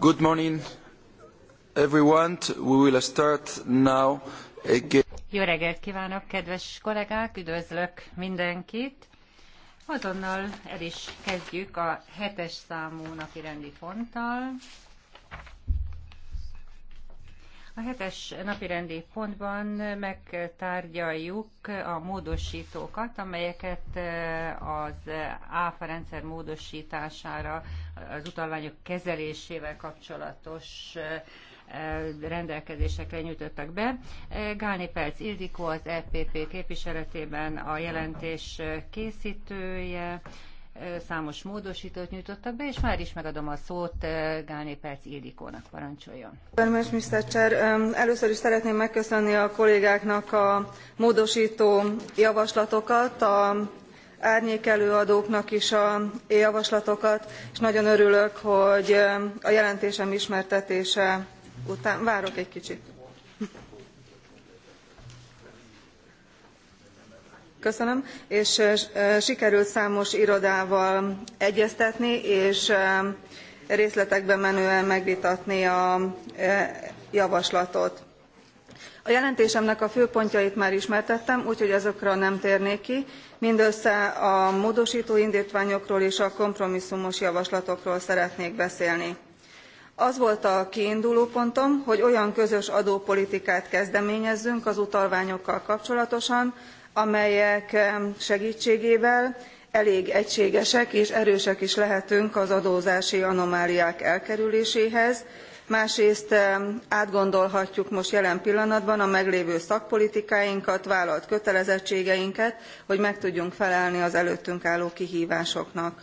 Good morning, everyone. We will start now again. Jó reggelt kívánok, kedves kollégák, üdvözlök mindenkit. Azonnal el is kezdjük a hetes számú napi rendi ponttal. A hetes napirendi pontban megtárgyaljuk a módosítókat, amelyeket e, az ÁFA rendszer módosítására, az utalványok kezelésével kapcsolatos e, e, rendelkezésekre nyújtottak be. Gálni Perc Ildikó az EPP képviseletében a jelentés készítője, számos módosítót nyújtottak be, és már is megadom a szót Gáné Perc Ildikónak parancsoljon. Először is szeretném megköszönni a kollégáknak a módosító javaslatokat, a árnyék előadóknak is a javaslatokat és nagyon örülök hogy a jelentésem ismertetése után várok egy kicsit és sikerült számos irodával egyeztetni, és részletekbe menően megvitatni a javaslatot. A jelentésemnek a fő pontjait már ismertettem, úgyhogy azokra nem térnék ki. Mindössze a módostó indítványokról és a kompromisszumos javaslatokról szeretnék beszélni az volt a kiinduló pontom hogy olyan közös adópolitikát kezdeményezzünk az utalványokkal kapcsolatosan amelyek segtségével elég egységesek és erősek is lehetünk az adózási anomáliák elkerüléséhez másrészt átgondolhatjuk most jelen pillanatban a meglévő szakpolitikáinkat vállalt kötelezettségeinket hogy meg tudjunk felelni az előttünk álló kihvásoknak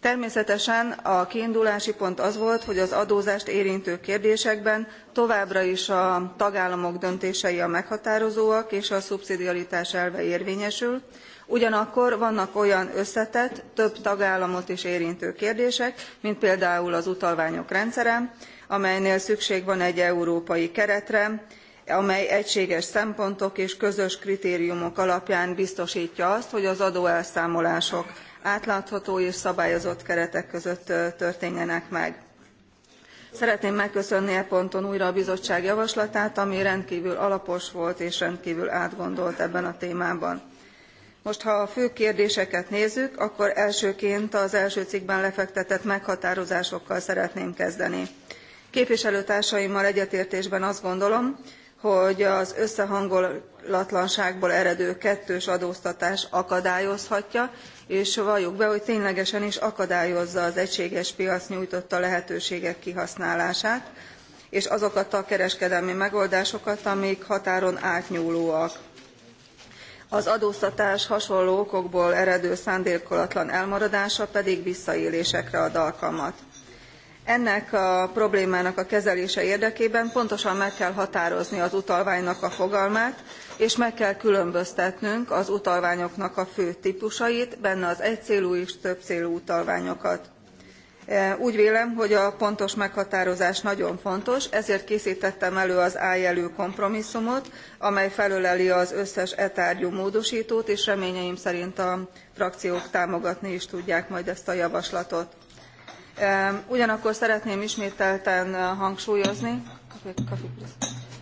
természetesen a kiindulási pont az volt hogy az adózást érintő kérdésekben továbbra is a tagállamok döntései a meghatározóak és a szubszidiaritás elve érvényesül ugyanakkor vannak olyan összetett több tagállamot is érintő kérdések mint például az utalványok rendszere amelynél szükség van egy európai keretre amely egységes szempontok és közös kritériumok alapján biztostja azt hogy az adóelszámolások átlátható és szabályozott keretek között történjenek meg. szeretném megköszönni e ponton újra a bizottság javaslatát ami rendkvül alapos volt és rendkvül átgondolt ebben a témában. most ha a fő kérdéseket nézzük akkor elsőként az első cikkben lefektetett meghatározásokkal szeretném kezdeni. képviselőtársaimmal egyetértésben azt gondolom hogy az összehangolatlanságból eredő kettős adóztatás akadályozhatja és valljuk be hogy ténylegesen is akadályozza az egységes piac nyújtotta lehetőségek kihasználását és azokat a kereskedelmi megoldásokat amik határon átnyúlóak. az adóztatás hasonló okokból eredő szándékolatlan elmaradása pedig visszaélésekre ad alkalmat ennek a problémának a kezelése érdekében pontosan meg kell határozni az utalványnak a fogalmát és meg kell különböztetnünk az utalványoknak a fő tpusait benne az egycélú és többcélú utalványokat. E, úgy vélem hogy a pontos meghatározás nagyon fontos ezért késztettem elő az a jelű kompromisszumot amely felöleli az összes e tárgyú módostót és reményeim szerint a frakciók támogatni is tudják majd ezt a javaslatot ugyanakkor szeretném ismételten eh, hangsúlyozni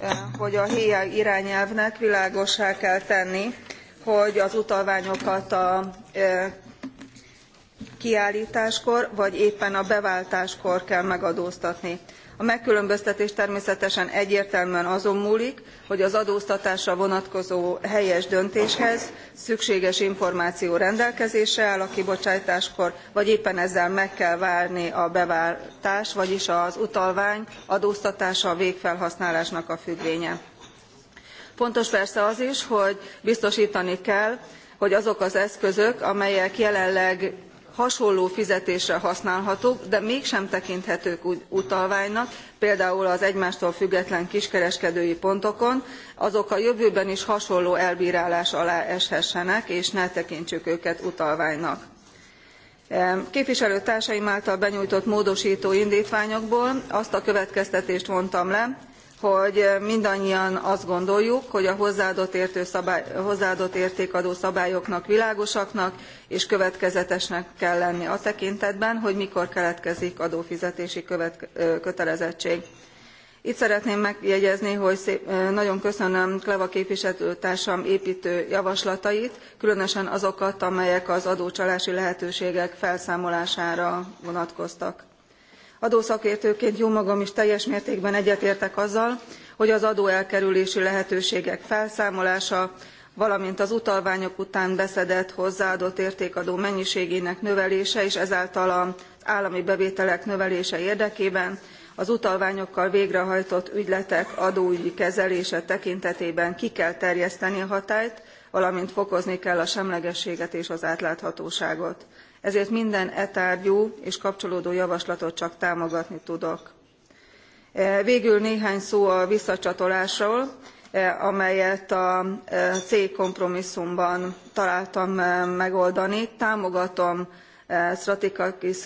eh, hogy a héa irányelvnek világossá kell tenni hogy az utalványokat a eh, kiálltáskor vagy éppen a beváltáskor kell megadóztatni a megkülönböztetés természetesen egyértelműen azon múlik hogy az adóztatásra vonatkozó helyes döntéshez szükséges információ rendelkezésre áll a kibocsátáskor vagy éppen ezzel meg kell várni a beváltás vagyis az utalvány adóztatása a végfelhasználásnak a függvénye. fontos persze az is hogy biztostani kell hogy azok az eszközök amelyek jelenleg hasonló fizetésre használhatók de mégsem tekinthetők utalványnak például az egymástól független kiskereskedői pontokon azok a jövőben is hasonló elbrálás alá eshessenek és ne tekintsük őket utalványnak képviselőtársaim által benyújtott módostó indtványokból azt a következtetést vontam le hogy mindannyian azt gondoljuk hogy a hozzáadott, értékadó szabályoknak világosaknak és következetesnek kell lenni a tekintetben hogy mikor keletkezik adófizetési kötelezettség. itt szeretném megjegyezni hogy nagyon köszönöm kleva képviselőtársam éptő javaslatait különösen azokat amelyek az adócsalási lehetőségek felszámolására vonatkoztak adószakértőként jómagam is teljes mértékben egyetértek azzal hogy az adóelkerülési lehetőségek felszámolása valamint az utalványok után beszedett hozzáadott értékadó mennyiségének növelése és ezáltal az állami bevételek növelése érdekében az utalványokkal végrehajtott ügyletek adóügyi kezelése tekintetében ki kell terjeszteni a hatályt valamint fokozni kell a semlegességet és az átláthatóságot ezért minden e tárgyú és kapcsolódó javaslatot csak támogatni tudok. E, végül néhány szó a visszacsatolásról e, amelyet a e, c kompromisszumban találtam megoldani. támogatom stratikakis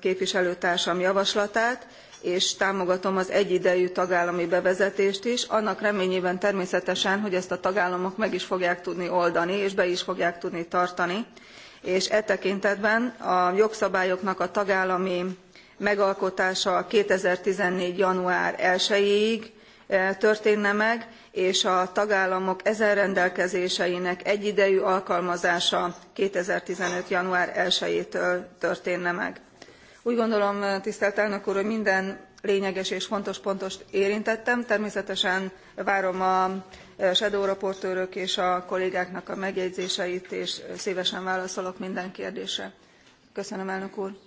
képviselőtársam javaslatát és támogatom az egyidejű tagállami bevezetést is annak reményében természetesen hogy ezt a tagállamok meg is fogják tudni oldani és be is fogják tudni tartani és e tekintetben a jogszabályoknak a tagállami megalkotása two thousand and fourteen január one jéig e, történne meg és a tagállamok ezen rendelkezéseinek egyidejű alkalmazása two thousand and fifteen január one jétől történne meg. úgy gondolom tisztelt elnök úr hogy minden lényeges és fontos pontot érintettem természetesen várom a Eh, shadow raportőrök és a kollégáknak a megjegyzéseit és eh, szvesen válaszolok minden kérdésre. köszönöm elnök úr!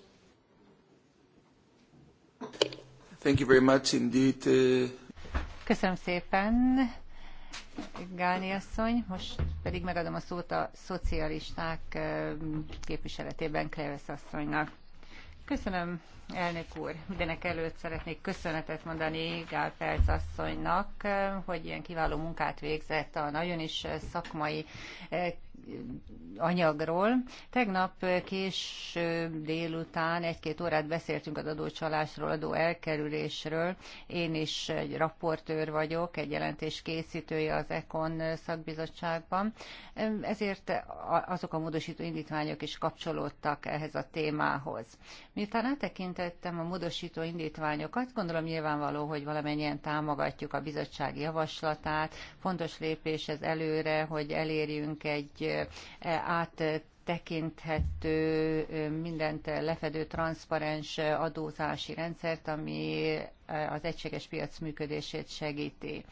Eh. Köszönöm szépen, Gálni asszony. Most pedig megadom a szót a szocialisták képviseletében Kleves asszonynak. Köszönöm, Elnök úr, mindenek előtt szeretnék köszönetet mondani Gál Perc asszonynak, hogy ilyen kiváló munkát végzett a nagyon is szakmai anyagról. Tegnap kés délután egy-két órát beszéltünk az adócsalásról, adó elkerülésről. Én is egy raportőr vagyok, egy jelentés készítője az ECON szakbizottságban. Ezért azok a módosító indítványok is kapcsolódtak ehhez a témához. Miután áttekintettem a módosító indítványokat, gondolom nyilvánvaló, hogy valamennyien támogatjuk a bizottság javaslatát. Fontos lépés ez előre, hogy elérjünk egy át áttekinthető, mindent lefedő, transzparens adózási rendszert, ami az egységes piac működését segíti.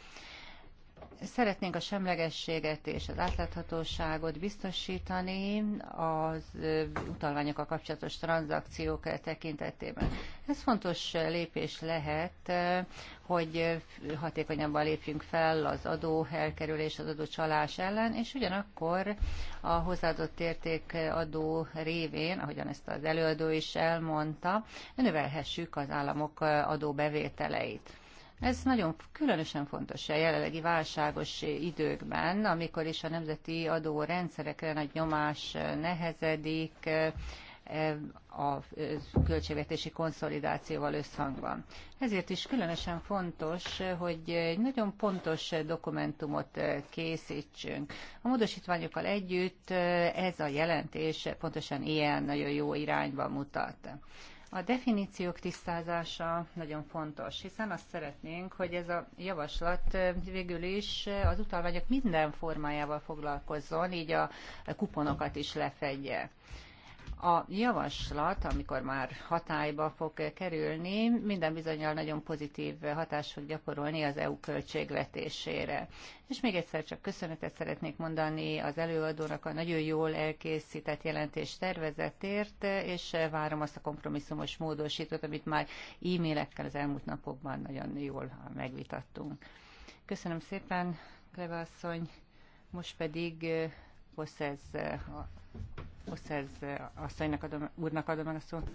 Szeretnénk a semlegességet és az átláthatóságot biztosítani az utalványokkal kapcsolatos tranzakciók tekintetében. Ez fontos lépés lehet, hogy hatékonyabban lépjünk fel az adó elkerülés, az adócsalás ellen, és ugyanakkor a hozzáadott érték adó révén, ahogyan ezt az előadó is elmondta, növelhessük az államok adóbevételeit. Ez nagyon különösen fontos a jelenlegi válságos időkben, amikor is a nemzeti adórendszerekre nagy nyomás nehezedik, eh, a eh, költségvetési konszolidációval összhangban. Ezért is különösen fontos, hogy egy nagyon pontos dokumentumot eh, készítsünk. A módosítványokkal együtt ez a jelentés pontosan ilyen nagyon jó irányba mutat. A definíciók tisztázása nagyon fontos, hiszen azt szeretnénk, hogy ez a javaslat végül is az utalványok minden formájával foglalkozzon, így a kuponokat is lefedje. A javaslat, amikor már hatályba fog kerülni, minden bizonyal nagyon pozitív hatást fog gyakorolni az EU költségvetésére. És még egyszer csak köszönetet szeretnék mondani az előadónak a nagyon jól elkészített jelentés tervezetért, és várom azt a kompromisszumos módosítót, amit már e-mailekkel az elmúlt napokban nagyon jól megvitattunk. Köszönöm szépen, Kleve asszony. Most pedig eh, Poszez eh, Oszerz eh, asszonynak adom, úrnak adom meg a szót.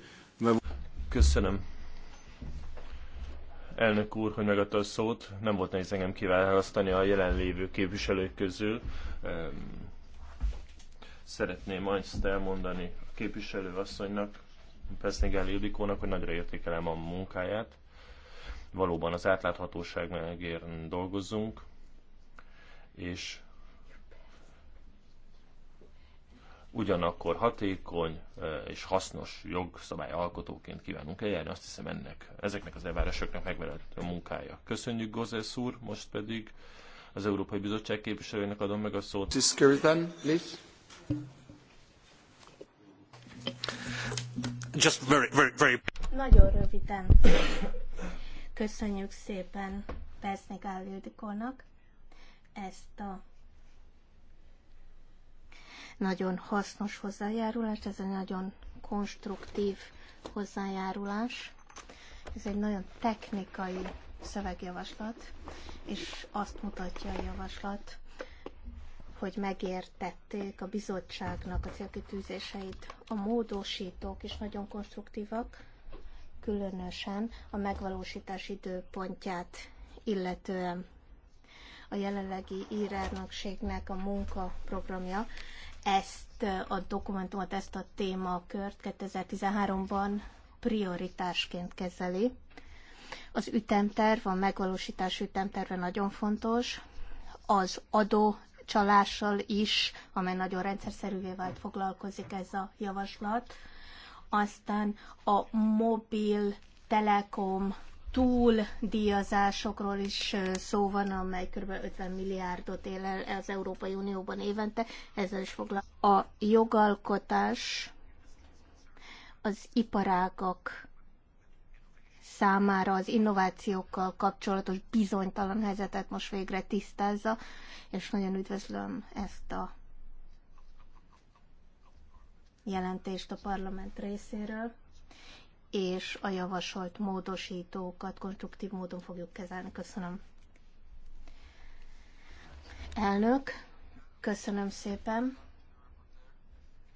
Köszönöm. Elnök úr, hogy megadta a szót. Nem volt nehéz engem kiválasztani a jelenlévő képviselők közül. Ehm, szeretném azt elmondani a képviselő asszonynak, Pesznigel Ildikónak, hogy nagyra értékelem a munkáját. Valóban az átláthatóság megér dolgozunk, és ugyanakkor hatékony és hasznos jogszabályalkotóként kívánunk eljárni. Azt hiszem ennek, ezeknek az elvárásoknak megfelelt a munkája. Köszönjük Gozesz úr, most pedig az Európai Bizottság képviselőjének adom meg a szót. Just very, very, very... Nagyon röviden. Köszönjük szépen Pesznik Állildikornak ezt a nagyon hasznos hozzájárulás, ez egy nagyon konstruktív hozzájárulás. Ez egy nagyon technikai szövegjavaslat, és azt mutatja a javaslat, hogy megértették a bizottságnak a célkitűzéseit. A módosítók is nagyon konstruktívak, különösen a megvalósítás időpontját illetően a jelenlegi írárnokségnek a munkaprogramja ezt a dokumentumot, ezt a témakört 2013-ban prioritásként kezeli. Az ütemterv, a megvalósítás ütemterve nagyon fontos. Az adó csalással is, amely nagyon szerűvé vált, foglalkozik ez a javaslat. Aztán a mobil telekom túldíjazásokról is szó van, amely kb. 50 milliárdot él el az Európai Unióban évente, ezzel is foglal. A jogalkotás az iparágak számára az innovációkkal kapcsolatos bizonytalan helyzetet most végre tisztázza, és nagyon üdvözlöm ezt a jelentést a parlament részéről és a javasolt módosítókat konstruktív módon fogjuk kezelni. Köszönöm. Elnök, köszönöm szépen.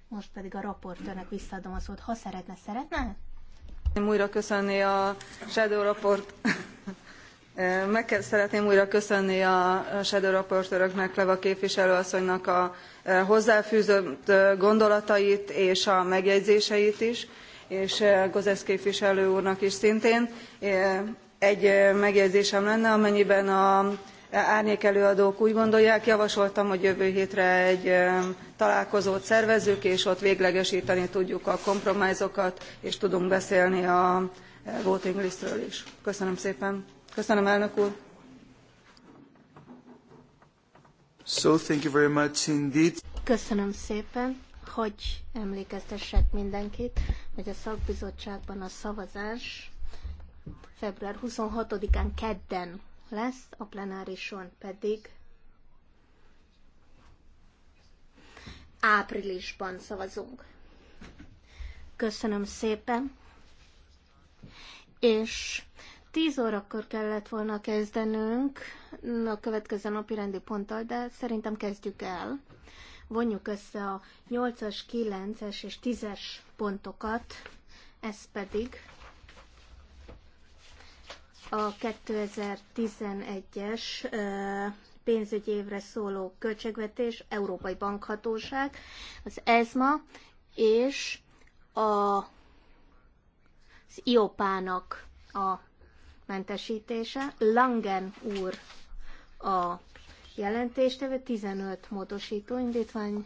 Most pedig a raportőrnek visszaadom a szót, ha szeretne. Szeretne? Szeretném újra köszönni a Shadow Raport... Meg szeretném újra köszönni a Shadow Raportőröknek, Leva képviselőasszonynak a eh, hozzáfűzött eh, gondolatait és a megjegyzéseit is és eh, Gozesz képviselő úrnak is szintén. Eh, egy eh, megjegyzésem lenne, amennyiben a árnyékelőadók úgy gondolják javasoltam hogy jövő hétre egy találkozót szervezzünk és ott véglegesteni tudjuk a kompromisszumokat és tudunk beszélni a voting listről is. köszönöm szépen. köszönöm elnök úr. So, thank you very much indeed. Köszönöm szépen hogy emlékeztessek mindenkit, hogy a szakbizottságban a szavazás február 26-án kedden lesz, a plenárison pedig áprilisban szavazunk. Köszönöm szépen, és 10 órakor kellett volna kezdenünk a következő napi rendi ponttal, de szerintem kezdjük el vonjuk össze a 8-as, 9-es és 10-es pontokat, ez pedig a 2011-es pénzügyi évre szóló költségvetés, Európai Bankhatóság, az ESMA és a, az IOPA-nak a mentesítése. Langen úr a jelentéstevő, 15 módosító indítvány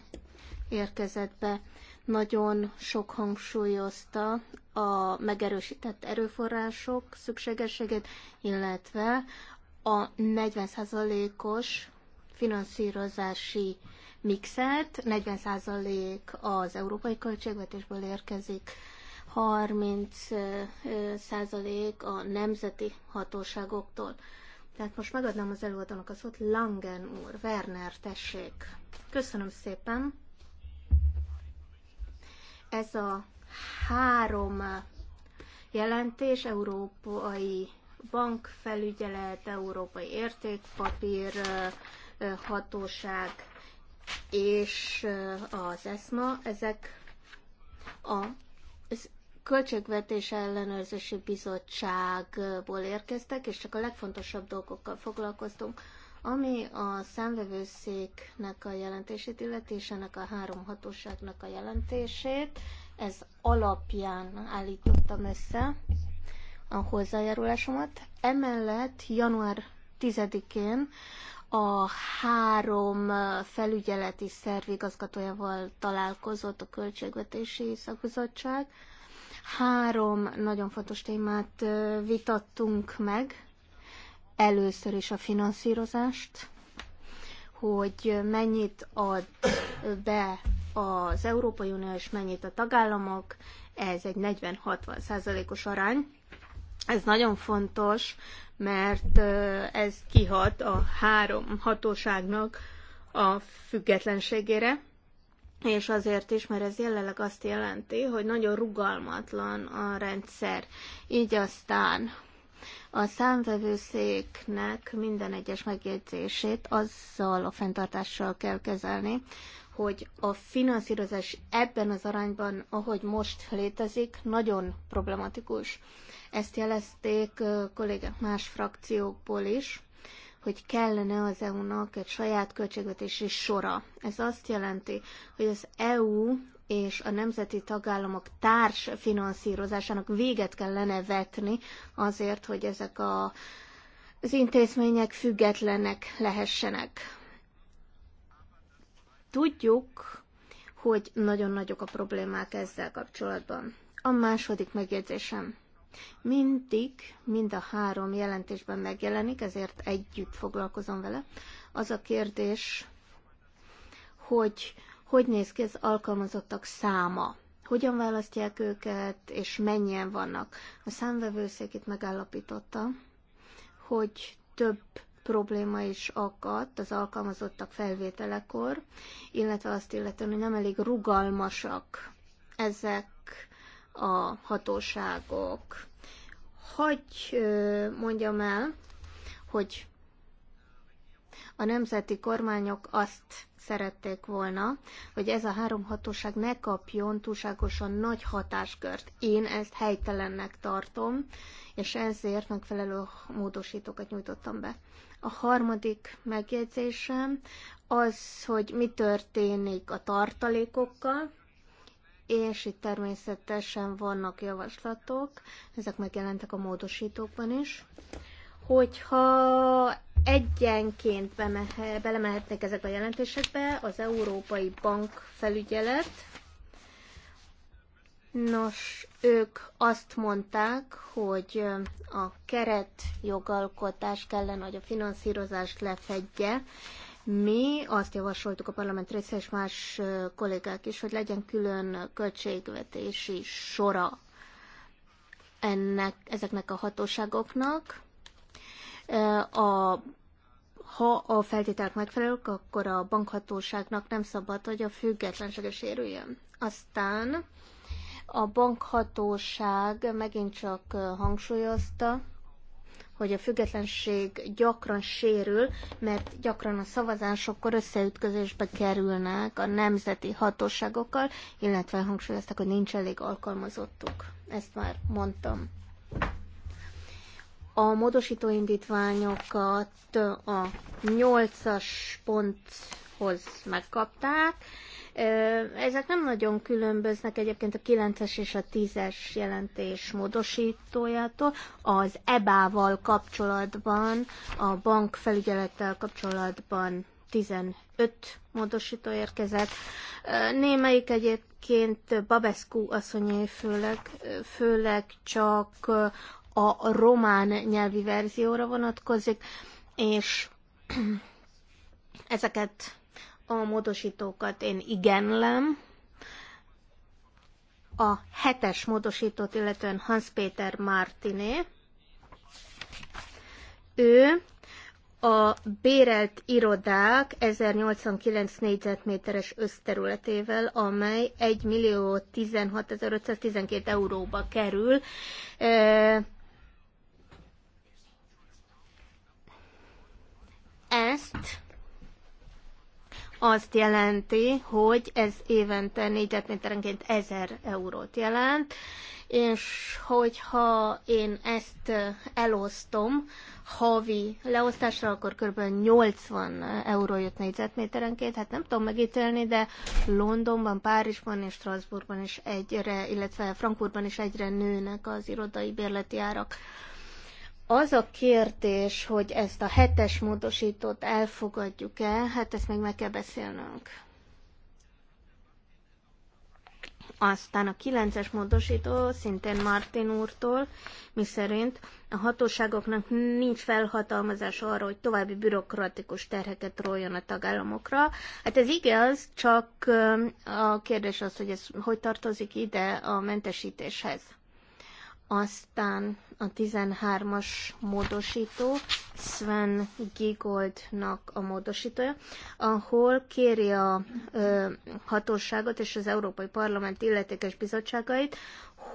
érkezett be. Nagyon sok hangsúlyozta a megerősített erőforrások szükségességét, illetve a 40%-os finanszírozási mixet, 40% az európai költségvetésből érkezik, 30% a nemzeti hatóságoktól. Tehát most megadnám az előadónak a szót. Langen úr, Werner, tessék. Köszönöm szépen. Ez a három jelentés, Európai Bankfelügyelet, Európai Értékpapír Hatóság és az ESMA, ezek a, az Költségvetés ellenőrzési bizottságból érkeztek, és csak a legfontosabb dolgokkal foglalkoztunk, ami a szemvevőszéknek a jelentését illeti, ennek a három hatóságnak a jelentését, ez alapján állítottam össze a hozzájárulásomat. Emellett január 10-én a három felügyeleti szervigazgatójával találkozott a Költségvetési Szakbizottság, Három nagyon fontos témát vitattunk meg. Először is a finanszírozást, hogy mennyit ad be az Európai Unió és mennyit a tagállamok, ez egy 40-60 százalékos arány. Ez nagyon fontos, mert ez kihat a három hatóságnak a függetlenségére, és azért is, mert ez jelenleg azt jelenti, hogy nagyon rugalmatlan a rendszer. Így aztán a számvevőszéknek minden egyes megjegyzését azzal a fenntartással kell kezelni, hogy a finanszírozás ebben az arányban, ahogy most létezik, nagyon problematikus. Ezt jelezték kollégák más frakciókból is, hogy kellene az EU-nak egy saját költségvetési sora. Ez azt jelenti, hogy az EU és a nemzeti tagállamok társ finanszírozásának véget kellene vetni azért, hogy ezek a, az intézmények függetlenek lehessenek. Tudjuk, hogy nagyon nagyok a problémák ezzel kapcsolatban. A második megjegyzésem. Mindig, mind a három jelentésben megjelenik, ezért együtt foglalkozom vele. Az a kérdés, hogy hogy néz ki az alkalmazottak száma, hogyan választják őket, és mennyien vannak. A számvevőszék itt megállapította, hogy több probléma is akadt az alkalmazottak felvételekor, illetve azt illetően, hogy nem elég rugalmasak ezek a hatóságok. Hogy mondjam el, hogy a nemzeti kormányok azt szerették volna, hogy ez a három hatóság ne kapjon túlságosan nagy hatáskört. Én ezt helytelennek tartom, és ezért megfelelő módosítókat nyújtottam be. A harmadik megjegyzésem az, hogy mi történik a tartalékokkal, és itt természetesen vannak javaslatok, ezek megjelentek a módosítókban is, hogyha egyenként bemehe, belemehetnek ezek a jelentésekbe, az Európai Bank felügyelet, Nos, ők azt mondták, hogy a keret jogalkotás kellene, hogy a finanszírozást lefedje, mi azt javasoltuk a parlament része és más kollégák is, hogy legyen külön költségvetési sora ennek, ezeknek a hatóságoknak. A, ha a feltételek megfelelők, akkor a bankhatóságnak nem szabad, hogy a is érüljön. Aztán a bankhatóság megint csak hangsúlyozta, hogy a függetlenség gyakran sérül, mert gyakran a szavazásokkor összeütközésbe kerülnek a nemzeti hatóságokkal, illetve hangsúlyozták, hogy nincs elég alkalmazottuk. Ezt már mondtam. A módosító indítványokat a 8-as ponthoz megkapták, ezek nem nagyon különböznek egyébként a 9-es és a 10-es jelentés módosítójától. Az EBA-val kapcsolatban, a bank felügyelettel kapcsolatban 15 módosító érkezett. Némelyik egyébként Babescu asszonyé főleg, főleg csak a román nyelvi verzióra vonatkozik, és ezeket a módosítókat én igenlem. A hetes módosítót, illetően Hans Péter Martiné. Ő a bérelt irodák 1089 négyzetméteres összterületével, amely 1 millió 16.512 euróba kerül. Ezt azt jelenti, hogy ez évente négyzetméterenként 1000 eurót jelent, és hogyha én ezt elosztom havi leosztásra, akkor kb. 80 euró jött négyzetméterenként, hát nem tudom megítélni, de Londonban, Párizsban és Strasbourgban is egyre, illetve Frankfurtban is egyre nőnek az irodai bérleti árak. Az a kérdés, hogy ezt a hetes módosítót elfogadjuk-e, hát ezt még meg kell beszélnünk. Aztán a kilences módosító, szintén Martin úrtól, miszerint a hatóságoknak nincs felhatalmazás arra, hogy további bürokratikus terheket róljon a tagállamokra. Hát ez igaz, csak a kérdés az, hogy ez hogy tartozik ide a mentesítéshez. Aztán a 13-as módosító Sven Gigoldnak a módosítója, ahol kéri a ö, hatóságot és az Európai Parlament illetékes bizottságait,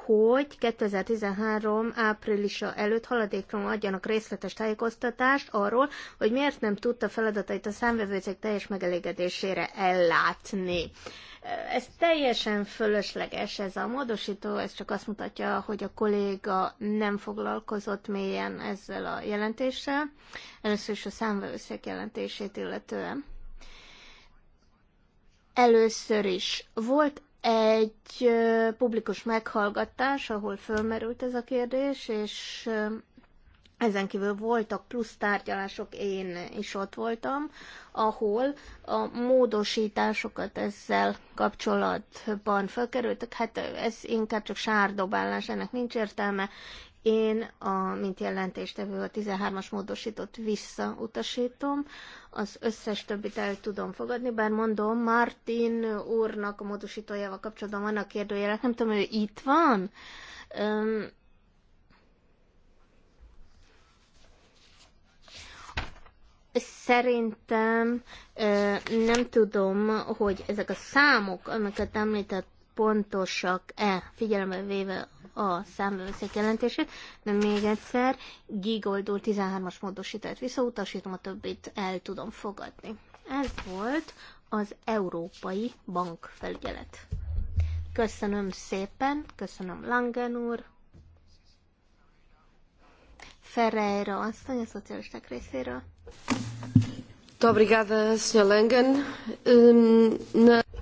hogy 2013 áprilisa előtt haladékról adjanak részletes tájékoztatást arról, hogy miért nem tudta feladatait a számvevőcég teljes megelégedésére ellátni. Ö, ez teljesen fölösleges ez a módosító, ez csak azt mutatja, hogy a kolléga nem foglalkozott mélyen ezzel a jelentéssel, először is a számvevőszék jelentését illetően. Először is volt egy publikus meghallgatás, ahol fölmerült ez a kérdés, és ezen kívül voltak plusz tárgyalások, én is ott voltam, ahol a módosításokat ezzel kapcsolatban felkerültek. Hát ez inkább csak sárdobálás, ennek nincs értelme. Én, a, mint jelentéstevő, a 13-as módosított visszautasítom, az összes többit el tudom fogadni, bár mondom, Martin úrnak a módosítójával kapcsolatban vannak kérdőjelek, nem tudom, ő itt van? szerintem nem tudom, hogy ezek a számok, amiket említett, pontosak-e, figyelembe véve a számbevőszék jelentését, de még egyszer, gigoldul 13-as módosítást visszautasítom, a többit el tudom fogadni. Ez volt az Európai Bankfelügyelet. Köszönöm szépen, köszönöm Langen úr, Ferreira asszony a szocialisták részéről.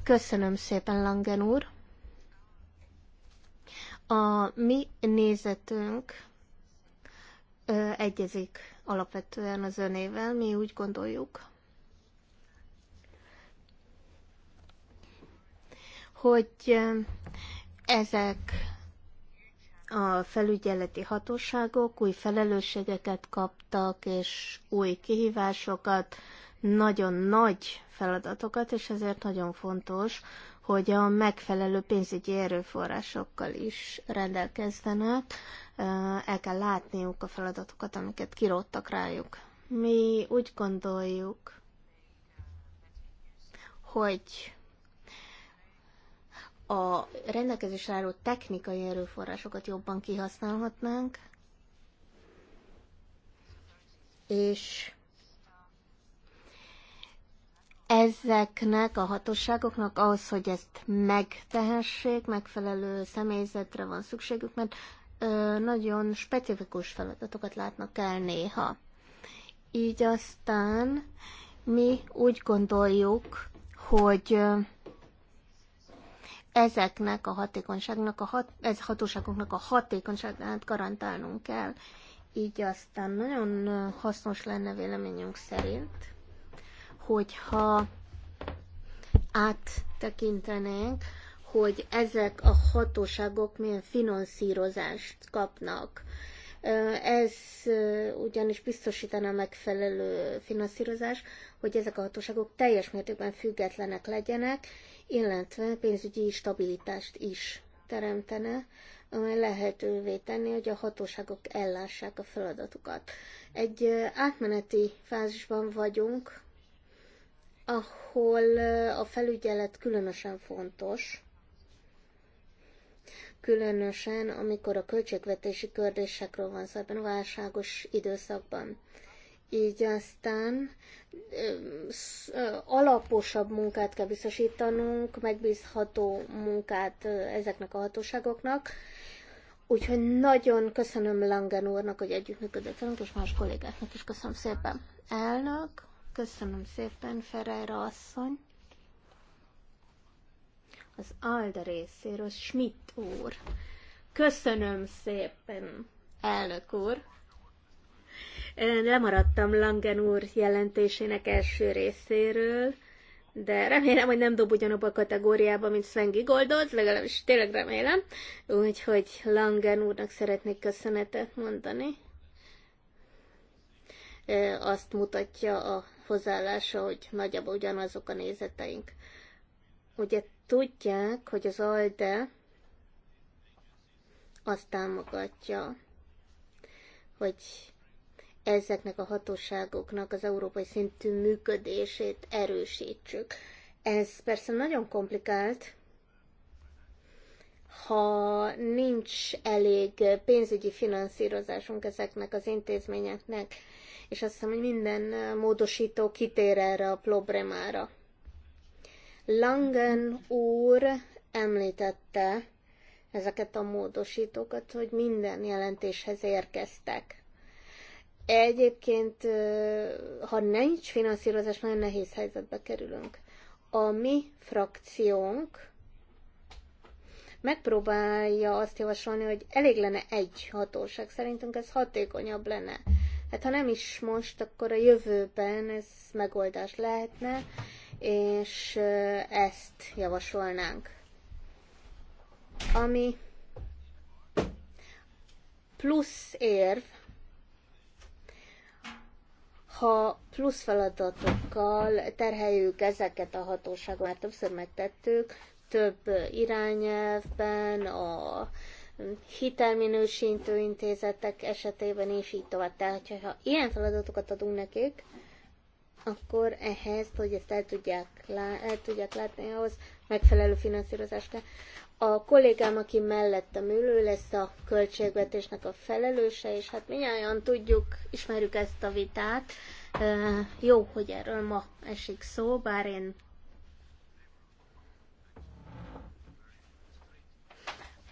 Köszönöm szépen, Langen úr. A mi nézetünk egyezik alapvetően az önével, mi úgy gondoljuk, hogy ezek a felügyeleti hatóságok új felelősségeket kaptak, és új kihívásokat, nagyon nagy feladatokat, és ezért nagyon fontos, hogy a megfelelő pénzügyi erőforrásokkal is rendelkezzenek, el kell látniuk a feladatokat, amiket kiróttak rájuk. Mi úgy gondoljuk, hogy a rendelkezés álló technikai erőforrásokat jobban kihasználhatnánk, és ezeknek a hatóságoknak ahhoz, hogy ezt megtehessék, megfelelő személyzetre van szükségük, mert ö, nagyon specifikus feladatokat látnak el néha. Így aztán mi úgy gondoljuk, hogy ezeknek a hatékonyságnak, a hat, ez hatóságoknak a hatékonyságát garantálnunk kell. Így aztán nagyon hasznos lenne véleményünk szerint, hogyha áttekintenénk, hogy ezek a hatóságok milyen finanszírozást kapnak. Ez ugyanis biztosítana a megfelelő finanszírozás, hogy ezek a hatóságok teljes mértékben függetlenek legyenek, illetve pénzügyi stabilitást is teremtene, amely lehetővé tenni, hogy a hatóságok ellássák a feladatukat. Egy átmeneti fázisban vagyunk, ahol a felügyelet különösen fontos, különösen amikor a költségvetési kérdésekről van szó ebben a válságos időszakban így aztán alaposabb munkát kell biztosítanunk, megbízható munkát ezeknek a hatóságoknak. Úgyhogy nagyon köszönöm Langen úrnak, hogy együttműködött velünk, és más kollégáknak is köszönöm szépen. Elnök, köszönöm szépen Ferreira asszony. Az Alda részéről Schmidt úr. Köszönöm szépen, elnök úr. Lemaradtam Langen úr jelentésének első részéről, de remélem, hogy nem dob ugyanabba a kategóriába, mint Sven Gigoldoz, legalábbis tényleg remélem. Úgyhogy Langen úrnak szeretnék köszönetet mondani. Azt mutatja a hozzáállása, hogy nagyjából ugyanazok a nézeteink. Ugye tudják, hogy az ALDE azt támogatja, hogy ezeknek a hatóságoknak az európai szintű működését erősítsük. Ez persze nagyon komplikált, ha nincs elég pénzügyi finanszírozásunk ezeknek az intézményeknek, és azt hiszem, hogy minden módosító kitér erre a problémára. Langen úr említette ezeket a módosítókat, hogy minden jelentéshez érkeztek. Egyébként, ha nincs finanszírozás, nagyon nehéz helyzetbe kerülünk. A mi frakciónk megpróbálja azt javasolni, hogy elég lenne egy hatóság. Szerintünk ez hatékonyabb lenne. Hát ha nem is most, akkor a jövőben ez megoldás lehetne, és ezt javasolnánk. Ami plusz érv, ha plusz feladatokkal terheljük ezeket a hatóságokat, már többször megtettük, több irányelvben, a hitelminősítő intézetek esetében, is így tovább. Tehát, ha ilyen feladatokat adunk nekik, akkor ehhez, hogy ezt el tudják, lá- el tudják látni, ahhoz megfelelő finanszírozást. kell a kollégám, aki mellettem ül, ő lesz a költségvetésnek a felelőse, és hát minnyáján tudjuk, ismerjük ezt a vitát. Jó, hogy erről ma esik szó, bár én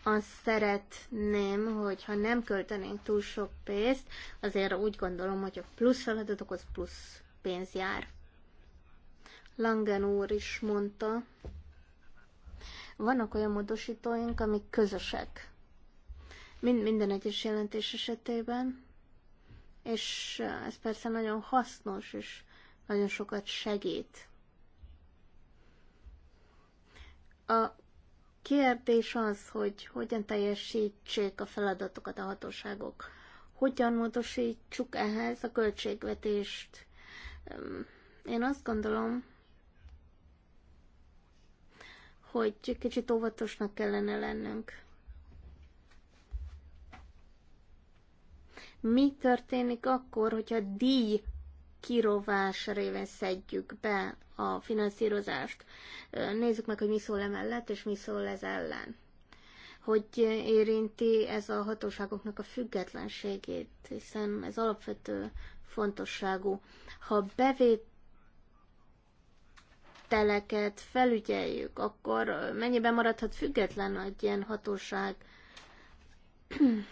azt szeretném, hogyha nem költenénk túl sok pénzt, azért úgy gondolom, hogy a plusz okoz plusz pénz jár. Langen úr is mondta, vannak olyan módosítóink, amik közösek, mind minden egyes jelentés esetében, és ez persze nagyon hasznos, és nagyon sokat segít. A kérdés az, hogy hogyan teljesítsék a feladatokat a hatóságok. Hogyan módosítsuk ehhez a költségvetést? Én azt gondolom, hogy kicsit óvatosnak kellene lennünk. Mi történik akkor, hogyha díj kirovás révén szedjük be a finanszírozást? Nézzük meg, hogy mi szól emellett, és mi szól ez ellen. Hogy érinti ez a hatóságoknak a függetlenségét, hiszen ez alapvető fontosságú. Ha bevét teleket felügyeljük, akkor mennyiben maradhat független egy ilyen hatóság?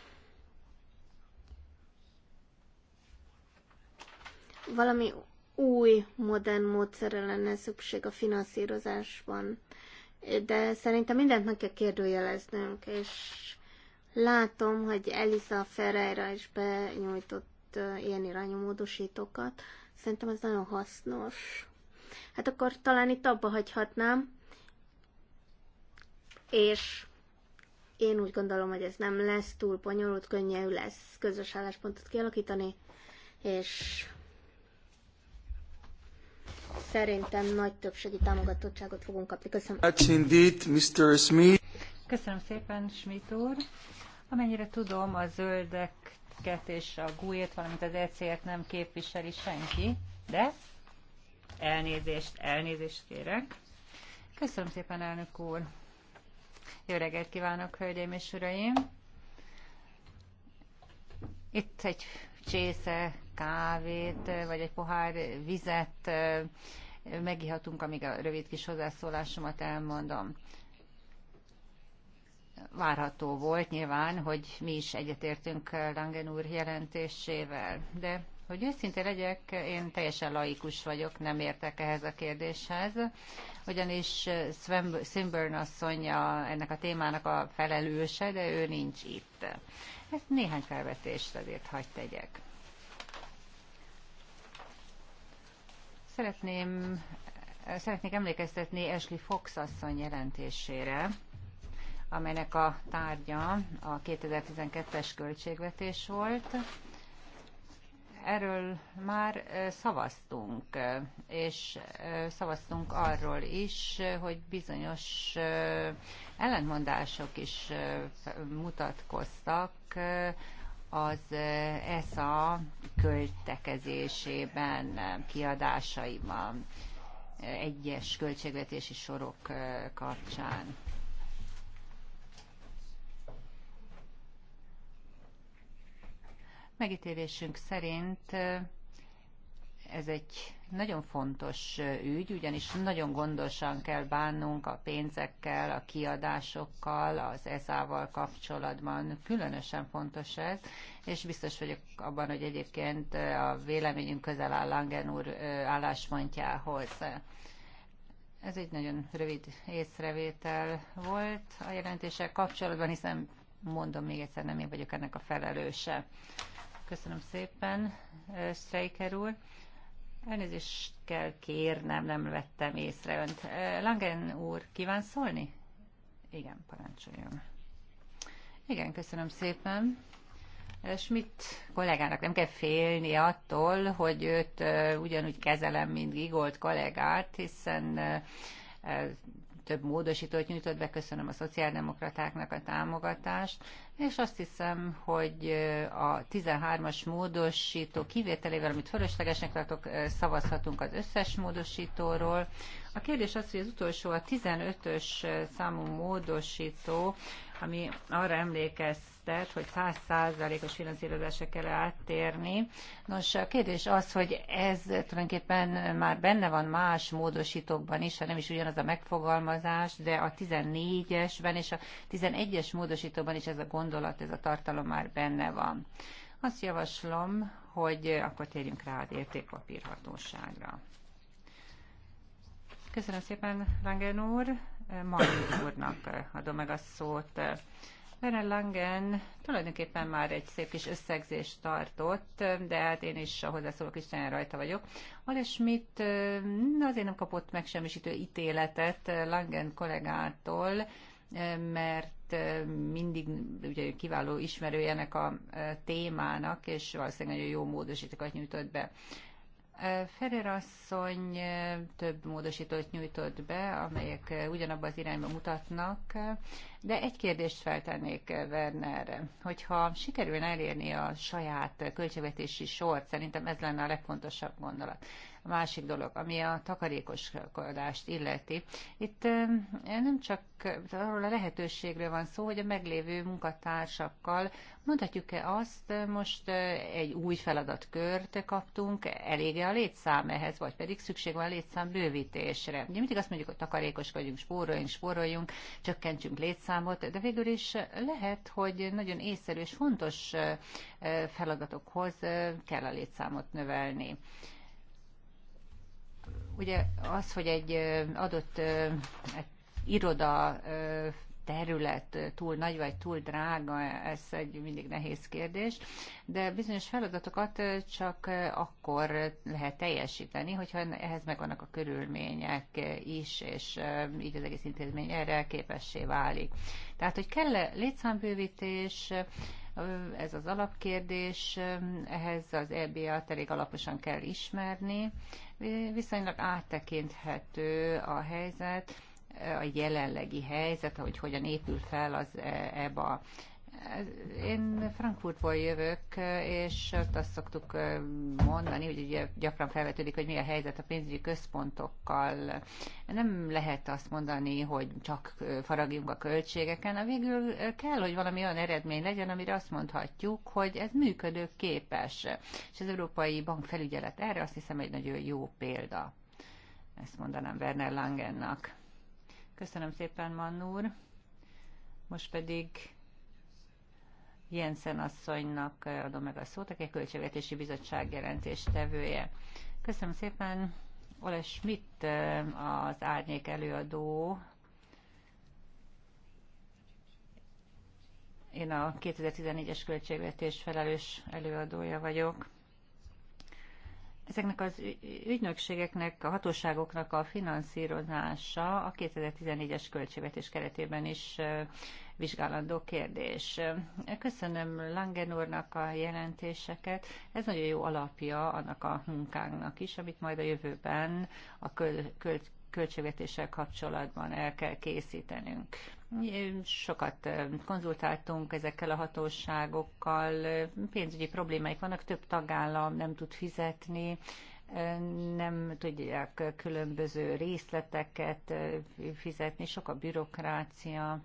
Valami új, modern módszerre lenne szükség a finanszírozásban. De szerintem mindent meg kell kérdőjeleznünk, és látom, hogy Elisa Ferreira is benyújtott ilyen irányú módosítókat. Szerintem ez nagyon hasznos hát akkor talán itt abba hagyhatnám, és én úgy gondolom, hogy ez nem lesz túl bonyolult, könnyű lesz közös álláspontot kialakítani, és szerintem nagy többségi támogatottságot fogunk kapni. Köszönöm. Indeed, Mr. Smith. Köszönöm szépen, Schmidt úr. Amennyire tudom, a zöldeket és a gújét, valamint az ecr nem képviseli senki, de Elnézést, elnézést kérek. Köszönöm szépen, elnök úr. Jó reggelt kívánok, hölgyeim és uraim. Itt egy csésze kávét, vagy egy pohár vizet megihatunk, amíg a rövid kis hozzászólásomat elmondom várható volt nyilván, hogy mi is egyetértünk Langen úr jelentésével, de hogy őszinte legyek, én teljesen laikus vagyok, nem értek ehhez a kérdéshez, ugyanis Swinburne asszony a, ennek a témának a felelőse, de ő nincs itt. Ezt néhány felvetést azért hagyd tegyek. Szeretném, szeretnék emlékeztetni Ashley Fox asszony jelentésére, amelynek a tárgya a 2012-es költségvetés volt erről már szavaztunk, és szavaztunk arról is, hogy bizonyos ellentmondások is mutatkoztak az ESA költekezésében, kiadásaiban, egyes költségvetési sorok kapcsán. Megítélésünk szerint ez egy nagyon fontos ügy, ugyanis nagyon gondosan kell bánnunk a pénzekkel, a kiadásokkal, az ESZ-val kapcsolatban. Különösen fontos ez, és biztos vagyok abban, hogy egyébként a véleményünk közel áll Langen úr álláspontjához. Ez egy nagyon rövid észrevétel volt a jelentéssel kapcsolatban, hiszen mondom még egyszer, nem én vagyok ennek a felelőse. Köszönöm szépen, eh, Streiker úr. Elnézést kell kérnem, nem vettem észre önt. Eh, Langen úr, kíván szólni? Igen, parancsoljon. Igen, köszönöm szépen. Eh, Schmidt kollégának nem kell félni attól, hogy őt ugyanúgy kezelem, mint Gigolt kollégát, hiszen több módosítót nyújtott be, köszönöm a szociáldemokratáknak a támogatást, és azt hiszem, hogy a 13-as módosító kivételével, amit fölöslegesnek tartok, szavazhatunk az összes módosítóról. A kérdés az, hogy az utolsó, a 15-ös számú módosító ami arra emlékeztet, hogy 100%-os finanszírozásra kell áttérni. Nos, a kérdés az, hogy ez tulajdonképpen már benne van más módosítókban is, ha nem is ugyanaz a megfogalmazás, de a 14-esben és a 11-es módosítóban is ez a gondolat, ez a tartalom már benne van. Azt javaslom, hogy akkor térjünk rá az értékpapírhatóságra. Köszönöm szépen, Langen úr! Marvin úrnak adom meg a szót. Werner Langen tulajdonképpen már egy szép kis összegzést tartott, de hát én is a hozzászólók Istenyen rajta vagyok. Ole Schmidt mm, azért nem kapott megsemmisítő ítéletet Langen kollégától, mert mindig ugye kiváló ismerőjenek a témának, és valószínűleg nagyon jó módosítókat nyújtott be. Ferrer asszony több módosítót nyújtott be, amelyek ugyanabban az irányba mutatnak, de egy kérdést feltennék Werner. Hogyha sikerülne elérni a saját költségvetési sort, szerintem ez lenne a legfontosabb gondolat másik dolog, ami a takarékoskodást illeti. Itt nem csak arról a lehetőségről van szó, hogy a meglévő munkatársakkal mondhatjuk-e azt, most egy új feladatkört kaptunk, elége a létszám ehhez, vagy pedig szükség van a létszám bővítésre. Ugye mindig azt mondjuk, hogy takarékoskodjunk, spóroljunk, spóroljunk, csökkentsünk létszámot, de végül is lehet, hogy nagyon észszerű és fontos feladatokhoz kell a létszámot növelni. Ugye az, hogy egy adott iroda terület túl nagy vagy túl drága, ez egy mindig nehéz kérdés, de bizonyos feladatokat csak akkor lehet teljesíteni, hogyha ehhez megvannak a körülmények is, és így az egész intézmény erre képessé válik. Tehát, hogy kell -e létszámbővítés, ez az alapkérdés, ehhez az EBA-t elég alaposan kell ismerni. Viszonylag áttekinthető a helyzet, a jelenlegi helyzet, hogy hogyan épül fel az EBA. Én Frankfurtból jövök, és ott azt szoktuk mondani, hogy ugye gyakran felvetődik, hogy mi a helyzet a pénzügyi központokkal. Nem lehet azt mondani, hogy csak faragjunk a költségeken. A végül kell, hogy valami olyan eredmény legyen, amire azt mondhatjuk, hogy ez működőképes. És az Európai Bankfelügyelet erre azt hiszem egy nagyon jó példa. Ezt mondanám Werner Langennak. Köszönöm szépen, Mannúr. Most pedig Jensen asszonynak adom meg a szót, aki a Költségvetési Bizottság jelentéstevője. Köszönöm szépen. Ole Schmidt az árnyék előadó. Én a 2014-es költségvetés felelős előadója vagyok. Ezeknek az ügynökségeknek, a hatóságoknak a finanszírozása a 2014-es költségvetés keretében is vizsgálandó kérdés. Köszönöm Langen úrnak a jelentéseket. Ez nagyon jó alapja annak a munkánknak is, amit majd a jövőben a köl- köl- költségvetéssel kapcsolatban el kell készítenünk. Sokat konzultáltunk ezekkel a hatóságokkal, pénzügyi problémáik vannak, több tagállam nem tud fizetni, nem tudják különböző részleteket fizetni, sok a bürokrácia.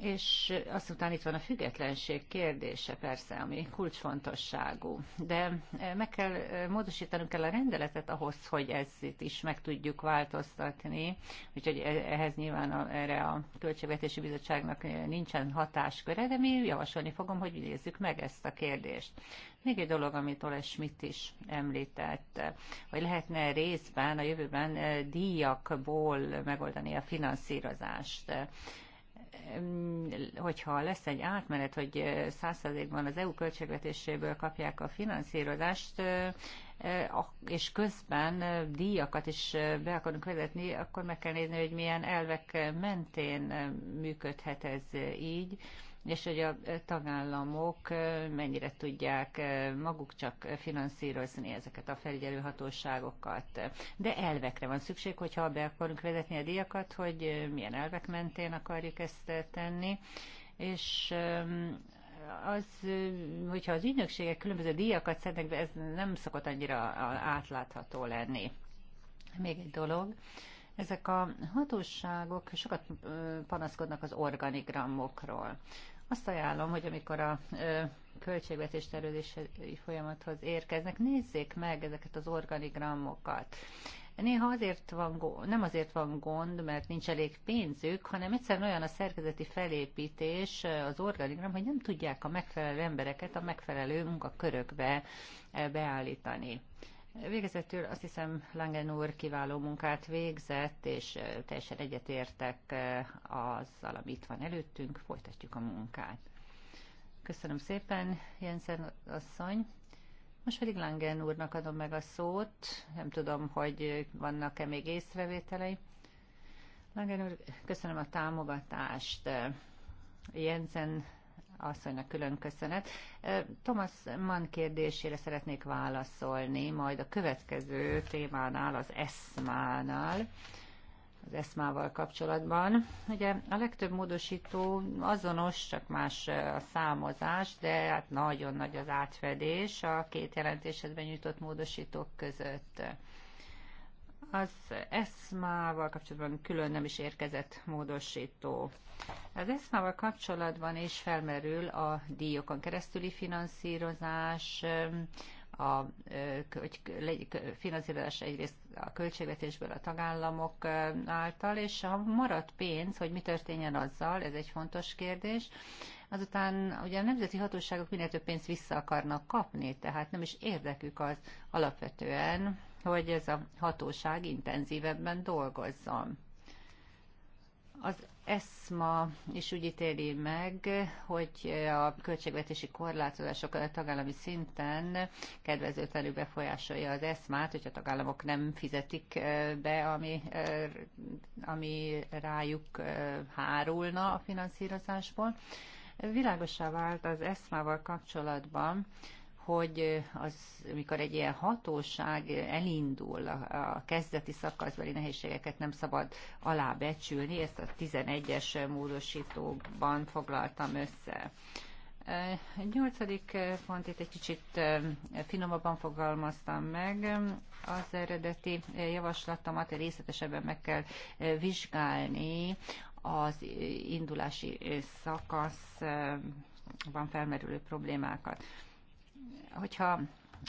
És azután itt van a függetlenség kérdése persze, ami kulcsfontosságú. De eh, meg kell, eh, módosítanunk kell a rendeletet ahhoz, hogy ez itt is meg tudjuk változtatni. Úgyhogy e-, ehhez nyilván a, erre a Költségvetési Bizottságnak eh, nincsen hatásköre, de mi javasolni fogom, hogy nézzük meg ezt a kérdést. Még egy dolog, amit Ole Schmidt is említett, hogy lehetne részben a jövőben díjakból megoldani a finanszírozást hogyha lesz egy átmenet, hogy százszerzékban az EU költségvetéséből kapják a finanszírozást, és közben díjakat is be akarunk vezetni, akkor meg kell nézni, hogy milyen elvek mentén működhet ez így és hogy a tagállamok mennyire tudják maguk csak finanszírozni ezeket a felügyelőhatóságokat. De elvekre van szükség, hogyha be akarunk vezetni a díjakat, hogy milyen elvek mentén akarjuk ezt tenni, és az, hogyha az ügynökségek különböző díjakat szednek be, ez nem szokott annyira átlátható lenni. Még egy dolog, ezek a hatóságok sokat panaszkodnak az organigramokról. Azt ajánlom, hogy amikor a költségvetés tervezési folyamathoz érkeznek, nézzék meg ezeket az organigramokat. Néha azért van gond, nem azért van gond, mert nincs elég pénzük, hanem egyszerűen olyan a szerkezeti felépítés, az organigram, hogy nem tudják a megfelelő embereket a megfelelő munkakörökbe beállítani. Végezetül azt hiszem Langen úr kiváló munkát végzett, és teljesen egyetértek azzal, ami itt van előttünk. Folytatjuk a munkát. Köszönöm szépen, Jensen asszony. Most pedig Langen úrnak adom meg a szót. Nem tudom, hogy vannak-e még észrevételei. Langen úr, köszönöm a támogatást. Jensen asszonynak külön köszönet. Thomas Mann kérdésére szeretnék válaszolni, majd a következő témánál, az eszmánál, az eszmával kapcsolatban. Ugye a legtöbb módosító azonos, csak más a számozás, de hát nagyon nagy az átfedés a két jelentéshez nyújtott módosítók között. Az ESMA-val kapcsolatban külön nem is érkezett módosító. Az ESMA-val kapcsolatban is felmerül a díjokon keresztüli finanszírozás, a, finanszírozás egyrészt a költségvetésből a tagállamok által, és ha marad pénz, hogy mi történjen azzal, ez egy fontos kérdés. Azután ugye a nemzeti hatóságok minél több pénzt vissza akarnak kapni, tehát nem is érdekük az alapvetően, hogy ez a hatóság intenzívebben dolgozzon. Az ESMA is úgy ítéli meg, hogy a költségvetési korlátozások a tagállami szinten kedvezőtlenül befolyásolja az ESMA-t, hogyha a tagállamok nem fizetik eh, be, ami, eh, ami rájuk eh, hárulna a finanszírozásból. Világosá vált az ESMA-val kapcsolatban, hogy az, mikor egy ilyen hatóság elindul, a kezdeti szakaszbeli nehézségeket nem szabad alábecsülni, ezt a 11-es módosítóban foglaltam össze. Nyolcadik pont, itt egy kicsit finomabban fogalmaztam meg az eredeti javaslatomat, részletesebben meg kell vizsgálni az indulási szakaszban felmerülő problémákat hogyha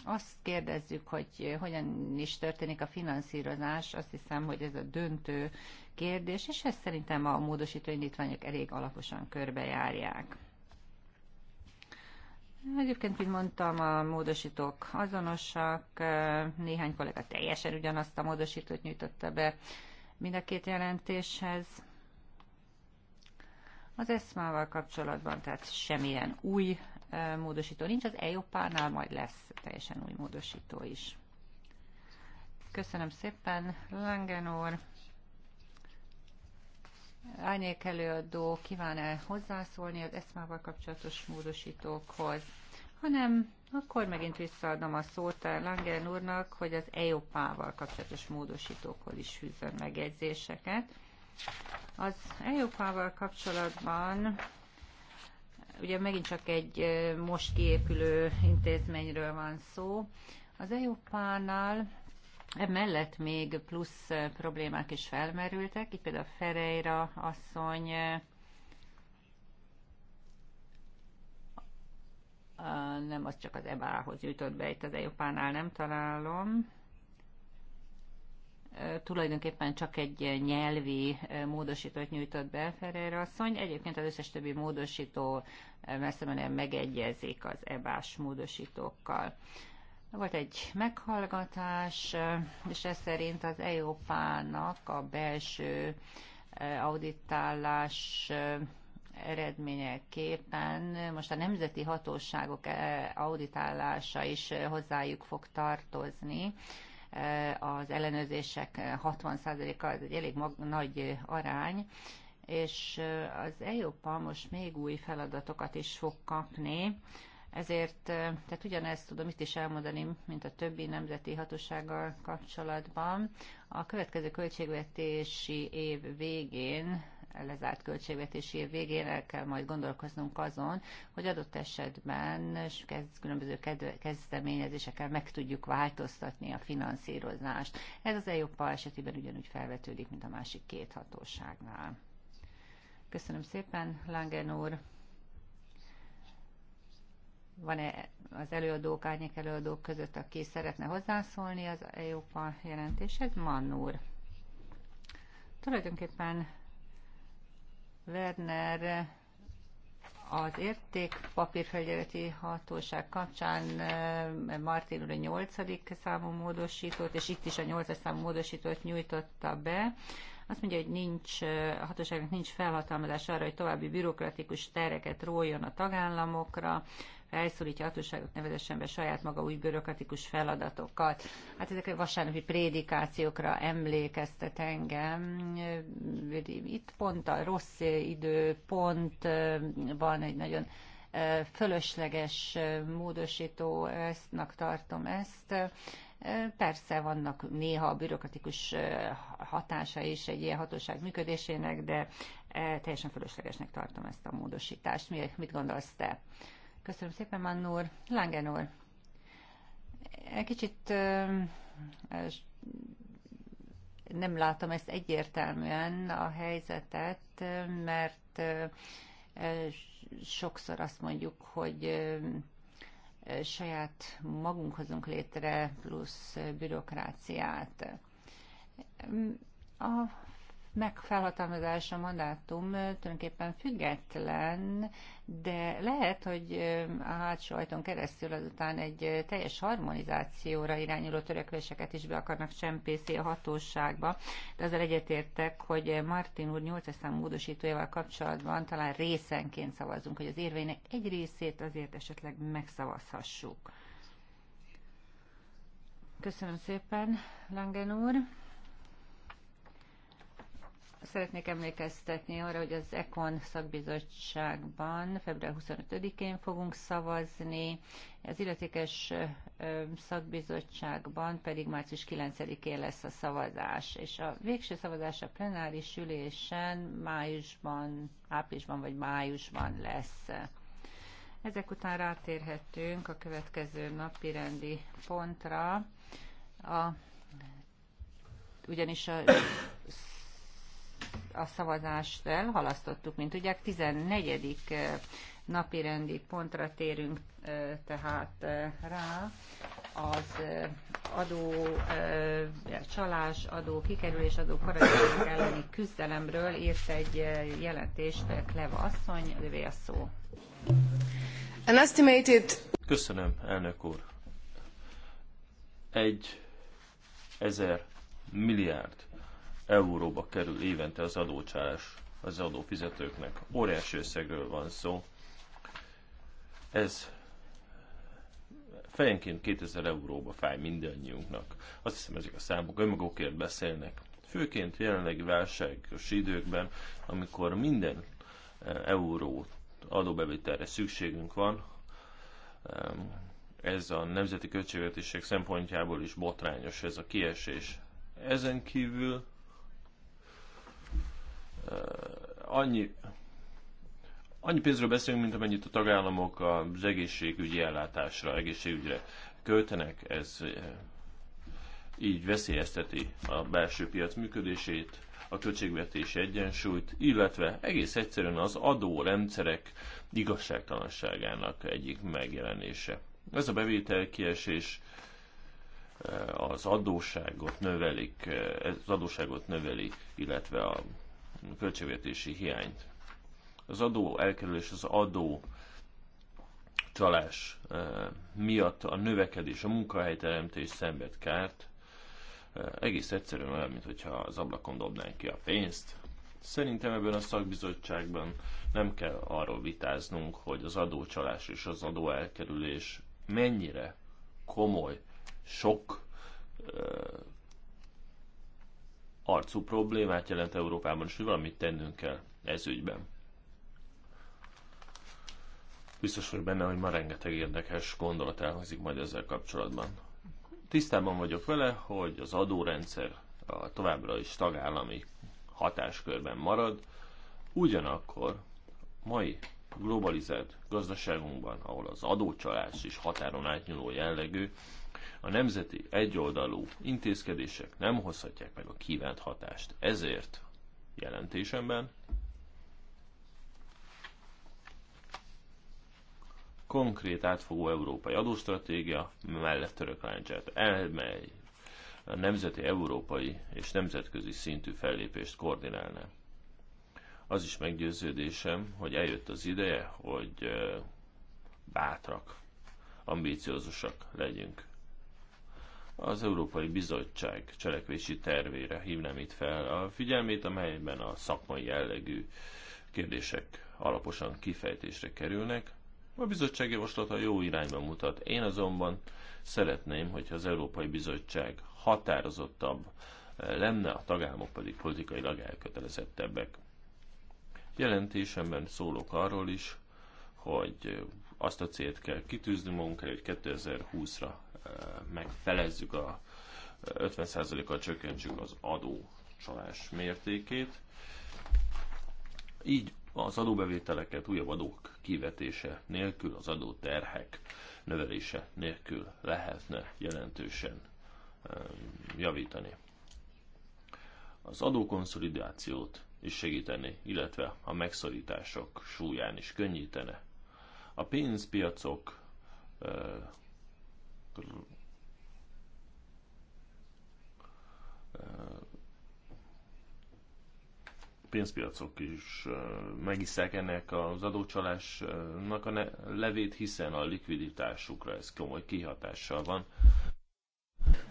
azt kérdezzük, hogy hogyan is történik a finanszírozás, azt hiszem, hogy ez a döntő kérdés, és ezt szerintem a módosító indítványok elég alaposan körbejárják. Egyébként, mint mondtam, a módosítók azonosak, néhány kollega teljesen ugyanazt a módosítót nyújtotta be mind a két jelentéshez. Az eszmával kapcsolatban, tehát semmilyen új módosító nincs, az EIOPA-nál majd lesz teljesen új módosító is. Köszönöm szépen, Langenor. Árnyék előadó kíván-e hozzászólni az eszmával kapcsolatos módosítókhoz? Ha nem, akkor megint visszaadom a szót a Langen úrnak, hogy az EOPA-val kapcsolatos módosítókhoz is hűzön megjegyzéseket. Az EOPA-val kapcsolatban Ugye megint csak egy most kiépülő intézményről van szó. Az EUPA-nál Emellett még plusz problémák is felmerültek, itt például Ferreira asszony nem, az csak az EBA-hoz jutott be, itt az EUPA-nál nem találom tulajdonképpen csak egy nyelvi módosítót nyújtott be Ferreira asszony. Egyébként az összes többi módosító messze menően megegyezik az ebás módosítókkal. Volt egy meghallgatás, és ez szerint az EOPA-nak a belső auditálás eredményeképpen most a nemzeti hatóságok auditálása is hozzájuk fog tartozni Eh, az ellenőrzések 60%-a, eh, ez egy elég mag- nagy eh, arány, és az EIOPA most még új feladatokat is fog kapni, ezért, tehát ugyanezt tudom itt is elmondani, mint a többi nemzeti hatósággal kapcsolatban. A következő költségvetési év végén lezárt költségvetési év végén el kell majd gondolkoznunk azon, hogy adott esetben különböző kezdeményezésekkel meg tudjuk változtatni a finanszírozást. Ez az EIOPA esetében ugyanúgy felvetődik, mint a másik két hatóságnál. Köszönöm szépen, Langen úr! van-e az előadók, árnyék előadók között, aki szeretne hozzászólni az EUPA jelentéshez? Mann úr. Tulajdonképpen Werner az papírfegyeleti hatóság kapcsán eh, Martin úr a 8. számú módosítót, és itt is a 8. számú módosítót nyújtotta be. Azt mondja, hogy nincs, eh, a hatóságnak nincs felhatalmazás arra, hogy további bürokratikus tereket róljon a tagállamokra, felszólítja a hatóságot, nevezessen be saját maga új bürokratikus feladatokat. Hát ezek a vasárnapi prédikációkra emlékeztet engem. Itt pont a rossz van egy nagyon fölösleges módosító, eztnak tartom ezt. Persze vannak néha a bürokratikus hatása is egy ilyen hatóság működésének, de teljesen fölöslegesnek tartom ezt a módosítást. Mit gondolsz te? Köszönöm szépen, Mann Langenor. Egy Kicsit nem látom ezt egyértelműen a helyzetet, mert sokszor azt mondjuk, hogy saját magunk hozunk létre plusz bürokráciát. A a mandátum tulajdonképpen független, de lehet, hogy a hátsó ajtón keresztül azután egy teljes harmonizációra irányuló törekvéseket is be akarnak csempészi a hatóságba, de azzal egyetértek, hogy Martin úr 8 számú módosítójával kapcsolatban talán részenként szavazunk, hogy az érvénynek egy részét azért esetleg megszavazhassuk. Köszönöm szépen, Langen úr. Szeretnék emlékeztetni arra, hogy az ECON szakbizottságban február 25-én fogunk szavazni, az illetékes szakbizottságban pedig március 9-én lesz a szavazás, és a végső szavazás a plenáris ülésen májusban, áprilisban vagy májusban lesz. Ezek után rátérhetünk a következő napi rendi pontra, a, ugyanis a a szavazást elhalasztottuk, mint tudják, 14. Eh, napi rendi pontra térünk eh, tehát eh, rá az adó csalás, adó kikerülés, adó paradicsom elleni küzdelemről írt egy jelentést Kleva asszony, lövé a szó. An estimated... Köszönöm, elnök úr. Egy ezer milliárd euróba kerül évente az adócsalás az adófizetőknek. Óriási összegről van szó. Ez fejenként 2000 euróba fáj mindannyiunknak. Azt hiszem ezek a számok önmagukért beszélnek. Főként jelenlegi válságos időkben, amikor minden eh, euró adóbevételre szükségünk van, ez a nemzeti költségvetések szempontjából is botrányos ez a kiesés. Ezen kívül annyi, annyi pénzről beszélünk, mint amennyit a tagállamok az egészségügyi ellátásra, egészségügyre költenek, ez így veszélyezteti a belső piac működését, a költségvetési egyensúlyt, illetve egész egyszerűen az adó rendszerek igazságtalanságának egyik megjelenése. Ez a kiesés az adósságot növelik, az adósságot növeli, illetve a költségvetési hiányt. Az adó elkerülés, az adó csalás eh, miatt a növekedés, a munkahelyteremtés szenved kárt. Eh, egész egyszerűen olyan, mint hogyha az ablakon dobnánk ki a pénzt. Szerintem ebben a szakbizottságban nem kell arról vitáznunk, hogy az adócsalás és az adóelkerülés mennyire komoly, sok eh, arcú problémát jelent Európában, és hogy valamit tennünk kell ez ügyben. Biztos vagyok benne, hogy ma rengeteg érdekes gondolat elhangzik majd ezzel kapcsolatban. Tisztában vagyok vele, hogy az adórendszer a továbbra is tagállami hatáskörben marad, ugyanakkor mai globalizált gazdaságunkban, ahol az adócsalás is határon átnyúló jellegű, a nemzeti egyoldalú intézkedések nem hozhatják meg a kívánt hatást. Ezért jelentésemben konkrét átfogó európai adóstratégia mellett török láncsát, elmely a nemzeti, európai és nemzetközi szintű fellépést koordinálná. Az is meggyőződésem, hogy eljött az ideje, hogy bátrak, ambíciózusak legyünk az Európai Bizottság cselekvési tervére hívnám itt fel a figyelmét, amelyben a szakmai jellegű kérdések alaposan kifejtésre kerülnek. A bizottság javaslata jó irányba mutat. Én azonban szeretném, hogy az Európai Bizottság határozottabb lenne, a tagállamok pedig politikailag elkötelezettebbek. Jelentésemben szólok arról is, hogy azt a célt kell kitűzni magunkra, hogy 2020-ra megfelezzük a 50%-kal csökkentsük az adó csalás mértékét. Így az adóbevételeket újabb adók kivetése nélkül, az adóterhek növelése nélkül lehetne jelentősen javítani. Az adókonszolidációt is segíteni, illetve a megszorítások súlyán is könnyítene. A pénzpiacok pénzpiacok is megiszák ennek az adócsalásnak a levét, hiszen a likviditásukra ez komoly kihatással van.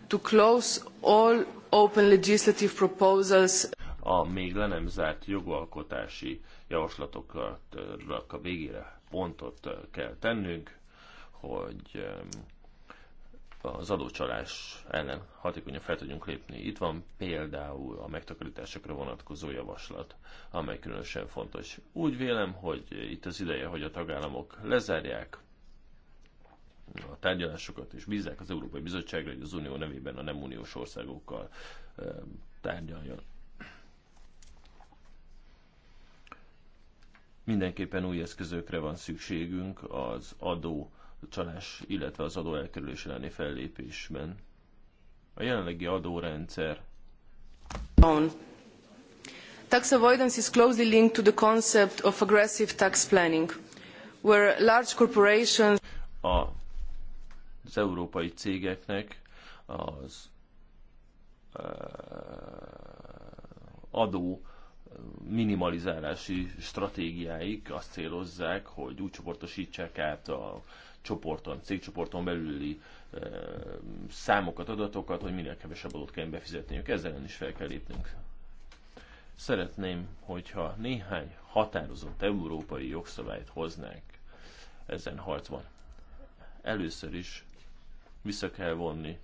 To close all open legislative proposals a még le nem zárt jogalkotási javaslatokat a végére pontot kell tennünk, hogy az adócsalás ellen hatékonyan fel tudjunk lépni. Itt van például a megtakarításokra vonatkozó javaslat, amely különösen fontos. Úgy vélem, hogy itt az ideje, hogy a tagállamok lezárják a tárgyalásokat, és bízzák az Európai Bizottságra, hogy az Unió nevében a nem uniós országokkal tárgyaljon. Mindenképpen új eszközökre van szükségünk az adó csalás, illetve az adó elkerülés elleni fellépésben. A jelenlegi adórendszer On. Tax avoidance is closely linked to the concept of aggressive tax planning, where large corporations a, az európai cégeknek az uh, adó minimalizálási stratégiáik azt célozzák, hogy úgy csoportosítsák át a csoporton, cégcsoporton belüli számokat, adatokat, hogy minél kevesebb adót kell befizetniük. Ezzel is fel kell lépnünk. Szeretném, hogyha néhány határozott európai jogszabályt hoznánk ezen harcban. Először is vissza kell vonni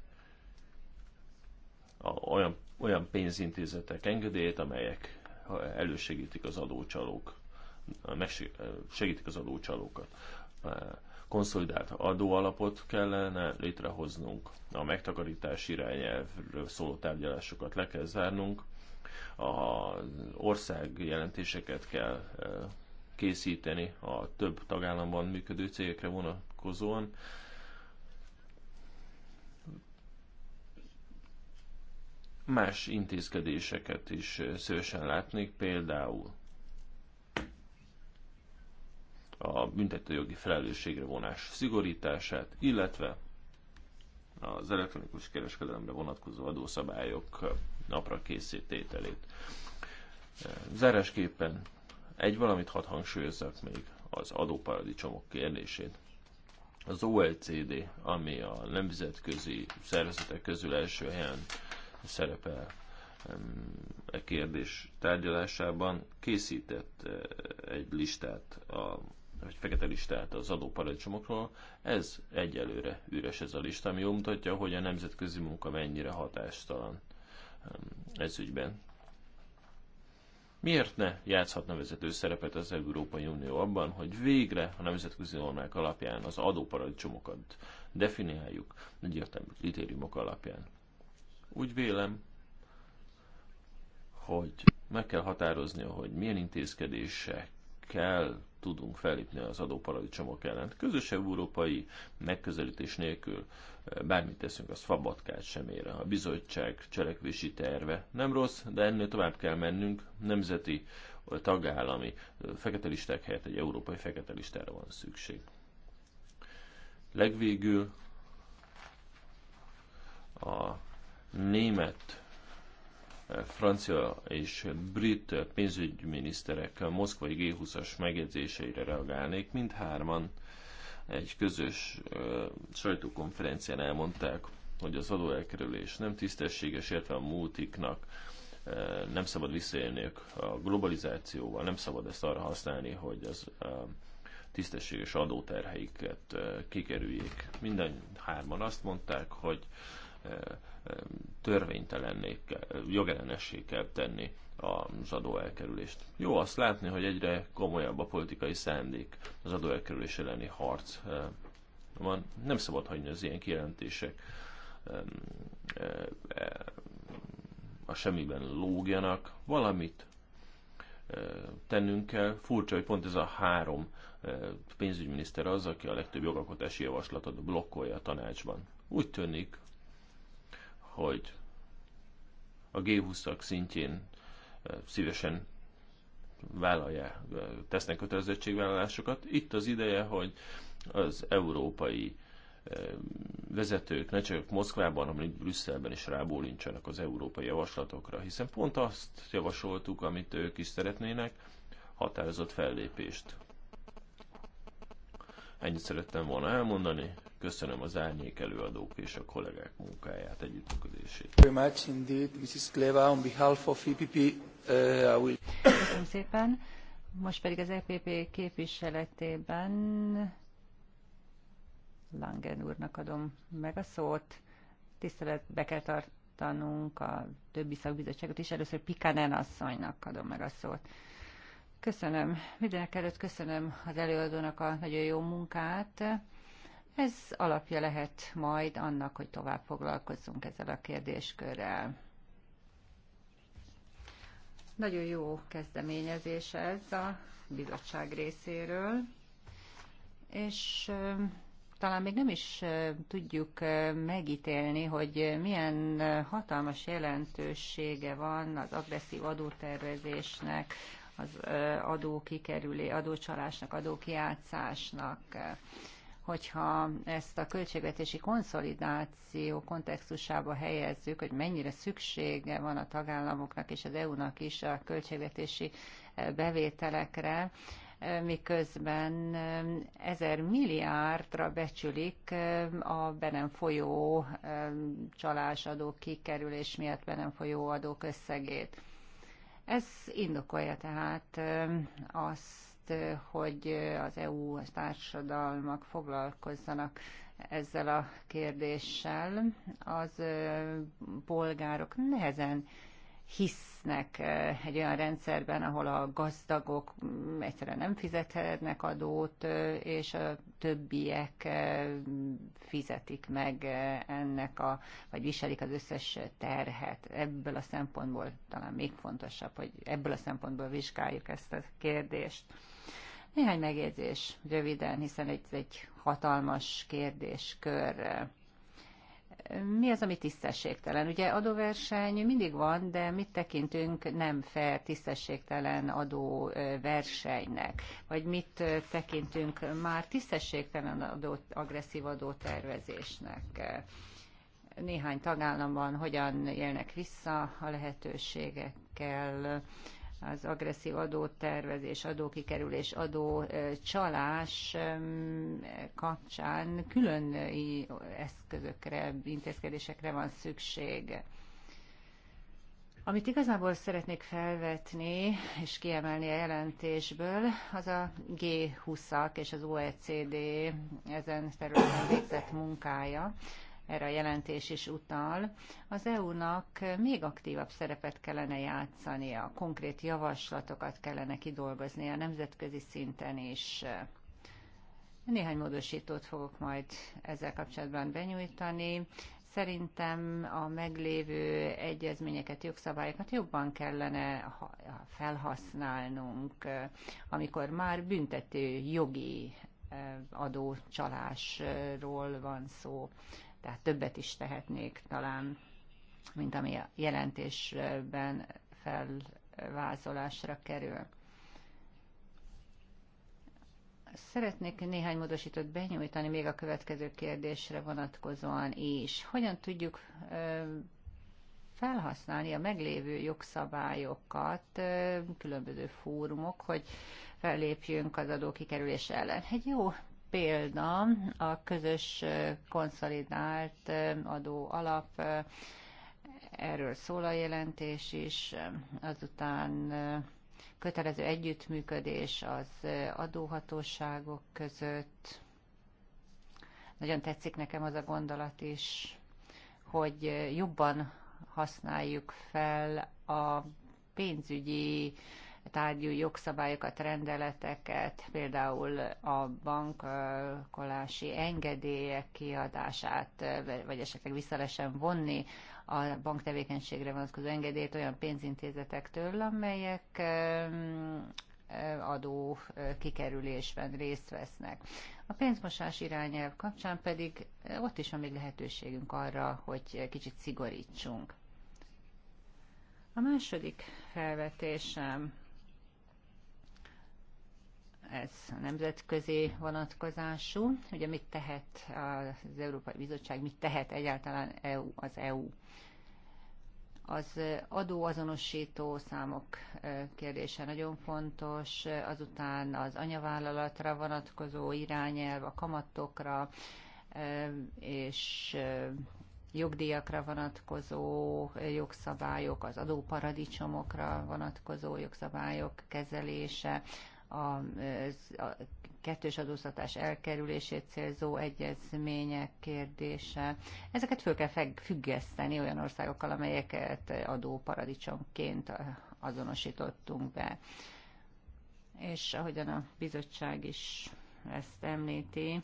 a, olyan, olyan pénzintézetek engedélyét, amelyek elősegítik az adócsalók, segítik az adócsalókat konszolidált adóalapot kellene létrehoznunk. A megtakarítás irányelvről szóló tárgyalásokat le kell zárnunk, az ország jelentéseket kell készíteni a több tagállamban működő cégekre vonatkozóan. Más intézkedéseket is szősen látnék, például a büntetőjogi felelősségre vonás szigorítását, illetve az elektronikus kereskedelemre vonatkozó adószabályok napra készítételét. Zárásképpen egy valamit hadd hangsúlyozzak még, az adóparadicsomok kérdését. Az OECD, ami a nemzetközi szervezetek közül első helyen szerepel e kérdés tárgyalásában, készített eh, egy listát a vagy fekete listát az adóparadicsomokról, ez egyelőre üres ez a lista, ami jól mutatja, hogy a nemzetközi munka mennyire hatástalan um, ez ügyben. Miért ne játszhatna vezető szerepet az Európai Unió abban, hogy végre a nemzetközi normák alapján az adóparadicsomokat definiáljuk egyértelmű kritériumok alapján? Úgy vélem, hogy meg kell határozni, hogy milyen intézkedések kell tudunk felépni az adóparadicsomok ellen. Közös európai megközelítés nélkül eh, bármit teszünk, az fabatkát sem ér. A bizottság cselekvési terve nem rossz, de ennél tovább kell mennünk. Nemzeti tagállami fekete listák helyett egy európai fekete listára van szükség. Legvégül a német francia és brit pénzügyminiszterek moszkvai G20-as megjegyzéseire reagálnék. Mindhárman egy közös sajtókonferencián elmondták, hogy az adóelkerülés nem tisztességes, illetve a múltiknak nem szabad visszaélniük a globalizációval, nem szabad ezt arra használni, hogy az tisztességes adóterheiket kikerüljék. Minden hárman azt mondták, hogy törvénytelenné, jogellenessé kell tenni az adóelkerülést. Jó azt látni, hogy egyre komolyabb a politikai szándék az adóelkerülés elleni harc van. Nem szabad hagyni az ilyen kijelentések e, a semmiben lógjanak, valamit tennünk kell. Furcsa, hogy pont ez a három pénzügyminiszter az, aki a legtöbb jogalkotási javaslatot blokkolja a tanácsban. Úgy tűnik, hogy a G20-ak szintjén szívesen vállalja, tesznek kötelezettségvállalásokat. Itt az ideje, hogy az európai vezetők ne csak Moszkvában, hanem itt Brüsszelben is rábólincsanak az európai javaslatokra, hiszen pont azt javasoltuk, amit ők is szeretnének, határozott fellépést. Ennyit szerettem volna elmondani. Köszönöm az árnyék előadók és a kollégák munkáját, együttműködését. Very much indeed, Mrs. Kleva, on behalf of EPP, uh, I will... Köszönöm szépen. Most pedig az EPP képviseletében Langen úrnak adom meg a szót. Tiszteletbe kell tartanunk a többi szakbizottságot is. Először Pikanen asszonynak adom meg a szót. Köszönöm. Mindenek előtt köszönöm az előadónak a nagyon jó munkát. Ez alapja lehet majd annak, hogy tovább foglalkozzunk ezzel a kérdéskörrel. Nagyon jó kezdeményezés ez a bizottság részéről, és talán még nem is tudjuk megítélni, hogy milyen hatalmas jelentősége van az agresszív adótervezésnek, az adókikerülé, adócsalásnak, adókiátszásnak hogyha ezt a költségvetési konszolidáció kontextusába helyezzük, hogy mennyire szüksége van a tagállamoknak és az EU-nak is a költségvetési bevételekre, miközben ezer milliárdra becsülik a be nem folyó csalásadók kikerülés miatt be nem folyó adók összegét. Ez indokolja tehát azt, hogy az EU, a társadalmak foglalkozzanak ezzel a kérdéssel. Az polgárok nehezen hisznek eh, egy olyan rendszerben, ahol a gazdagok mm, egyszerűen nem fizethetnek adót, eh, és a többiek eh, fizetik meg ennek a, vagy viselik az összes terhet. Ebből a szempontból talán még fontosabb, hogy ebből a szempontból vizsgáljuk ezt a kérdést. Néhány megjegyzés röviden, hiszen ez egy hatalmas kérdéskör mi az, ami tisztességtelen? Ugye adóverseny mindig van, de mit tekintünk nem fel tisztességtelen adóversenynek? Vagy mit tekintünk már tisztességtelen adó, agresszív adótervezésnek? Néhány tagállamban hogyan élnek vissza a lehetőségekkel? az agresszív adótervezés, adókikerülés, adócsalás kapcsán külön eszközökre, intézkedésekre van szükség. Amit igazából szeretnék felvetni és kiemelni a jelentésből, az a G20-ak és az OECD ezen területen végzett munkája, erre a jelentés is utal, az EU-nak még aktívabb szerepet kellene játszania, konkrét javaslatokat kellene kidolgozni a nemzetközi szinten is. Néhány módosítót fogok majd ezzel kapcsolatban benyújtani. Szerintem a meglévő egyezményeket, jogszabályokat jobban kellene felhasználnunk, amikor már büntető jogi eh, adócsalásról van szó tehát többet is tehetnék talán, mint ami a jelentésben felvázolásra kerül. Szeretnék néhány módosítót benyújtani még a következő kérdésre vonatkozóan is. Hogyan tudjuk felhasználni a meglévő jogszabályokat, különböző fórumok, hogy fellépjünk az adókikerülés ellen. Egy jó példa a közös konszolidált adó alap, erről szól a jelentés is, azután kötelező együttműködés az adóhatóságok között. Nagyon tetszik nekem az a gondolat is, hogy jobban használjuk fel a pénzügyi tárgyú jogszabályokat, rendeleteket, például a bankolási engedélyek kiadását, vagy esetleg vissza lesen vonni a banktevékenységre vonatkozó engedélyt olyan pénzintézetektől, amelyek eh, adó eh, kikerülésben részt vesznek. A pénzmosás irányelv kapcsán pedig eh, ott is van még lehetőségünk arra, hogy kicsit szigorítsunk. A második felvetésem ez nemzetközi vonatkozású. Ugye mit tehet az Európai Bizottság, mit tehet egyáltalán EU, az EU? Az adóazonosító számok kérdése nagyon fontos, azután az anyavállalatra vonatkozó irányelv, a kamatokra és jogdíjakra vonatkozó jogszabályok, az adóparadicsomokra vonatkozó jogszabályok kezelése, a, a kettős adóztatás elkerülését célzó egyezmények kérdése. Ezeket föl kell függeszteni olyan országokkal, amelyeket adóparadicsomként azonosítottunk be. És ahogyan a bizottság is ezt említi,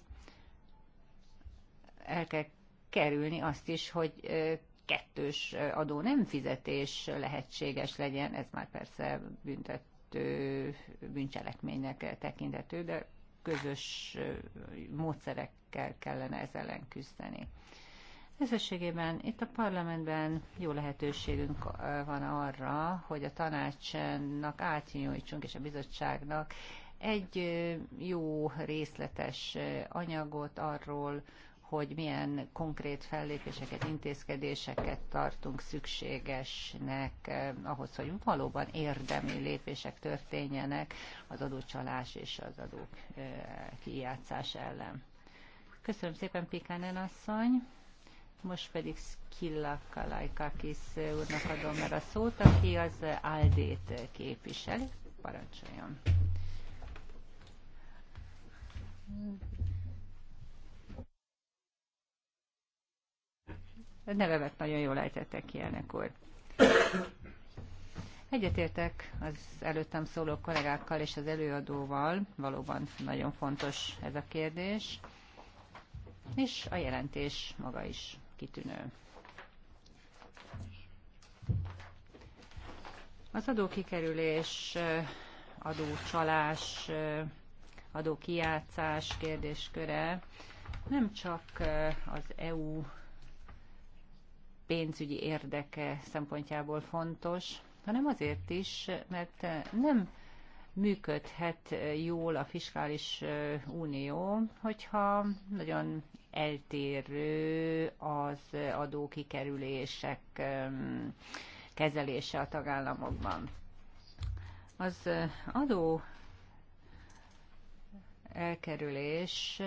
el kell kerülni azt is, hogy kettős adó nem fizetés lehetséges legyen, ez már persze büntet büntető bűncselekménynek tekinthető, de közös módszerekkel kellene ezzel ellen küzdeni. Összességében itt a parlamentben jó lehetőségünk van arra, hogy a tanácsnak átnyújtsunk és a bizottságnak egy jó részletes anyagot arról, hogy milyen konkrét fellépéseket, intézkedéseket tartunk szükségesnek eh, ahhoz, hogy valóban érdemi lépések történjenek az adócsalás és az adók eh, kijátszás ellen. Köszönöm szépen, Pikánen asszony! Most pedig Skilla Kalajkakis úrnak adom meg a szót, aki az Aldét képviseli. Parancsoljon! nevemet nagyon jól ejtettek ki, ilyenekor. Egyetértek az előttem szóló kollégákkal és az előadóval, valóban nagyon fontos ez a kérdés, és a jelentés maga is kitűnő. Az adókikerülés, adócsalás, adókijátszás kérdésköre nem csak az EU pénzügyi érdeke szempontjából fontos, hanem azért is, mert nem működhet jól a fiskális unió, hogyha nagyon eltérő az adókikerülések kezelése a tagállamokban. Az adó elkerülés,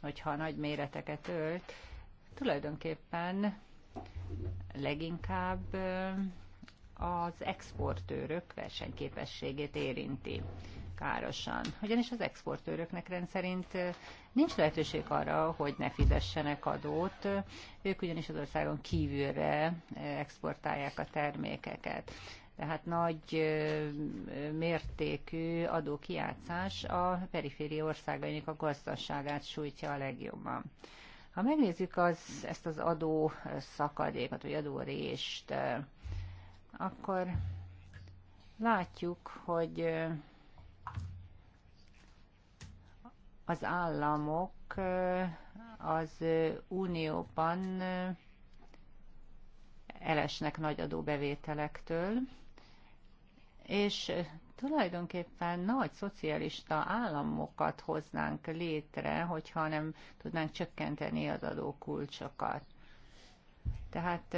hogyha nagy méreteket ölt, tulajdonképpen leginkább az exportőrök versenyképességét érinti károsan. Ugyanis az exportőröknek rendszerint nincs lehetőség arra, hogy ne fizessenek adót, ők ugyanis az országon kívülre exportálják a termékeket. Tehát nagy mértékű adókiátszás a periféri országainak a gazdaságát sújtja a legjobban. Ha megnézzük az, ezt az adó szakadékot, vagy részt, akkor látjuk, hogy az államok az unióban elesnek nagy adóbevételektől, és tulajdonképpen nagy szocialista államokat hoznánk létre, hogyha nem tudnánk csökkenteni az adókulcsokat. Tehát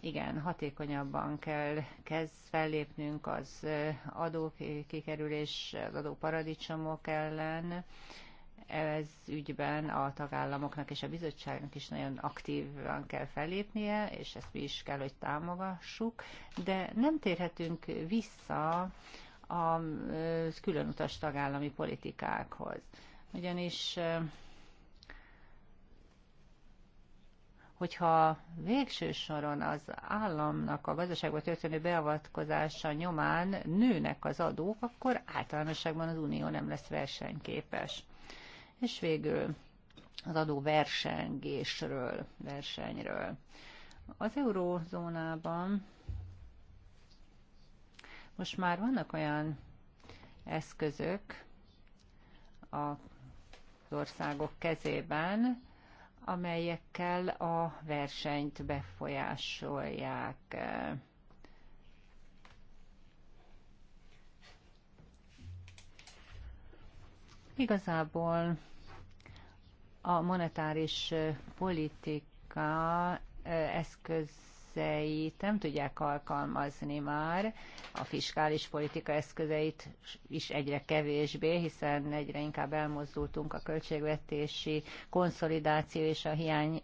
igen, hatékonyabban kell kezd fellépnünk az adókikerülés, az adóparadicsomok ellen. Ez ügyben a tagállamoknak és a bizottságnak is nagyon aktívan kell fellépnie, és ezt mi is kell, hogy támogassuk, de nem térhetünk vissza a különutas tagállami politikákhoz. Ugyanis hogyha végső soron az államnak a gazdaságba történő beavatkozása nyomán nőnek az adók, akkor általánosságban az unió nem lesz versenyképes. És végül az adó versengésről, versenyről. Az eurózónában most már vannak olyan eszközök az országok kezében, amelyekkel a versenyt befolyásolják. Igazából a monetáris politika eszköz eszközeit nem tudják alkalmazni már, a fiskális politika eszközeit is egyre kevésbé, hiszen egyre inkább elmozdultunk a költségvetési konszolidáció és a hiány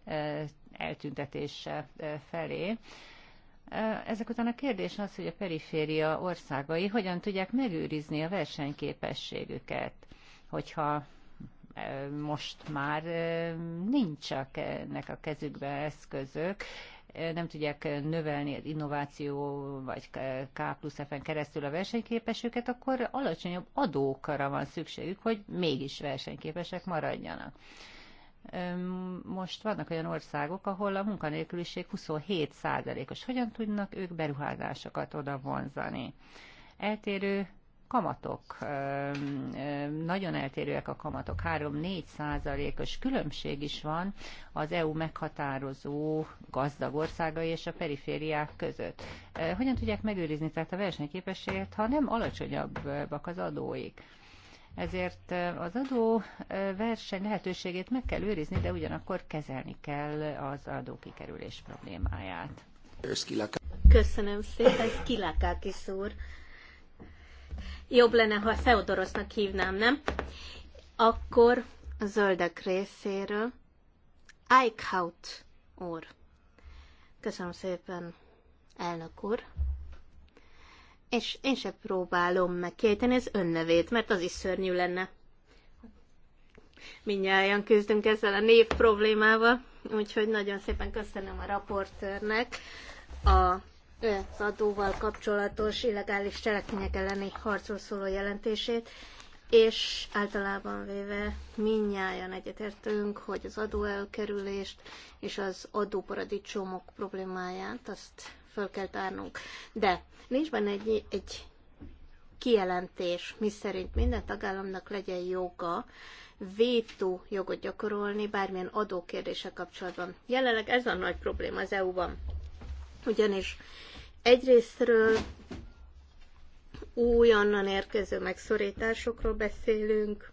eltüntetése felé. Ezek után a kérdés az, hogy a periféria országai hogyan tudják megőrizni a versenyképességüket, hogyha most már nincs a kezükben eszközök, nem tudják növelni az innováció vagy K plusz F-en keresztül a versenyképesüket, akkor alacsonyabb adókra van szükségük, hogy mégis versenyképesek maradjanak. Most vannak olyan országok, ahol a munkanélküliség 27 százalékos. Hogyan tudnak ők beruházásokat oda vonzani? Eltérő kamatok. Nagyon eltérőek a kamatok, 3-4 százalékos különbség is van az EU meghatározó gazdag országai és a perifériák között. Hogyan tudják megőrizni tehát a versenyképességet, ha nem alacsonyabbak az adóik? Ezért az adó verseny lehetőségét meg kell őrizni, de ugyanakkor kezelni kell az adókikerülés problémáját. Köszönöm szépen, Kilakákis úr. Jobb lenne, ha Feodorosznak hívnám, nem? Akkor a zöldek részéről Eichhout úr. Köszönöm szépen, elnök úr. És én se próbálom megkéteni az önnevét, mert az is szörnyű lenne. Mindjárt küzdünk ezzel a név problémával, úgyhogy nagyon szépen köszönöm a raportőrnek a az adóval kapcsolatos illegális cselekmények elleni harcról szóló jelentését, és általában véve minnyáján egyetértünk, hogy az adóelkerülést és az adóparadicsomok problémáját azt föl kell tárnunk. De nincs benne egy, egy kijelentés, miszerint minden tagállamnak legyen joga vétó jogot gyakorolni bármilyen adókérdése kapcsolatban. Jelenleg ez a nagy probléma az EU-ban. Ugyanis Egyrésztről újonnan érkező megszorításokról beszélünk,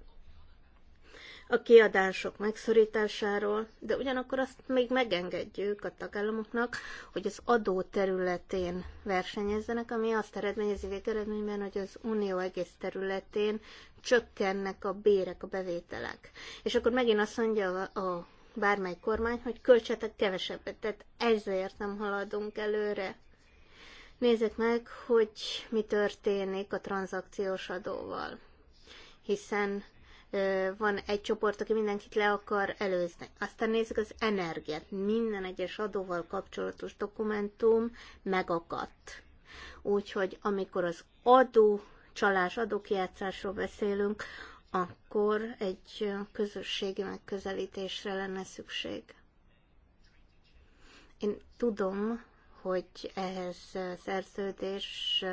a kiadások megszorításáról, de ugyanakkor azt még megengedjük a tagállamoknak, hogy az adó területén versenyezzenek, ami azt eredményezi végeredményben, hogy az unió egész területén csökkennek a bérek, a bevételek. És akkor megint azt mondja a, a bármely kormány, hogy költsetek kevesebbet, tehát ezért nem haladunk előre. Nézzük meg, hogy mi történik a tranzakciós adóval. Hiszen van egy csoport, aki mindenkit le akar előzni. Aztán nézzük az energiát. Minden egyes adóval kapcsolatos dokumentum megakadt. Úgyhogy amikor az adó csalás, adókijátszásról beszélünk, akkor egy közösségi megközelítésre lenne szükség. Én tudom, hogy ehhez szerződés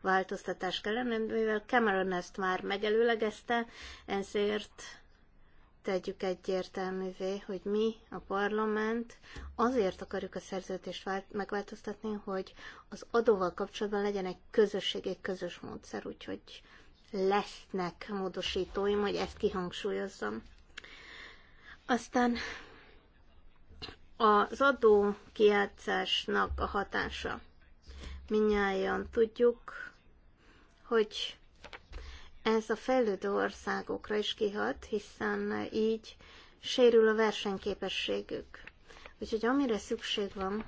változtatás kellene, mivel Cameron ezt már megelőlegezte, ezért tegyük egyértelművé, hogy mi, a parlament, azért akarjuk a szerződést megváltoztatni, hogy az adóval kapcsolatban legyen egy közösség, egy közös módszer, úgyhogy lesznek módosítóim, hogy ezt kihangsúlyozzam. Aztán az adó kijátszásnak a hatása. Minnyáján tudjuk, hogy ez a fejlődő országokra is kihat, hiszen így sérül a versenyképességük. Úgyhogy amire szükség van,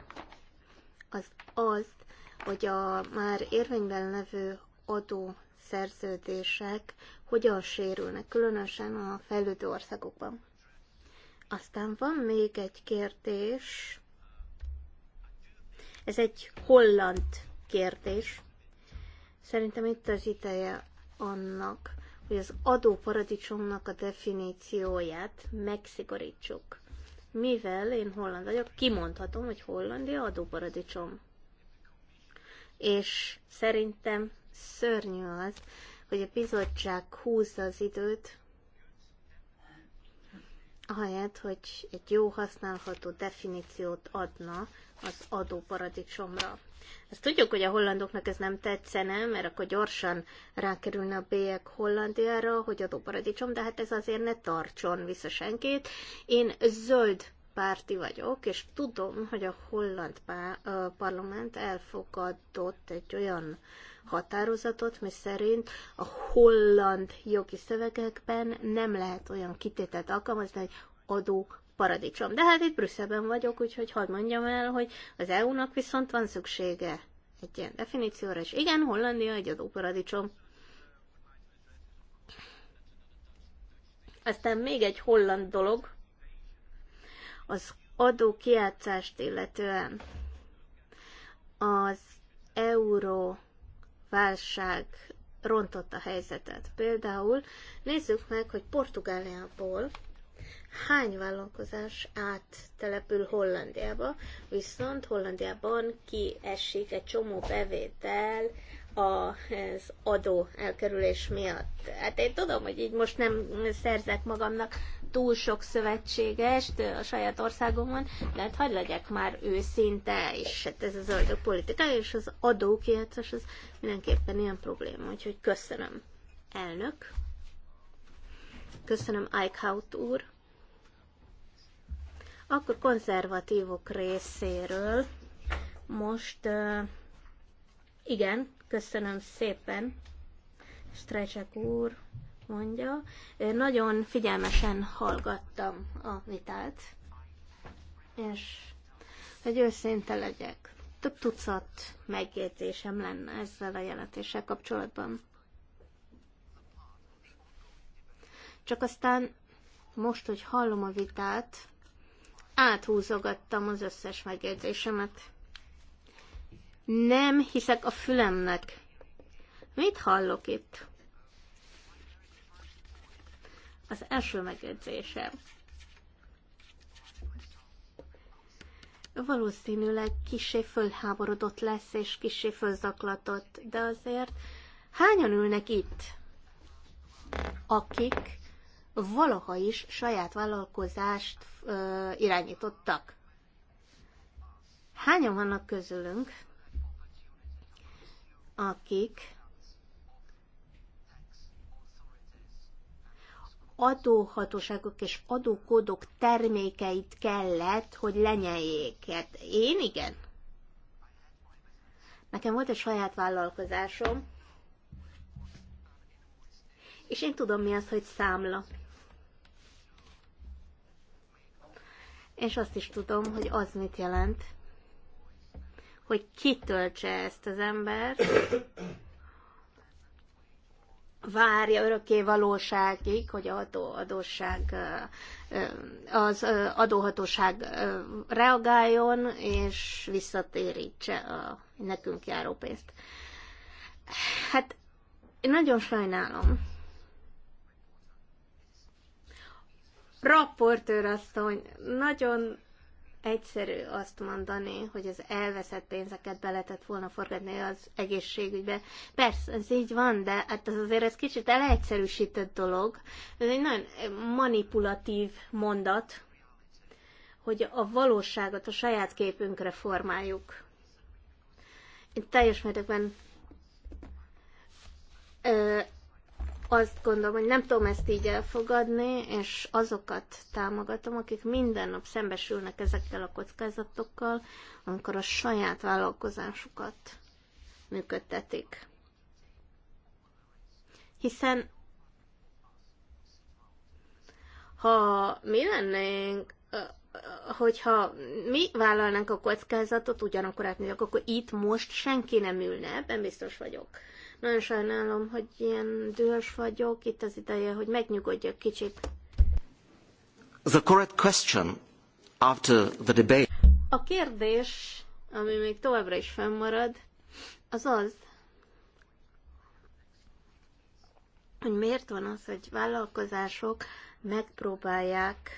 az az, hogy a már érvényben levő adó szerződések hogyan sérülnek, különösen a fejlődő országokban. Aztán van még egy kérdés. Ez egy holland kérdés. Szerintem itt az ideje annak, hogy az adóparadicsomnak a definícióját megszigorítsuk. Mivel én holland vagyok, kimondhatom, hogy Hollandia adóparadicsom. És szerintem szörnyű az, hogy a bizottság húzza az időt, ahelyett, hogy egy jó használható definíciót adna az adóparadicsomra. Ezt tudjuk, hogy a hollandoknak ez nem tetszene, mert akkor gyorsan rákerülne a bélyek Hollandiára, hogy adóparadicsom, de hát ez azért ne tartson vissza senkit. Én zöld párti vagyok, és tudom, hogy a holland parlament elfogadott egy olyan határozatot, mi szerint a holland jogi szövegekben nem lehet olyan kitételt alkalmazni, hogy adó paradicsom. De hát itt Brüsszelben vagyok, úgyhogy hadd mondjam el, hogy az EU-nak viszont van szüksége egy ilyen definícióra, és igen, Hollandia egy adóparadicsom. Aztán még egy holland dolog, az adó kiátszást illetően az euró válság rontott a helyzetet. Például nézzük meg, hogy Portugáliából hány vállalkozás áttelepül Hollandiába, viszont Hollandiában kiesik egy csomó bevétel az adó elkerülés miatt. Hát én tudom, hogy így most nem szerzek magamnak túl sok szövetségest a saját országomon, de hát hagyd legyek már őszinte, és hát ez a zöldök politika, és az és az mindenképpen ilyen probléma, úgyhogy köszönöm, elnök. Köszönöm, Eichhout úr. Akkor konzervatívok részéről most igen, köszönöm szépen, Strecsek úr, mondja. Nagyon figyelmesen hallgattam a vitát, és hogy őszinte legyek, több tucat megjegyzésem lenne ezzel a jelentéssel kapcsolatban. Csak aztán most, hogy hallom a vitát, áthúzogattam az összes megjegyzésemet. Nem hiszek a fülemnek. Mit hallok itt? Az első megjegyzésem. Valószínűleg kisé fölháborodott lesz, és kisé fölzaklatott, de azért hányan ülnek itt, akik valaha is saját vállalkozást ö, irányítottak? Hányan vannak közülünk, akik adóhatóságok és adókódok termékeit kellett, hogy lenyeljék. Hát én igen. Nekem volt egy saját vállalkozásom, és én tudom mi az, hogy számla. És azt is tudom, hogy az mit jelent, hogy kitöltse ezt az ember, várja örökké valóságig, hogy adó, adósság, az adóhatóság reagáljon és visszatérítse a nekünk járó pénzt. Hát én nagyon sajnálom. Rapportőr asszony, nagyon egyszerű azt mondani, hogy az elveszett pénzeket be lehetett volna forgatni az egészségügybe. Persze, ez így van, de hát azért ez kicsit elegyszerűsített dolog. Ez egy nagyon manipulatív mondat, hogy a valóságot a saját képünkre formáljuk. Én teljes mértékben azt gondolom, hogy nem tudom ezt így elfogadni, és azokat támogatom, akik minden nap szembesülnek ezekkel a kockázatokkal, amikor a saját vállalkozásukat működtetik. Hiszen ha mi lennénk, hogyha mi vállalnánk a kockázatot, ugyanakkor átmegyek, akkor itt most senki nem ülne, ebben biztos vagyok. Nagyon sajnálom, hogy ilyen dühös vagyok. Itt az ideje, hogy megnyugodjak kicsit. The correct question after the debate. A kérdés, ami még továbbra is fennmarad, az az, hogy miért van az, hogy vállalkozások megpróbálják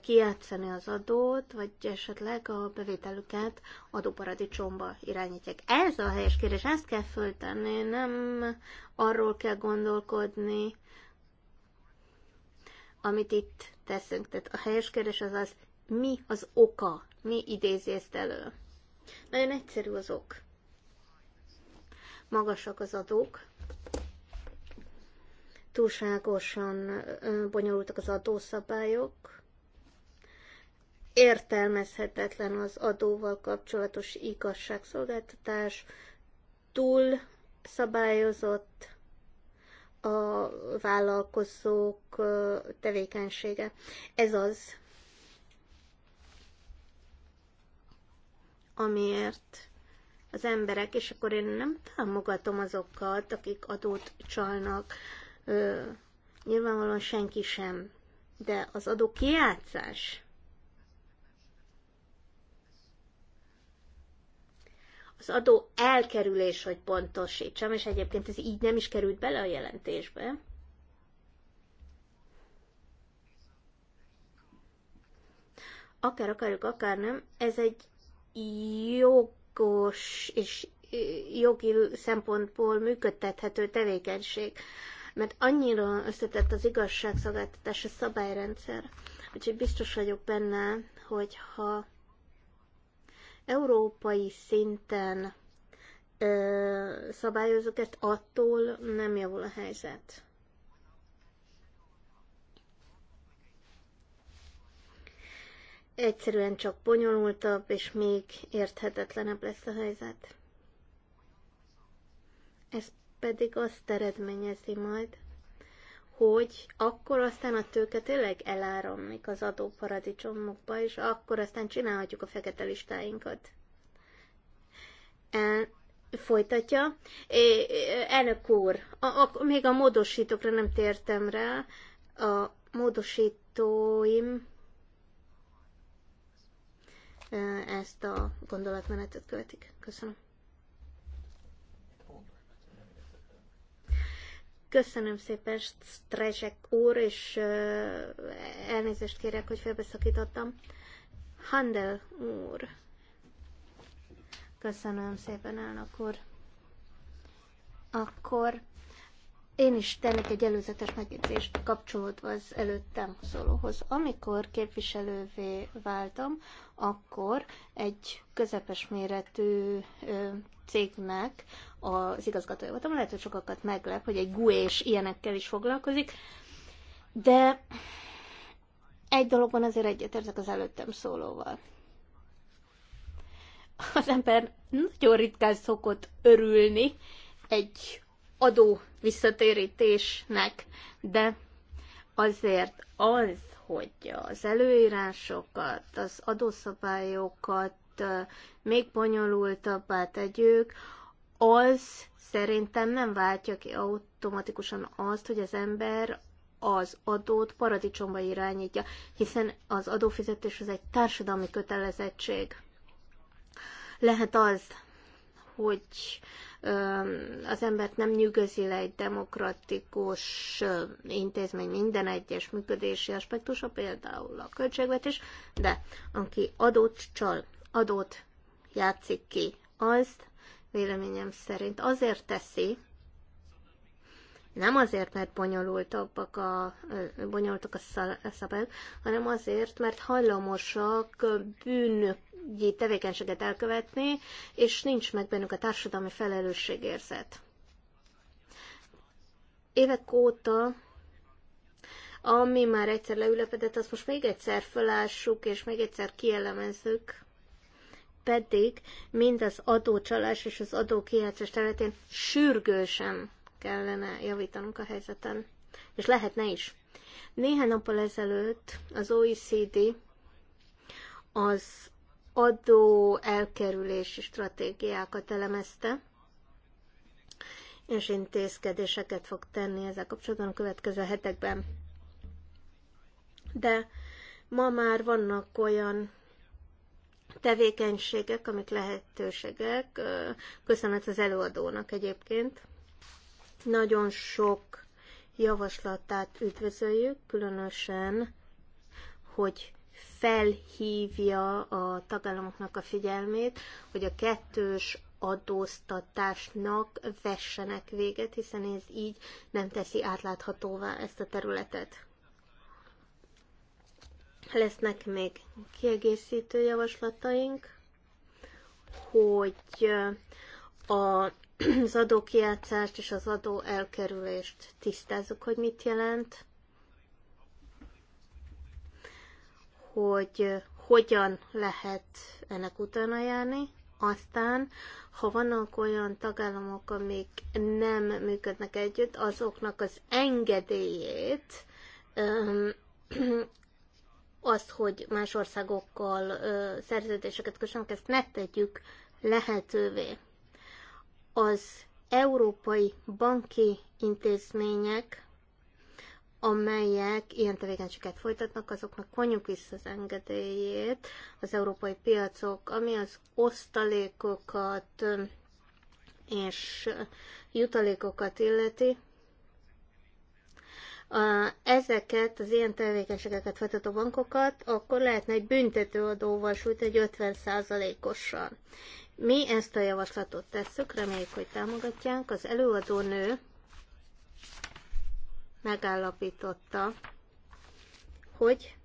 kijátszani az adót, vagy esetleg a bevételüket adóparadicsomba irányítják. Ez a helyes kérdés, ezt kell föltenni, nem arról kell gondolkodni, amit itt teszünk. Tehát a helyes kérdés az az, mi az oka, mi idézi ezt elő. Nagyon egyszerű az ok. Magasak az adók, túlságosan bonyolultak az adószabályok, értelmezhetetlen az adóval kapcsolatos igazságszolgáltatás, túl szabályozott a vállalkozók tevékenysége. Ez az, amiért az emberek, és akkor én nem támogatom azokat, akik adót csalnak. nyilvánvalóan senki sem, de az adó kiátszás, az adó elkerülés, hogy pontosítsam, és egyébként ez így nem is került bele a jelentésbe. Akár akarjuk, akár nem, ez egy jogos és jogi szempontból működtethető tevékenység, mert annyira összetett az igazságszolgáltatás a szabályrendszer, úgyhogy biztos vagyok benne, hogy ha európai szinten ö, szabályozok ezt, attól nem javul a helyzet. Egyszerűen csak bonyolultabb, és még érthetetlenebb lesz a helyzet. Ez pedig azt eredményezi majd, hogy akkor aztán a tőke tényleg eláramlik az adóparadicsomokba, és akkor aztán csinálhatjuk a fekete listáinkat. El, folytatja. É, elnök úr, a, a, még a módosítókra nem tértem rá. A módosítóim e, ezt a gondolatmenetet követik. Köszönöm. Köszönöm szépen, Strezsek úr, és elnézést kérek, hogy felbeszakítottam. Handel úr. Köszönöm szépen, elnök úr. Akkor én is tennék egy előzetes megjegyzést kapcsolódva az előttem szólóhoz. Amikor képviselővé váltam, akkor egy közepes méretű cégnek az igazgatója voltam. Lehet, hogy sokakat meglep, hogy egy GUE és ilyenekkel is foglalkozik, de egy dologban azért egyetértek az előttem szólóval. Az ember nagyon ritkán szokott örülni egy adó visszatérítésnek, de azért az, hogy az előírásokat, az adószabályokat még bonyolultabbá tegyük, az szerintem nem váltja ki automatikusan azt, hogy az ember az adót paradicsomba irányítja, hiszen az adófizetés az egy társadalmi kötelezettség. Lehet az, hogy az embert nem nyűgözi le egy demokratikus intézmény minden egyes működési aspektusa, például a költségvetés, de aki adót csal, adót játszik ki. Azt véleményem szerint azért teszi, nem azért, mert bonyolultak a, bonyolultak a szabályok, hanem azért, mert hajlamosak bűnügyi tevékenységet elkövetni, és nincs meg bennük a társadalmi felelősségérzet. Évek óta, ami már egyszer leülepedett, azt most még egyszer felássuk, és még egyszer kielemezzük, pedig mind az adócsalás és az adókijátszás területén sürgősen kellene javítanunk a helyzeten. És lehetne is. Néhány nappal ezelőtt az OECD az adó elkerülési stratégiákat elemezte, és intézkedéseket fog tenni ezzel kapcsolatban a következő hetekben. De ma már vannak olyan tevékenységek, amik lehetőségek. Köszönet az előadónak egyébként. Nagyon sok javaslatát üdvözöljük, különösen, hogy felhívja a tagállamoknak a figyelmét, hogy a kettős adóztatásnak vessenek véget, hiszen ez így nem teszi átláthatóvá ezt a területet. Lesznek még kiegészítő javaslataink, hogy a az adókijátszást és az adó elkerülést tisztázzuk, hogy mit jelent, hogy hogyan lehet ennek utána járni. Aztán, ha vannak olyan tagállamok, amik nem működnek együtt, azoknak az engedélyét azt, hogy más országokkal ö, szerződéseket kössenek, ezt ne tegyük lehetővé. Az európai banki intézmények, amelyek ilyen tevékenységet folytatnak, azoknak vonjuk vissza az engedélyét az európai piacok, ami az osztalékokat és jutalékokat illeti, a, ezeket az ilyen tevékenységeket folytató bankokat, akkor lehetne egy büntetőadóval sújt egy 50%-ossal. Mi ezt a javaslatot tesszük, reméljük, hogy támogatják. Az előadó nő megállapította, hogy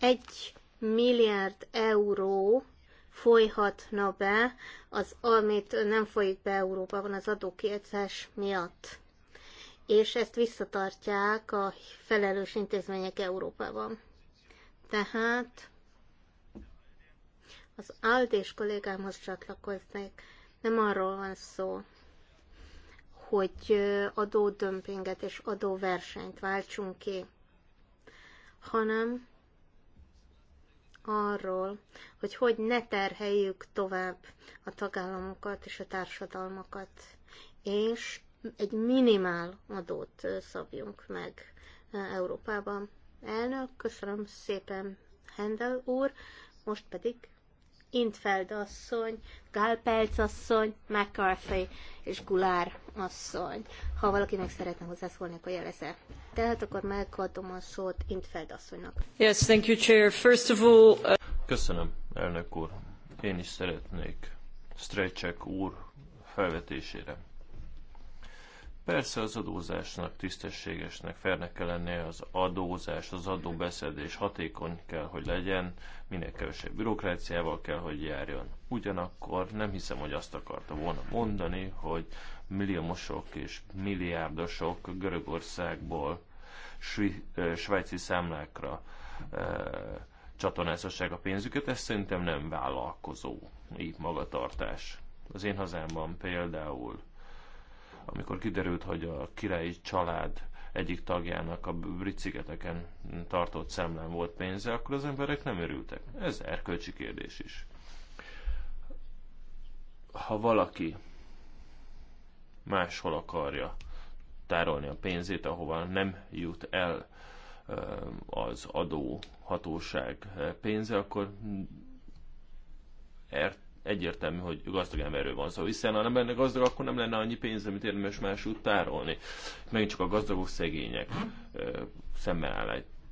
egy milliárd euró folyhatna be az, amit nem folyik be Európában az adókiegyzés miatt és ezt visszatartják a felelős intézmények Európában. Tehát az Aldés kollégámhoz csatlakoznék. Nem arról van szó, hogy adódömpinget és adóversenyt váltsunk ki, hanem arról, hogy hogy ne terheljük tovább a tagállamokat és a társadalmakat, és egy minimál adót szabjunk meg Európában. Elnök, köszönöm szépen, Hendel úr, most pedig Intfeld asszony, Gálpelc asszony, McCarthy és Gulár asszony. Ha valaki meg szeretne hozzászólni, akkor jelezze. Tehát akkor megadom a szót Intfeld asszonynak. Yes, thank you, Chair. First of all... Uh... Köszönöm, elnök úr. Én is szeretnék Strejcsek úr felvetésére Persze az adózásnak tisztességesnek, fernek kell lennie az adózás, az adóbeszedés hatékony kell, hogy legyen, minél kevesebb bürokráciával kell, hogy járjon. Ugyanakkor nem hiszem, hogy azt akarta volna mondani, hogy milliómosok és milliárdosok Görögországból svi, svájci számlákra e, csatornázhassák a pénzüket, ez szerintem nem vállalkozó így magatartás. Az én hazámban például amikor kiderült, hogy a királyi család egyik tagjának a brit szigeteken tartott szemlán volt pénze, akkor az emberek nem örültek. Ez erkölcsi kérdés is. Ha valaki máshol akarja tárolni a pénzét, ahova nem jut el az adóhatóság pénze, akkor ért. Egyértelmű, hogy gazdag emberről van szó, hiszen ha nem lenne gazdag, akkor nem lenne annyi pénz, amit érdemes másút tárolni. Megint csak a gazdagok szegények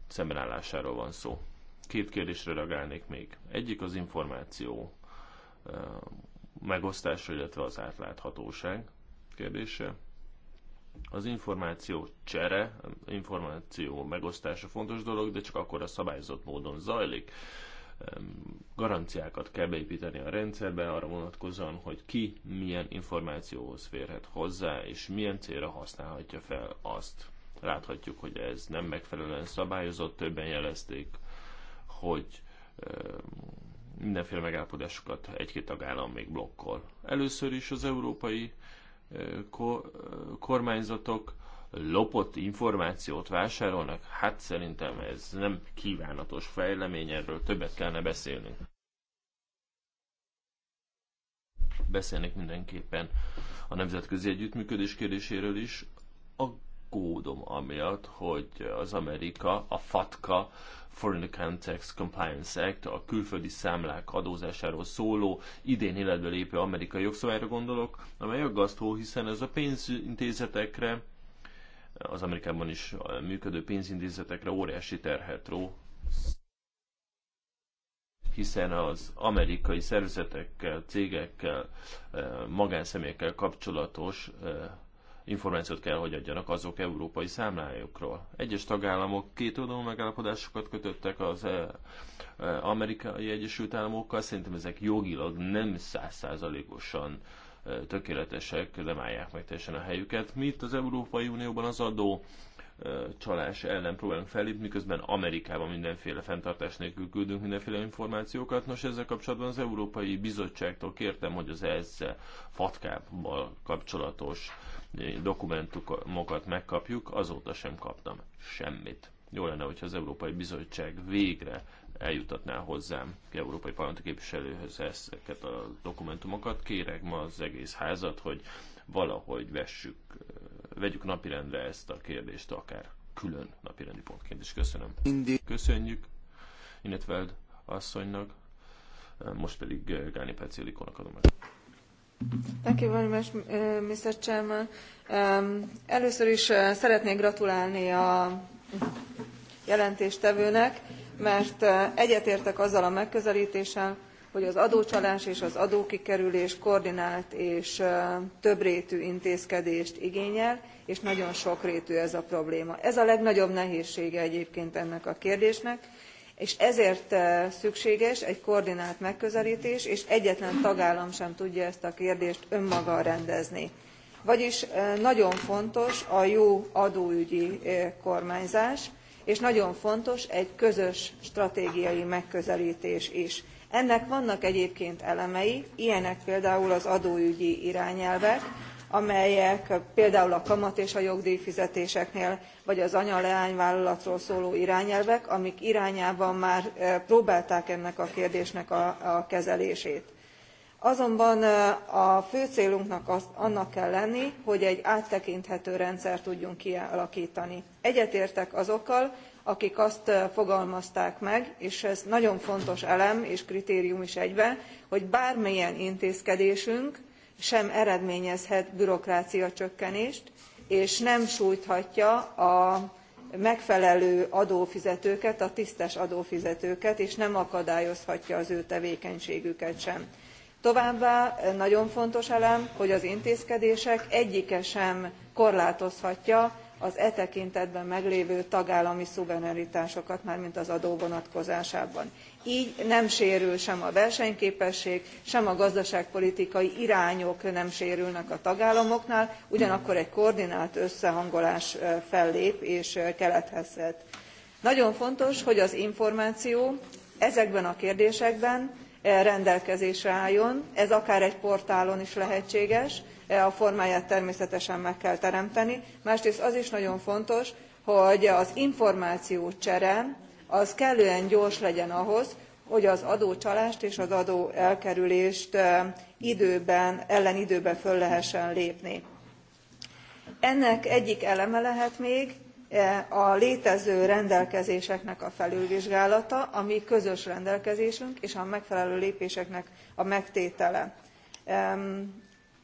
szembenállásáról van szó. Két kérdésre reagálnék még. Egyik az információ megosztása, illetve az átláthatóság kérdése. Az információ csere, információ megosztása fontos dolog, de csak akkor a szabályozott módon zajlik garanciákat kell beépíteni a rendszerbe arra vonatkozóan, hogy ki milyen információhoz férhet hozzá, és milyen célra használhatja fel azt. Láthatjuk, hogy ez nem megfelelően szabályozott, többen jelezték, hogy mindenféle megállapodásokat egy-két tagállam még blokkol. Először is az európai eh, eh, kormányzatok lopott információt vásárolnak? Hát szerintem ez nem kívánatos fejlemény, erről többet kellene beszélnünk. Beszélnék mindenképpen a nemzetközi együttműködés kérdéséről is. Aggódom amiatt, hogy az Amerika, a FATCA, Foreign Account Tax Compliance Act, a külföldi számlák adózásáról szóló, idén életbe lépő amerikai jogszabályra gondolok, amely aggasztó, hiszen ez a pénzintézetekre, az Amerikában is működő pénzintézetekre óriási terhet ró, hiszen az amerikai szervezetekkel, cégekkel, eh, magánszemélyekkel kapcsolatos eh, információt kell, hogy adjanak azok európai számlájukról. Egyes tagállamok két oldalú megállapodásokat kötöttek az eh, amerikai Egyesült Államokkal, szerintem ezek jogilag nem százszázalékosan tökéletesek, nem állják meg teljesen a helyüket. Mi itt az Európai Unióban az adó csalás ellen próbálunk felépni, miközben Amerikában mindenféle fenntartás nélkül küldünk mindenféle információkat. Nos, ezzel kapcsolatban az Európai Bizottságtól kértem, hogy az ezzel fatkával kapcsolatos dokumentumokat megkapjuk, azóta sem kaptam semmit. Jó lenne, hogyha az Európai Bizottság végre eljutatná hozzám, európai parlamenti képviselőhöz ezeket a dokumentumokat. Kérek ma az egész házat, hogy valahogy vessük, vegyük napirendre ezt a kérdést, akár külön napirendi pontként is. Köszönöm. Indi. Köszönjük Inetveld asszonynak, most pedig Gáni Pecélikónak adom el. Thank you very much, Mr. Chairman. Um, először is szeretnék gratulálni a jelentéstevőnek mert egyetértek azzal a megközeltéssel hogy az adócsalás és az adókikerülés koordinált és többrétű intézkedést igényel és nagyon sokrétű ez a probléma. ez a legnagyobb nehézsége egyébként ennek a kérdésnek és ezért szükséges egy koordinált megközeltés és egyetlen tagállam sem tudja ezt a kérdést önmaga rendezni. vagyis nagyon fontos a jó adóügyi kormányzás és nagyon fontos egy közös stratégiai megközeltés is. ennek vannak egyébként elemei ilyenek például az adóügyi irányelvek amelyek például a kamat és a jogdjfizetéseknél vagy az anya leányvállalatról szóló irányelvek amik irányában már eh, próbálták ennek a kérdésnek a kezelését azonban a fő célunknak annak kell lenni hogy egy áttekinthető rendszert tudjunk kialaktani. egyetértek azokkal akik azt fogalmazták meg és ez nagyon fontos elem és kritérium is egyben hogy bármilyen intézkedésünk sem eredményezhet bürokráciacsökkenést és nem sújthatja a megfelelő adófizetőket a tisztes adófizetőket és nem akadályozhatja az ő tevékenységüket sem továbbá nagyon fontos elem hogy az intézkedések egyike sem korlátozhatja az e tekintetben meglévő tagállami szuverenitásokat mármint az adó vonatkozásában. gy nem sérül sem a versenyképesség sem a gazdaságpolitikai irányok nem sérülnek a tagállamoknál ugyanakkor egy koordinált összehangolás fellép és keletkezhet. nagyon fontos hogy az információ ezekben a kérdésekben Eh, rendelkezésre álljon ez akár egy portálon is lehetséges eh, a formáját természetesen meg kell teremteni másrészt az is nagyon fontos hogy az információcsere az kellően gyors legyen ahhoz hogy az adócsalást és az adóelkerülést eh, időben, ellen időben föl lehessen lépni. ennek egyik eleme lehet még E, a létező rendelkezéseknek a felülvizsgálata a mi közös rendelkezésünk és a megfelelő lépéseknek a megtétele.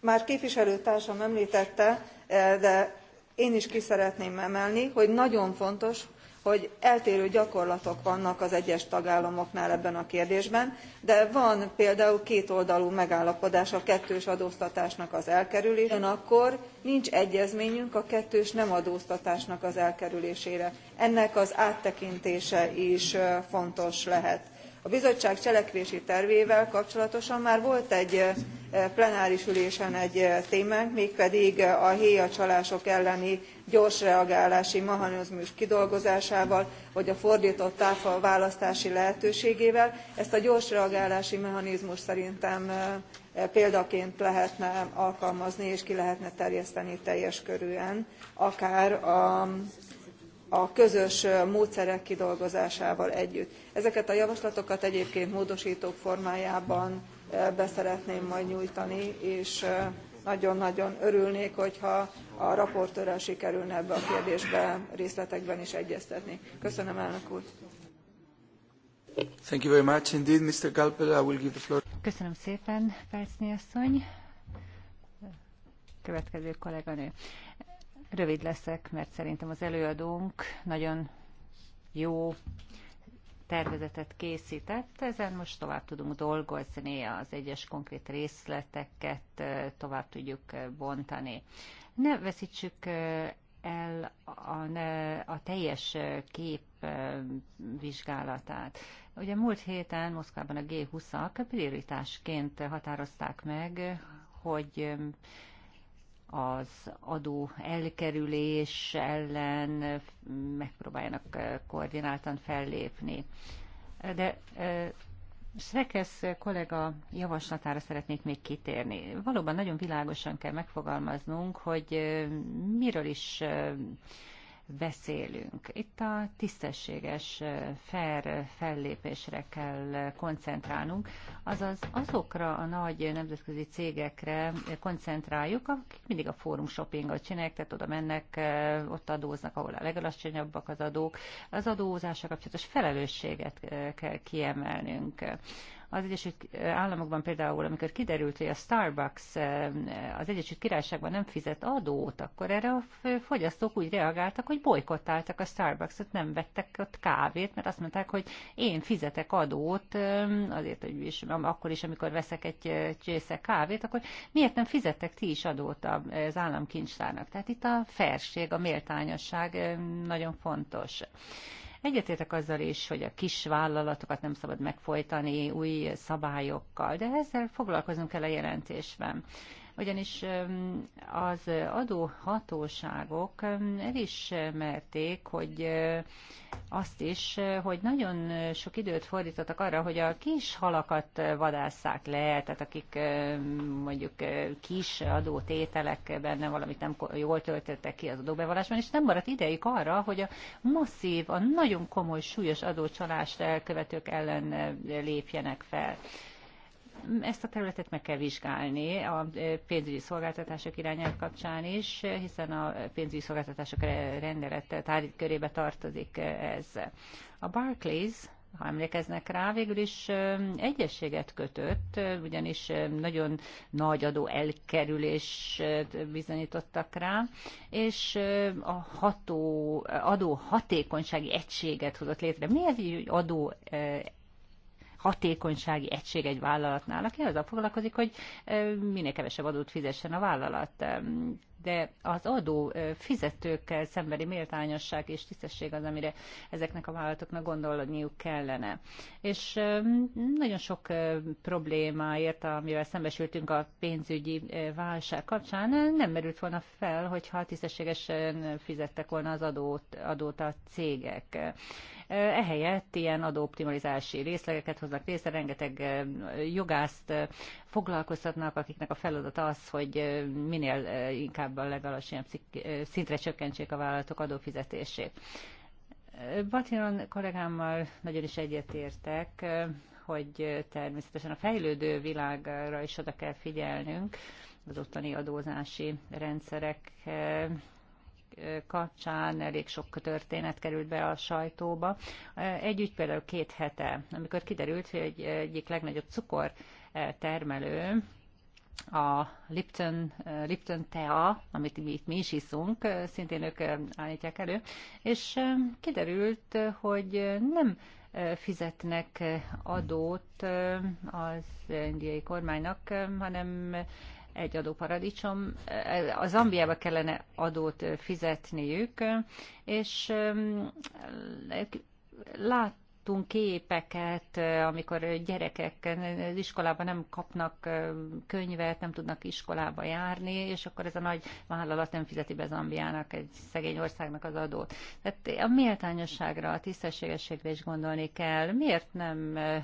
már képviselőtársam emltette e, de én is ki szeretném emelni hogy nagyon fontos hogy eltérő gyakorlatok vannak az egyes tagállamoknál ebben a kérdésben de van például kétoldalú megállapodás a kettős adóztatásnak az elkerülésére ugyanakkor nincs egyezményünk a kettős nemadóztatásnak az elkerülésére. ennek az áttekintése is fontos lehet a bizottság cselekvési tervével kapcsolatosan már volt egy plenáris ülésen egy témánk mégpedig a héjacsalások elleni gyors reagálási mechanizmus kidolgozásával vagy a fordtott választási lehetőségével. ezt a gyors reagálási mechanizmust szerintem példaként lehetne alkalmazni és ki lehetne terjeszteni teljes körűen akár az a közös módszerek kidolgozásával együtt. ezeket a javaslatokat egyébként módosítók formájában be szeretném majd nyújtani és nagyon nagyon örülnék hogyha a raportőrrel sikerülne ebbe a kérdésbe részletekben is egyeztetni. köszönöm elnök úr! Thank you very much indeed, Mr. Galpel. I will give the floor. Köszönöm szépen, Percni asszony. Következő kolléganő. Rövid leszek, mert szerintem az előadónk nagyon jó tervezetet készített, ezen most tovább tudunk dolgozni, az egyes konkrét részleteket tovább tudjuk bontani. Ne veszítsük el a, a teljes kép vizsgálatát. Ugye múlt héten Moszkvában a G20-ak prioritásként határozták meg, hogy az adó elkerülés ellen megpróbáljanak eh, koordináltan fellépni. De eh, Szrekesz kollega javaslatára szeretnék még kitérni. Valóban nagyon világosan kell megfogalmaznunk, hogy eh, miről is beszélünk. Itt a tisztességes, fair fellépésre kell koncentrálnunk, azaz azokra a nagy nemzetközi cégekre koncentráljuk, akik mindig a fórum shoppingot csinálják, tehát oda mennek, ott adóznak, ahol a legalacsonyabbak az adók. Az adózásra kapcsolatos felelősséget kell kiemelnünk. Az Egyesült Államokban például, amikor kiderült, hogy a Starbucks eh, az Egyesült Királyságban nem fizet adót, akkor erre a fogyasztók úgy reagáltak, hogy bolykottáltak a starbucks Starbucks-ot, nem vettek ott kávét, mert azt mondták, hogy én fizetek adót, eh, azért, hogy is, akkor is, amikor veszek egy eh, csésze kávét, akkor miért nem fizettek ti is adót az államkincsárnak? Tehát itt a felség, a méltányosság nagyon fontos. Egyetértek azzal is, hogy a kis vállalatokat nem szabad megfojtani új szabályokkal, de ezzel foglalkozunk kell a jelentésben ugyanis az adóhatóságok elismerték, hogy azt is, hogy nagyon sok időt fordítottak arra, hogy a kis halakat vadásszák le, tehát akik mondjuk kis benne valamit nem jól töltöttek ki az adóbevallásban, és nem maradt idejük arra, hogy a masszív, a nagyon komoly, súlyos adócsalást elkövetők ellen lépjenek fel. Ezt a területet meg kell vizsgálni a pénzügyi szolgáltatások irányát kapcsán is, hiszen a pénzügyi szolgáltatások rendelet körébe tartozik ez. A Barclays ha emlékeznek rá, végül is egyességet kötött, ugyanis nagyon nagy adó elkerülés bizonyítottak rá, és a ható, adó hatékonysági egységet hozott létre. Mi ez így, adó hatékonysági egység egy vállalatnál, aki azzal foglalkozik, hogy minél kevesebb adót fizessen a vállalat. De az adó fizetőkkel szembeni méltányosság és tisztesség az, amire ezeknek a vállalatoknak gondolniuk kellene. És nagyon sok problémáért, amivel szembesültünk a pénzügyi válság kapcsán, nem merült volna fel, hogyha tisztességesen fizettek volna az adót, adót a cégek. Ehelyett ilyen adóoptimalizási részlegeket hoznak létre, rengeteg jogászt foglalkoztatnak, akiknek a feladata az, hogy minél inkább a legalacsonyabb szintre csökkentsék a vállalatok adófizetését. Batinon kollégámmal nagyon is egyetértek, hogy természetesen a fejlődő világra is oda kell figyelnünk, az ottani adózási rendszerek kapcsán elég sok történet került be a sajtóba. Egy ügy például két hete, amikor kiderült, hogy egy, egyik legnagyobb cukor eh, termelő, a Lipton, eh, Lipton tea, amit mi, mi is iszunk, eh, szintén ők állítják elő, és kiderült, hogy nem fizetnek adót az indiai kormánynak, hanem egy adóparadicsom, a Zambiába kellene adót fizetniük, és lát, um, láttunk képeket, eh, amikor gyerekek az eh, iskolában nem kapnak eh, könyvet, nem tudnak iskolába járni, és akkor ez a nagy vállalat nem fizeti be Zambiának, egy szegény országnak az adót. Tehát a méltányosságra, a tisztességességre is gondolni kell. Miért nem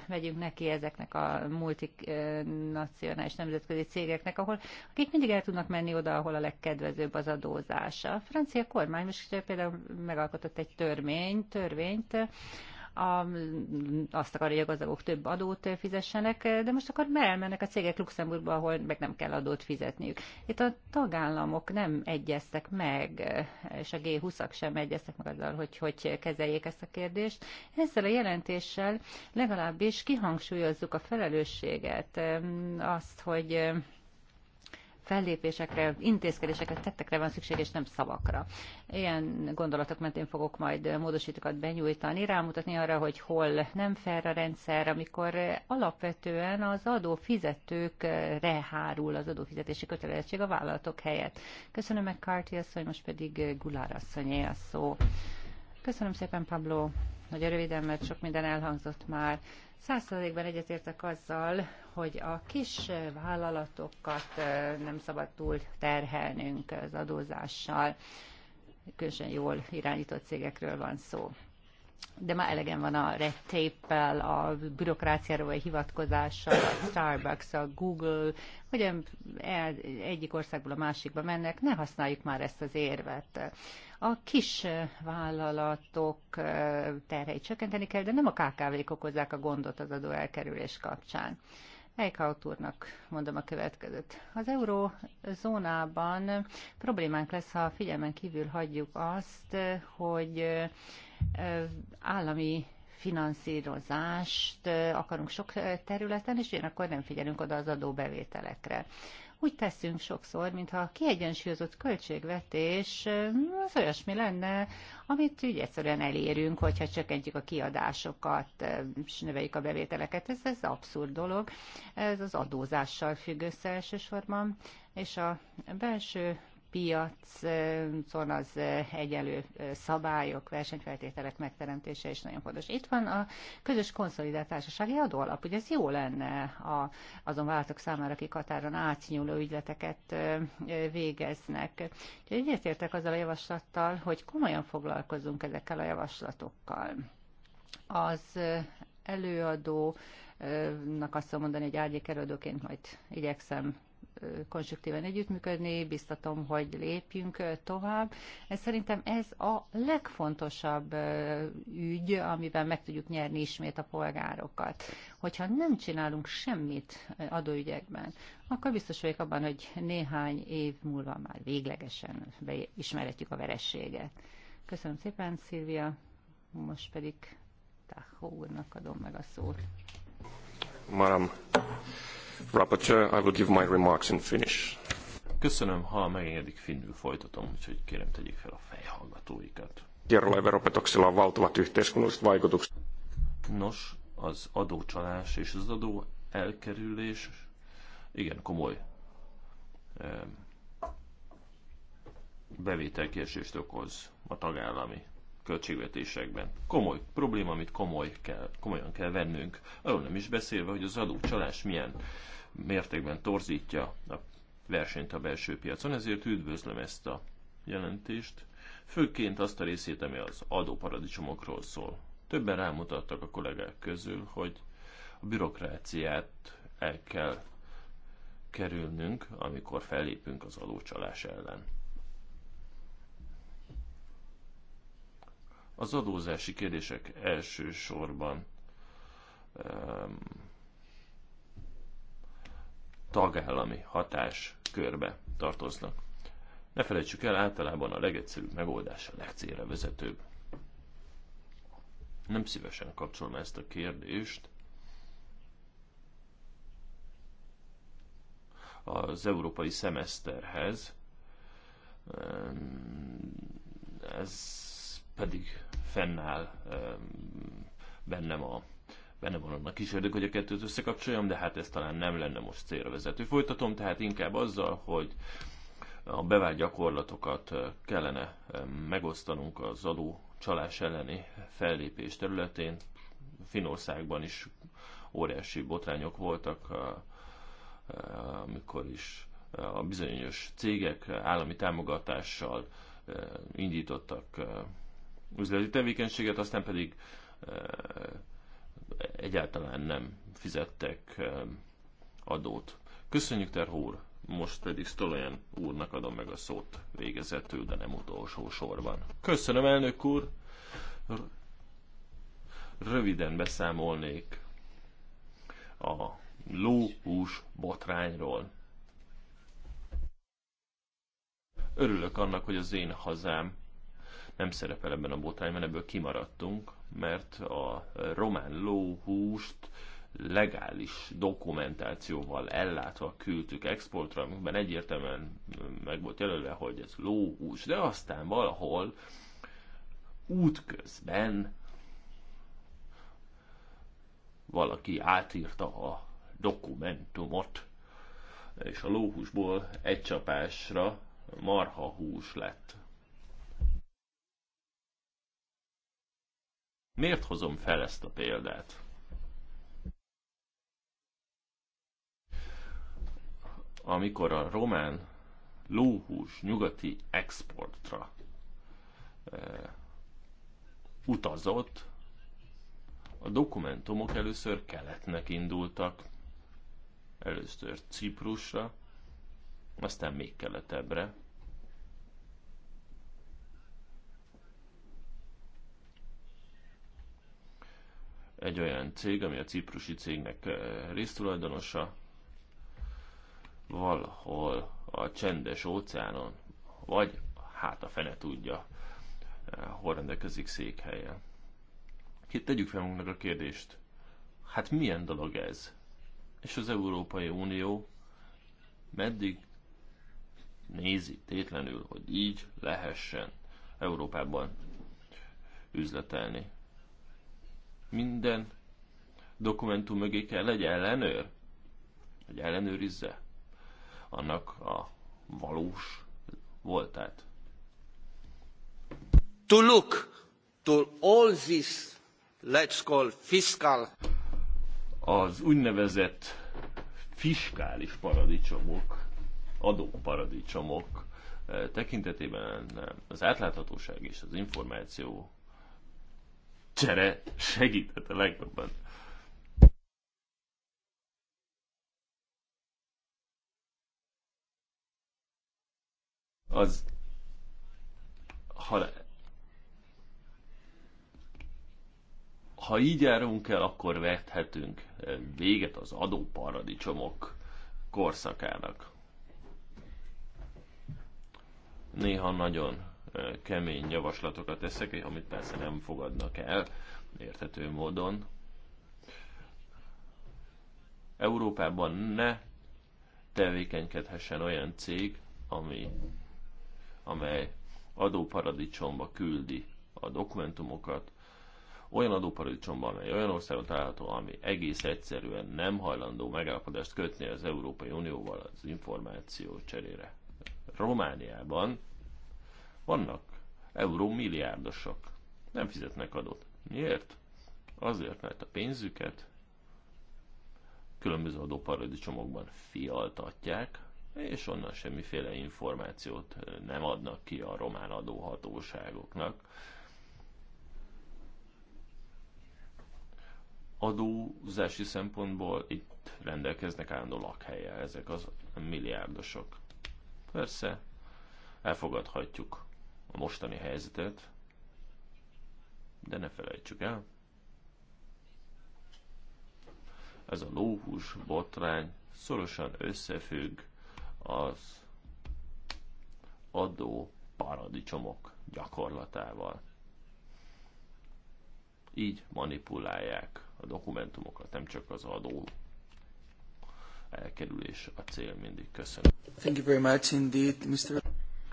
megyünk neki ezeknek a multinacionális nemzetközi cégeknek, ahol akik mindig el tudnak menni oda, ahol a legkedvezőbb az adózása. A francia kormány most például megalkotott egy törvényt, törvényt a, azt akarja, hogy a gazdagok több adót fizessenek, de most akkor elmennek a cégek Luxemburgba, ahol meg nem kell adót fizetniük. Itt a tagállamok nem egyeztek meg, és a G20-ak sem egyeztek meg azzal, hogy hogy kezeljék ezt a kérdést. Ezzel a jelentéssel legalábbis kihangsúlyozzuk a felelősséget, azt, hogy fellépésekre, intézkedésekre, tettekre van szükség, és nem szavakra. Ilyen gondolatok mentén fogok majd módosítókat benyújtani, rámutatni arra, hogy hol nem fel a rendszer, amikor alapvetően az adófizetőkre hárul az adófizetési kötelezettség a vállalatok helyett. Köszönöm meg Carty asszony, most pedig Gulár asszonyé a szó. Köszönöm szépen, Pablo. Nagyon röviden, mert sok minden elhangzott már. Százszerzékben egyetértek azzal, hogy a kis vállalatokat nem szabad túl terhelnünk az adózással. Különösen jól irányított cégekről van szó. De már elegen van a red tape-el, a bürokráciáról vagy hivatkozással, a Starbucks, a Google, hogy egyik országból a másikba mennek, ne használjuk már ezt az érvet a kis vállalatok terheit csökkenteni kell, de nem a KKV-k okozzák a gondot az adó elkerülés kapcsán. Eichhaut úrnak mondom a következőt. Az eurózónában problémánk lesz, ha figyelmen kívül hagyjuk azt, hogy állami finanszírozást akarunk sok területen, és ugyanakkor nem figyelünk oda az adóbevételekre. Úgy teszünk sokszor, mintha a kiegyensúlyozott költségvetés az olyasmi lenne, amit így egyszerűen elérünk, hogyha csökkentjük a kiadásokat, és növeljük a bevételeket. Ez, ez abszurd dolog. Ez az adózással függ össze elsősorban, és a belső piacon az egyelő szabályok, versenyfeltételek megteremtése is nagyon fontos. Itt van a közös konszolidált társasági adóalap, hogy ez jó lenne a, azon váltok számára, akik határon átnyúló ügyleteket végeznek. Úgyhogy egyetértek azzal a javaslattal, hogy komolyan foglalkozunk ezekkel a javaslatokkal. Az előadó azt mondani, hogy árnyék előadóként majd igyekszem konstruktíven együttműködni, biztatom, hogy lépjünk tovább. Ez szerintem ez a legfontosabb ügy, amiben meg tudjuk nyerni ismét a polgárokat. Hogyha nem csinálunk semmit adóügyekben, akkor biztos vagyok abban, hogy néhány év múlva már véglegesen beismerhetjük a verességet. Köszönöm szépen, Szilvia. Most pedig Tahó úrnak adom meg a szót. Maram. Rapporteur, I will give my remarks in Finnish. Köszönöm, ha megengedik finnül folytatom, úgyhogy kérem tegyék fel a fejhallgatóikat. Kierolajveropetoksilla on valtavat yhteiskunnalliset vaikutukset. Nos, az adócsalás és az adó elkerülés igen komoly bevételkiesést okoz a tagállami költségvetésekben. Komoly probléma, amit komoly kell, komolyan kell vennünk. Arról nem is beszélve, hogy az adócsalás milyen mértékben torzítja a versenyt a belső piacon, ezért üdvözlöm ezt a jelentést, főként azt a részét, ami az adóparadicsomokról szól. Többen rámutattak a kollégák közül, hogy a bürokráciát el kell kerülnünk, amikor fellépünk az adócsalás ellen. Az adózási kérdések elsősorban um, tagállami hatás körbe tartoznak. Ne felejtsük el, általában a legegyszerűbb megoldás a legcélre vezetőbb. Nem szívesen kapcsolom ezt a kérdést, az európai szemeszterhez. Ez pedig fennáll ehm, bennem a benne van annak is érdek, hogy a kettőt összekapcsoljam, de hát ez talán nem lenne most célra vezető. Folytatom tehát inkább azzal, hogy a bevált gyakorlatokat eh, kellene ehm, megosztanunk az adó csalás elleni fellépés területén. Finországban is óriási botrányok voltak, eh, eh, amikor is a bizonyos cégek állami támogatással indítottak üzleti tevékenységet, aztán pedig egyáltalán nem fizettek adót. Köszönjük, Terhór! Most pedig Stolajan úrnak adom meg a szót végezetül, de nem utolsó sorban. Köszönöm, elnök úr! Röviden beszámolnék a lóhús botrányról. Örülök annak, hogy az én hazám nem szerepel ebben a botrányban, ebből kimaradtunk, mert a román lóhúst legális dokumentációval ellátva küldtük exportra, amiben egyértelműen meg volt jelölve, hogy ez lóhús, de aztán valahol útközben valaki átírta a dokumentumot, és a lóhúsból egy csapásra hús lett. Miért hozom fel ezt a példát? Amikor a román lóhús nyugati exportra e, utazott, a dokumentumok először keletnek indultak, először Ciprusra, aztán még keletebbre, egy olyan cég, ami a ciprusi cégnek eh, résztulajdonosa, valahol a csendes óceánon, vagy hát a fene tudja, eh, hol rendelkezik székhelye. Itt tegyük fel magunknak a kérdést, hát milyen dolog ez? És az Európai Unió meddig nézi tétlenül, hogy így lehessen Európában üzletelni minden dokumentum mögé kell egy ellenőr, hogy ellenőrizze annak a valós voltát. To look to all this, let's call fiscal. Az úgynevezett fiskális paradicsomok, adóparadicsomok eh, tekintetében eh, az átláthatóság és az információ csere segített a legjobban. Az ha, ha így járunk el, akkor vethetünk eh, véget az adóparadicsomok korszakának. Néha nagyon kemény javaslatokat teszek, amit persze nem fogadnak el érthető módon. Európában ne tevékenykedhessen olyan cég, ami, amely adóparadicsomba küldi a dokumentumokat, olyan adóparadicsomban, amely olyan országon található, ami egész egyszerűen nem hajlandó megállapodást kötni az Európai Unióval az információ cserére. Romániában vannak eurómilliárdosok, nem fizetnek adót. Miért? Azért, mert a pénzüket különböző adóparadicsomokban fialtatják, és onnan semmiféle információt nem adnak ki a román adóhatóságoknak. Adózási szempontból itt rendelkeznek állandó lakhelye ezek az milliárdosok. Persze, elfogadhatjuk a mostani helyzetet, de ne felejtsük el. Ez a lóhús botrány szorosan összefügg az adó paradicsomok gyakorlatával. Így manipulálják a dokumentumokat, nem csak az adó elkerülés a cél mindig. Köszönöm. Thank you very much indeed, Mr.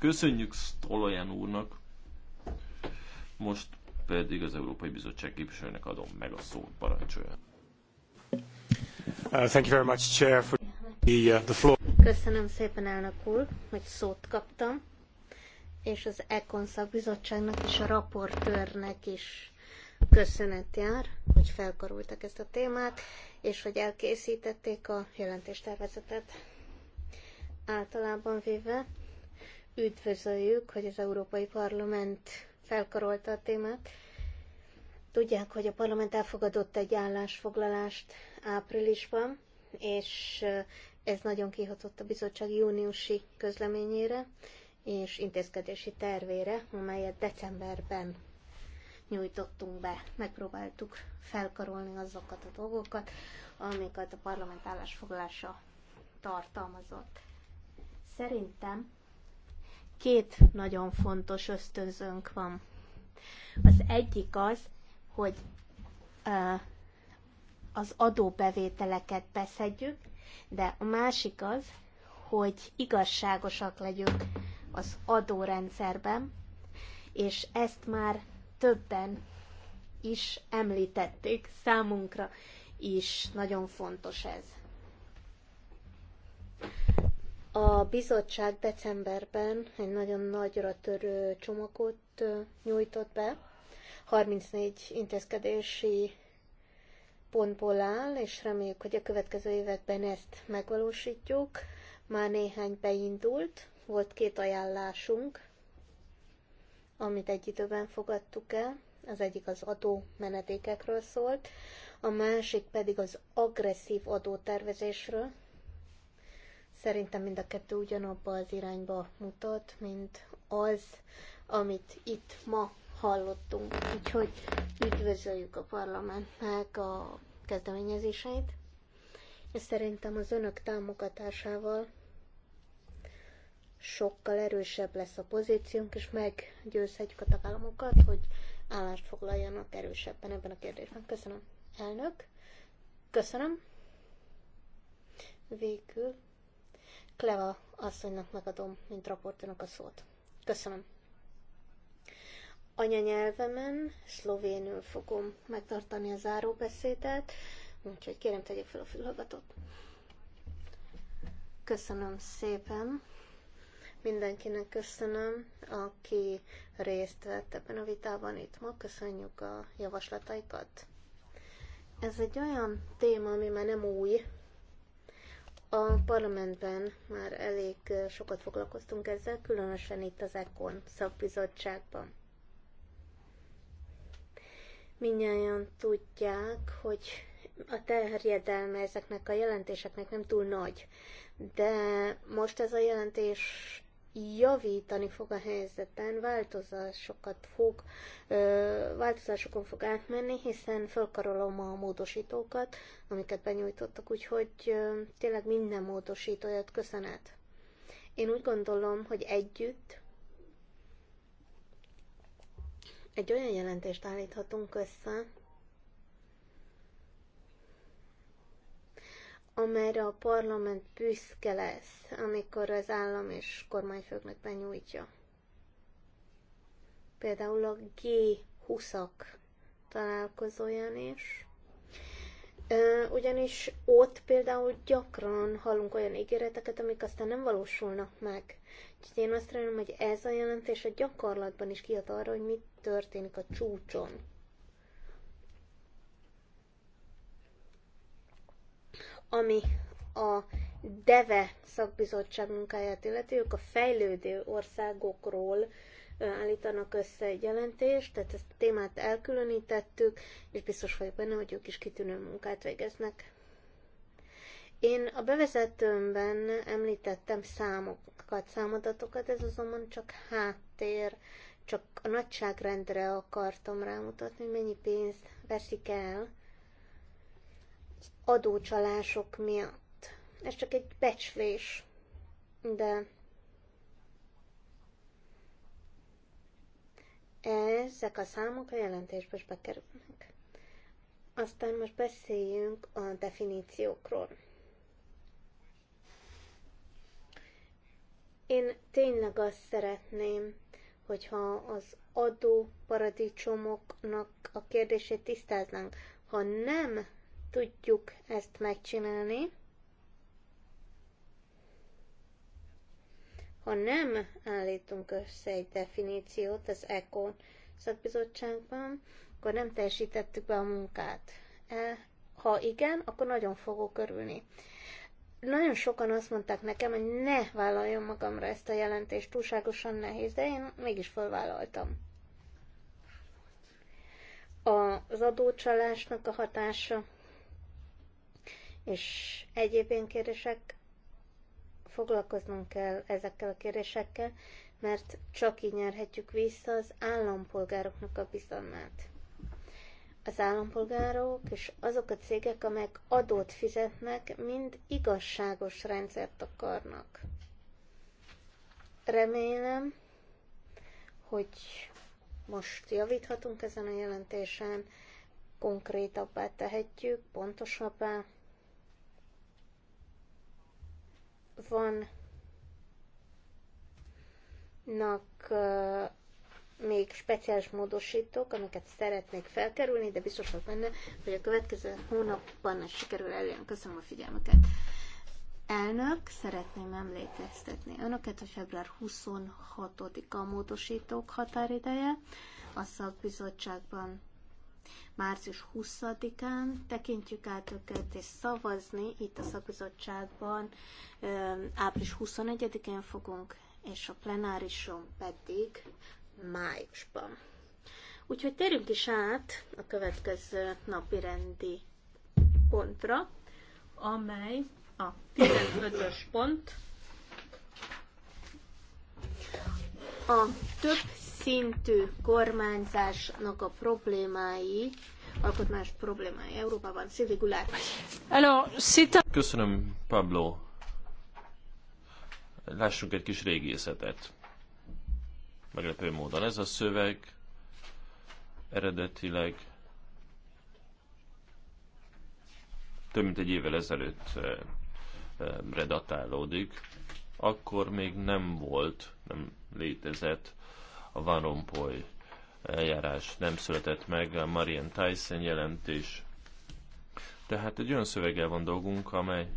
Köszönjük Stolojan úrnak. Most pedig az Európai Bizottság képviselőnek adom meg a szót, parancsolja. Uh, thank you very much, Chair, for the, uh, the floor. Köszönöm szépen, elnök úr, hogy szót kaptam, és az Econ szakbizottságnak és a raportőrnek is köszönet jár, hogy felkarultak ezt a témát, és hogy elkészítették a jelentéstervezetet. Általában véve üdvözöljük, hogy az Európai Parlament felkarolta a témát. Tudják, hogy a parlament elfogadott egy állásfoglalást áprilisban, és eh, ez nagyon kihatott a bizottság júniusi közleményére és intézkedési tervére, amelyet decemberben nyújtottunk be. Megpróbáltuk felkarolni azokat a dolgokat, amiket a parlament állásfoglalása tartalmazott. Szerintem Két nagyon fontos ösztönzőnk van. Az egyik az, hogy az adóbevételeket beszedjük, de a másik az, hogy igazságosak legyünk az adórendszerben, és ezt már többen is említették, számunkra is nagyon fontos ez. A bizottság decemberben egy nagyon nagyra törő csomagot nyújtott be, 34 intézkedési pontból áll, és reméljük, hogy a következő években ezt megvalósítjuk. Már néhány beindult, volt két ajánlásunk, amit egy időben fogadtuk el. Az egyik az adó menedékekről szólt, a másik pedig az agresszív adótervezésről, Szerintem mind a kettő ugyanabba az irányba mutat, mint az, amit itt ma hallottunk. Úgyhogy üdvözöljük a parlamentnek a kezdeményezéseit, és szerintem az önök támogatásával sokkal erősebb lesz a pozíciónk, és meggyőzhetjük a tagállamokat, hogy állást foglaljanak erősebben ebben a kérdésben. Köszönöm, elnök. Köszönöm. Végül Kleva asszonynak megadom, mint raportőrnek a szót. Köszönöm. Anyanyelvemen szlovénül fogom megtartani a záróbeszédet, úgyhogy kérem tegyék fel a fülhallgatót. Köszönöm szépen. Mindenkinek köszönöm, aki részt vett ebben a vitában itt ma. Köszönjük a javaslataikat. Ez egy olyan téma, ami már nem új, a parlamentben már elég sokat foglalkoztunk ezzel, különösen itt az ECON szakbizottságban. Minnyáján tudják, hogy a terjedelme ezeknek a jelentéseknek nem túl nagy, de most ez a jelentés javítani fog a helyzeten, változásokat fog, változásokon fog átmenni, hiszen felkarolom a módosítókat, amiket benyújtottak, úgyhogy tényleg minden módosítóját köszönet. Én úgy gondolom, hogy együtt egy olyan jelentést állíthatunk össze, amelyre a parlament büszke lesz, amikor az állam és kormányfőknek benyújtja. Például a G20-ak találkozóján is. Ugyanis ott például gyakran hallunk olyan ígéreteket, amik aztán nem valósulnak meg. Úgyhogy én azt remélem, hogy ez a jelentés a gyakorlatban is kiad arra, hogy mi történik a csúcson. Ami a DEVE szakbizottság munkáját illeti, ők a fejlődő országokról állítanak össze egy jelentést, tehát ezt a témát elkülönítettük, és biztos vagyok benne, hogy ők is kitűnő munkát végeznek. Én a bevezetőmben említettem számokat, számadatokat, ez azonban csak háttér, csak a nagyságrendre akartam rámutatni, hogy mennyi pénzt veszik el adócsalások miatt. Ez csak egy becslés, de ezek a számok a jelentésbe is bekerülnek. Aztán most beszéljünk a definíciókról. Én tényleg azt szeretném, hogyha az adó a kérdését tisztáznánk. Ha nem tudjuk ezt megcsinálni. Ha nem állítunk össze egy definíciót az ECO szakbizottságban, akkor nem teljesítettük be a munkát. E, ha igen, akkor nagyon fogok örülni. Nagyon sokan azt mondták nekem, hogy ne vállaljon magamra ezt a jelentést, túlságosan nehéz, de én mégis felvállaltam az adócsalásnak a hatása és egyéb ilyen kérdések, foglalkoznunk kell ezekkel a kérdésekkel, mert csak így nyerhetjük vissza az állampolgároknak a bizalmát. Az állampolgárok és azok a cégek, amelyek adót fizetnek, mind igazságos rendszert akarnak. Remélem, hogy most javíthatunk ezen a jelentésen, konkrétabbá tehetjük, pontosabbá, vannak még speciális módosítók, amiket szeretnék felkerülni, de biztos vagyok benne, hogy a következő hónapban ez sikerül elérni. Köszönöm a figyelmeket. Elnök, szeretném emlékeztetni önöket, hogy február 26-a a módosítók határideje. A szakbizottságban március 20-án tekintjük át őket, és szavazni itt a szakbizottságban április 21-én fogunk, és a plenárison pedig májusban. Úgyhogy térjünk is át a következő napi rendi pontra, amely a 15-ös pont, a több szintű kormányzásnak a problémái, alkotmányos problémái Európában. Szilvi Gulár. Köszönöm, Pablo. Lássunk egy kis régészetet. Meglepő módon ez a szöveg eredetileg több mint egy évvel ezelőtt eh, eh, datálódik, akkor még nem volt, nem létezett a Van Rompuy eljárás nem született meg, a Marian Tyson jelentés. Tehát egy olyan szöveggel van dolgunk, amely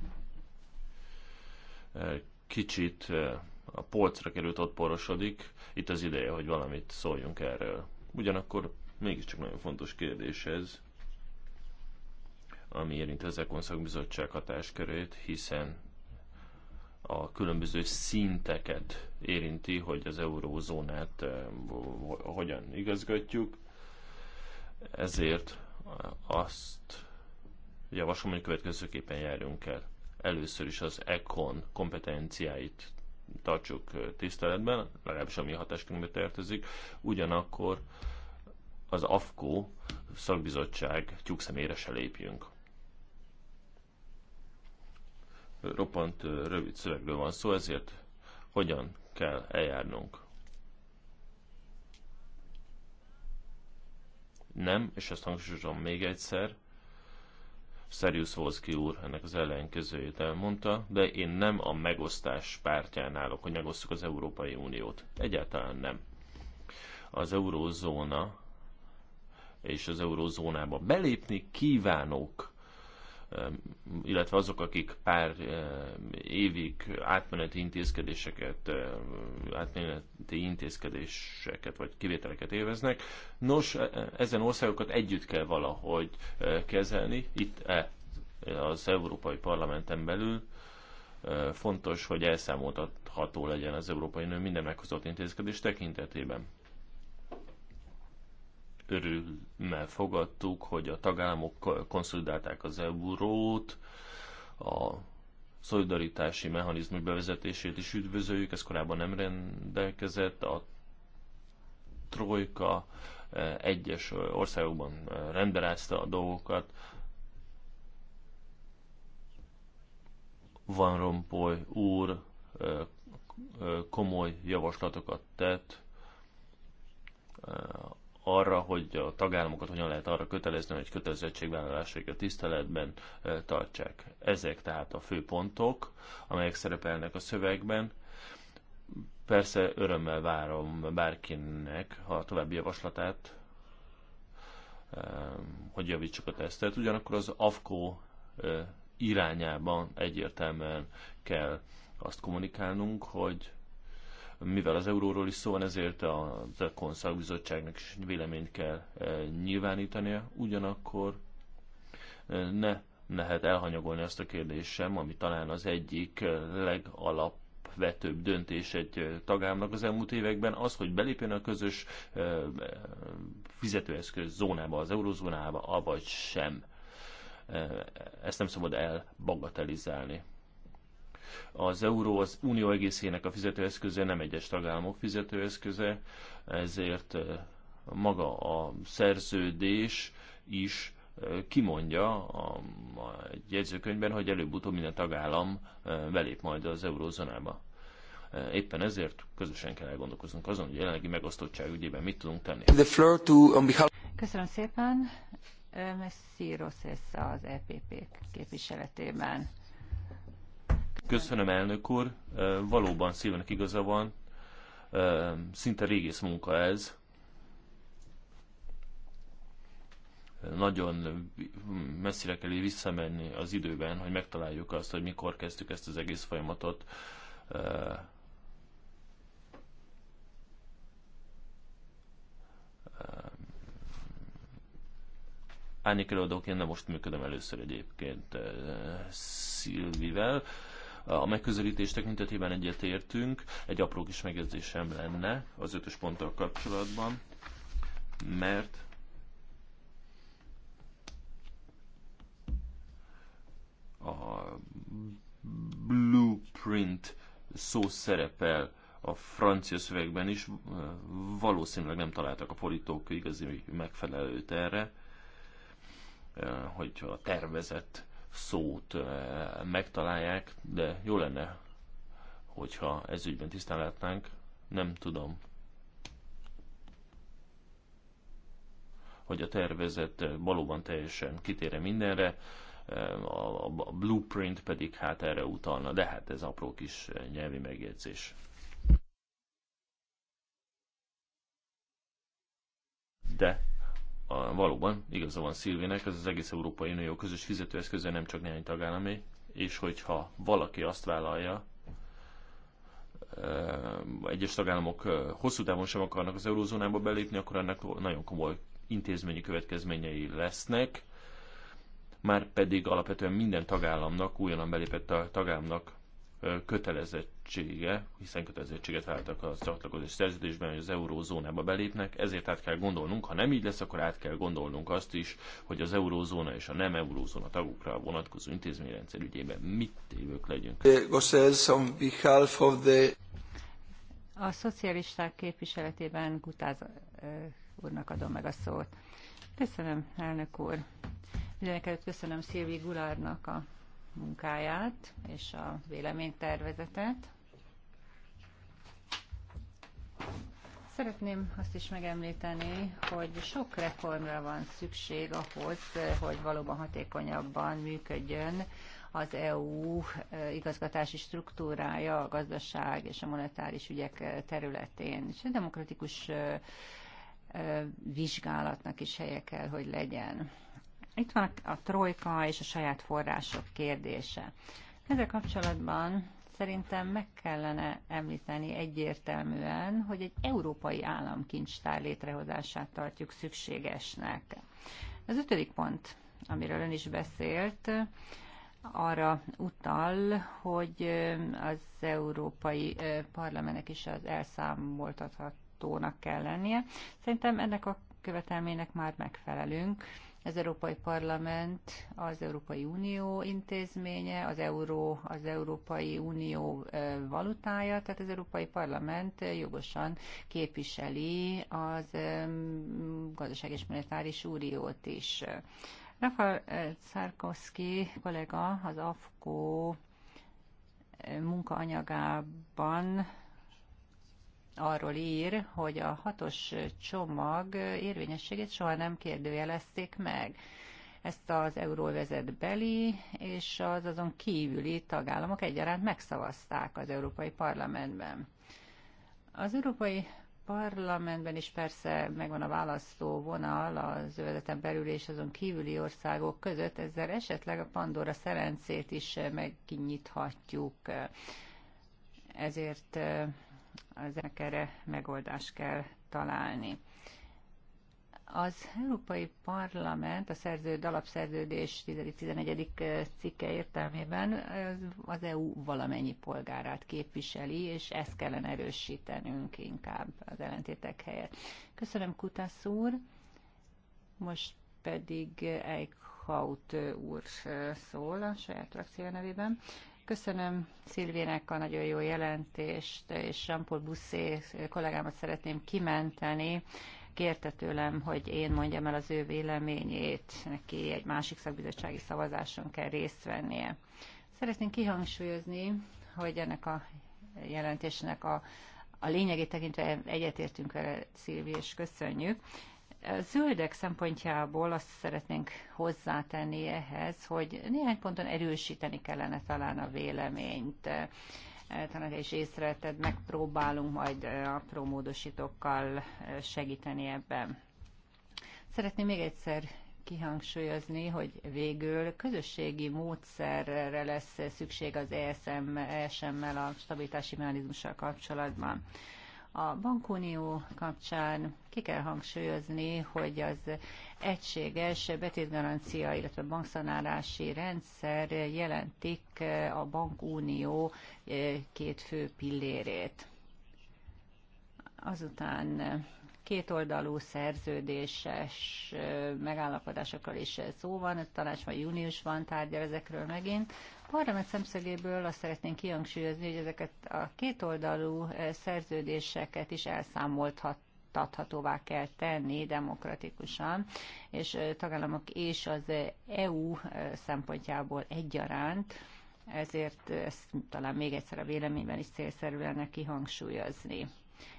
eh, kicsit eh, a polcra került, ott porosodik. Itt az ideje, hogy valamit szóljunk erről. Ugyanakkor mégiscsak nagyon fontos kérdés ez, ami érint az Ekonszak Bizottság hatáskörét, hiszen a különböző szinteket érinti, hogy az eurózónát eh, hogyan igazgatjuk. Ezért eh, azt javaslom, hogy következőképpen járjunk el. Először is az ECON kompetenciáit tartsuk eh, tiszteletben, legalábbis ami hatáskörünkbe tartozik, ugyanakkor az AFKO szakbizottság tyúk szemére se lépjünk. roppant rövid szövegről van szó, ezért hogyan kell eljárnunk. Nem, és ezt hangsúlyozom még egyszer, Szerius Volszki úr ennek az ellenkezőjét elmondta, de én nem a megosztás pártján állok, hogy megosztjuk az Európai Uniót. Egyáltalán nem. Az eurózóna és az eurózónába belépni kívánók illetve azok, akik pár évig átmeneti intézkedéseket, átmeneti intézkedéseket vagy kivételeket élveznek. Nos, e, e, ezen országokat együtt kell valahogy kezelni, itt e, az Európai Parlamenten belül fontos, hogy elszámoltatható legyen az Európai Nő minden meghozott intézkedés tekintetében örülmel fogadtuk, hogy a tagállamok konszolidálták az eurót, a szolidaritási mechanizmus bevezetését is üdvözöljük, ez korábban nem rendelkezett, a trojka e, egyes országokban e, renderázta a dolgokat, Van Rompuy úr e, komoly javaslatokat tett arra, hogy a tagállamokat hogyan lehet arra kötelezni, hogy a tiszteletben tartsák. Ezek tehát a fő pontok, amelyek szerepelnek a szövegben. Persze örömmel várom bárkinek a további javaslatát, hogy javítsuk a tesztet. Ugyanakkor az AFKO irányában egyértelműen kell azt kommunikálnunk, hogy mivel az euróról is szó van, ezért a Econ szakbizottságnak is véleményt kell e, nyilvánítania, ugyanakkor e, ne lehet elhanyagolni azt a kérdést sem, ami talán az egyik e, legalap vetőbb döntés egy tagállamnak az elmúlt években, az, hogy belépjen a közös fizetőeszköz zónába, az eurozónába, avagy sem. Ezt nem szabad elbagatelizálni. Az euró az unió egészének a fizetőeszköze, nem egyes tagállamok fizetőeszköze, ezért maga a szerződés is kimondja a, a jegyzőkönyvben, hogy előbb-utóbb minden tagállam belép majd az eurózónába. Éppen ezért közösen kell elgondolkoznunk azon, hogy jelenlegi megosztottság ügyében mit tudunk tenni. The floor to, on um, behalf... Köszönöm szépen. Messzi Rosszesz az EPP képviseletében. Köszönöm, elnök úr. Valóban szívenek igaza van. Szinte régész munka ez. Nagyon messzire kell visszamenni az időben, hogy megtaláljuk azt, hogy mikor kezdtük ezt az egész folyamatot. Ányik előadóként de most működöm először egyébként Szilvivel. A megközelítés tekintetében egyetértünk, egy apró kis megjegyzésem lenne az ötös ponttal kapcsolatban, mert a blueprint szó szerepel a francia szövegben is, valószínűleg nem találtak a politók igazi megfelelőt erre, hogy a tervezett szót megtalálják, de jó lenne, hogyha ez ügyben tisztán látnánk. Nem tudom, hogy a tervezet valóban teljesen kitére mindenre, a, blueprint pedig hát erre utalna, de hát ez apró kis nyelvi megjegyzés. De a, valóban igaza van Szilvének, ez az egész Európai Unió közös fizetőeszköze, nem csak néhány tagállamé, és hogyha valaki azt vállalja, egyes tagállamok hosszú távon sem akarnak az eurózónába belépni, akkor ennek nagyon komoly intézményi következményei lesznek, már pedig alapvetően minden tagállamnak, újonnan belépett tagállamnak kötelezettsége, hiszen kötelezettséget váltak a csatlakozás szerződésben, hogy az eurózónába belépnek, ezért át kell gondolnunk, ha nem így lesz, akkor át kell gondolnunk azt is, hogy az eurózóna és a nem eurózóna tagokra vonatkozó intézményrendszer ügyében mit tévők legyünk. A szocialisták képviseletében Gutáz úrnak adom meg a szót. Köszönöm, elnök úr. Mindenekelőtt köszönöm Szilvi Gulárnak a munkáját és a véleménytervezetet. Szeretném azt is megemlíteni, hogy sok reformra van szükség ahhoz, hogy valóban hatékonyabban működjön az EU e, igazgatási struktúrája a gazdaság és a monetáris ügyek e, területén. És a demokratikus e, vizsgálatnak is helye kell, hogy legyen. Itt van a trojka és a saját források kérdése. Ezzel kapcsolatban szerintem meg kellene említeni egyértelműen, hogy egy európai államkincstár létrehozását tartjuk szükségesnek. Az ötödik pont, amiről ön is beszélt, arra utal, hogy az Európai parlamentek is az elszámoltathatónak kell lennie. Szerintem ennek a követelménynek már megfelelünk az Európai Parlament az Európai Unió intézménye, az euró az Európai Unió valutája, tehát az Európai Parlament jogosan képviseli az gazdaság és monetáris uniót is. Rafael Szarkovszki kollega az AFKO munkaanyagában arról ír, hogy a hatos csomag érvényességét soha nem kérdőjelezték meg. Ezt az euróvezet beli és az azon kívüli tagállamok egyaránt megszavazták az Európai Parlamentben. Az Európai Parlamentben is persze megvan a választó vonal az övezeten belül és azon kívüli országok között, ezzel esetleg a Pandora szerencét is megkinyithatjuk. Ezért ezek erre megoldást kell találni. Az Európai Parlament a szerződ, alapszerződés 10-11. Eh, cikke értelmében eh, az EU valamennyi polgárát képviseli, és ezt kellene erősítenünk inkább az ellentétek helyett. Köszönöm, Kutasz úr. Most pedig Eichhaut eh, úr szól a saját frakció nevében. Köszönöm Szilvének a nagyon jó jelentést, és Jean-Paul Busszé kollégámat szeretném kimenteni. Kérte tőlem, hogy én mondjam el az ő véleményét, neki egy másik szakbizottsági szavazáson kell részt vennie. Szeretném kihangsúlyozni, hogy ennek a jelentésnek a, a lényegét tekintve egyetértünk vele, Szilvi, és köszönjük zöldek szempontjából azt szeretnénk hozzátenni ehhez, hogy néhány ponton erősíteni kellene talán a véleményt e, talán is észrevetted, megpróbálunk majd e, apró módosítókkal e, segíteni ebben. Szeretném még egyszer kihangsúlyozni, hogy végül közösségi módszerre lesz szükség az ESM, esm a stabilitási mechanizmussal kapcsolatban. A bankunió kapcsán ki kell hangsúlyozni, hogy az egységes betétgarancia, illetve bankszanálási rendszer jelentik a bankunió eh, két fő pillérét. Azután kétoldalú szerződéses megállapodásokról is szó van, a tanács majd júniusban tárgyal ezekről megint. A parlament szemszögéből azt szeretnénk kihangsúlyozni, hogy ezeket a kétoldalú szerződéseket is elszámolhat adhatóvá kell tenni demokratikusan, és tagállamok és az EU szempontjából egyaránt, ezért ezt talán még egyszer a véleményben is célszerű lenne kihangsúlyozni.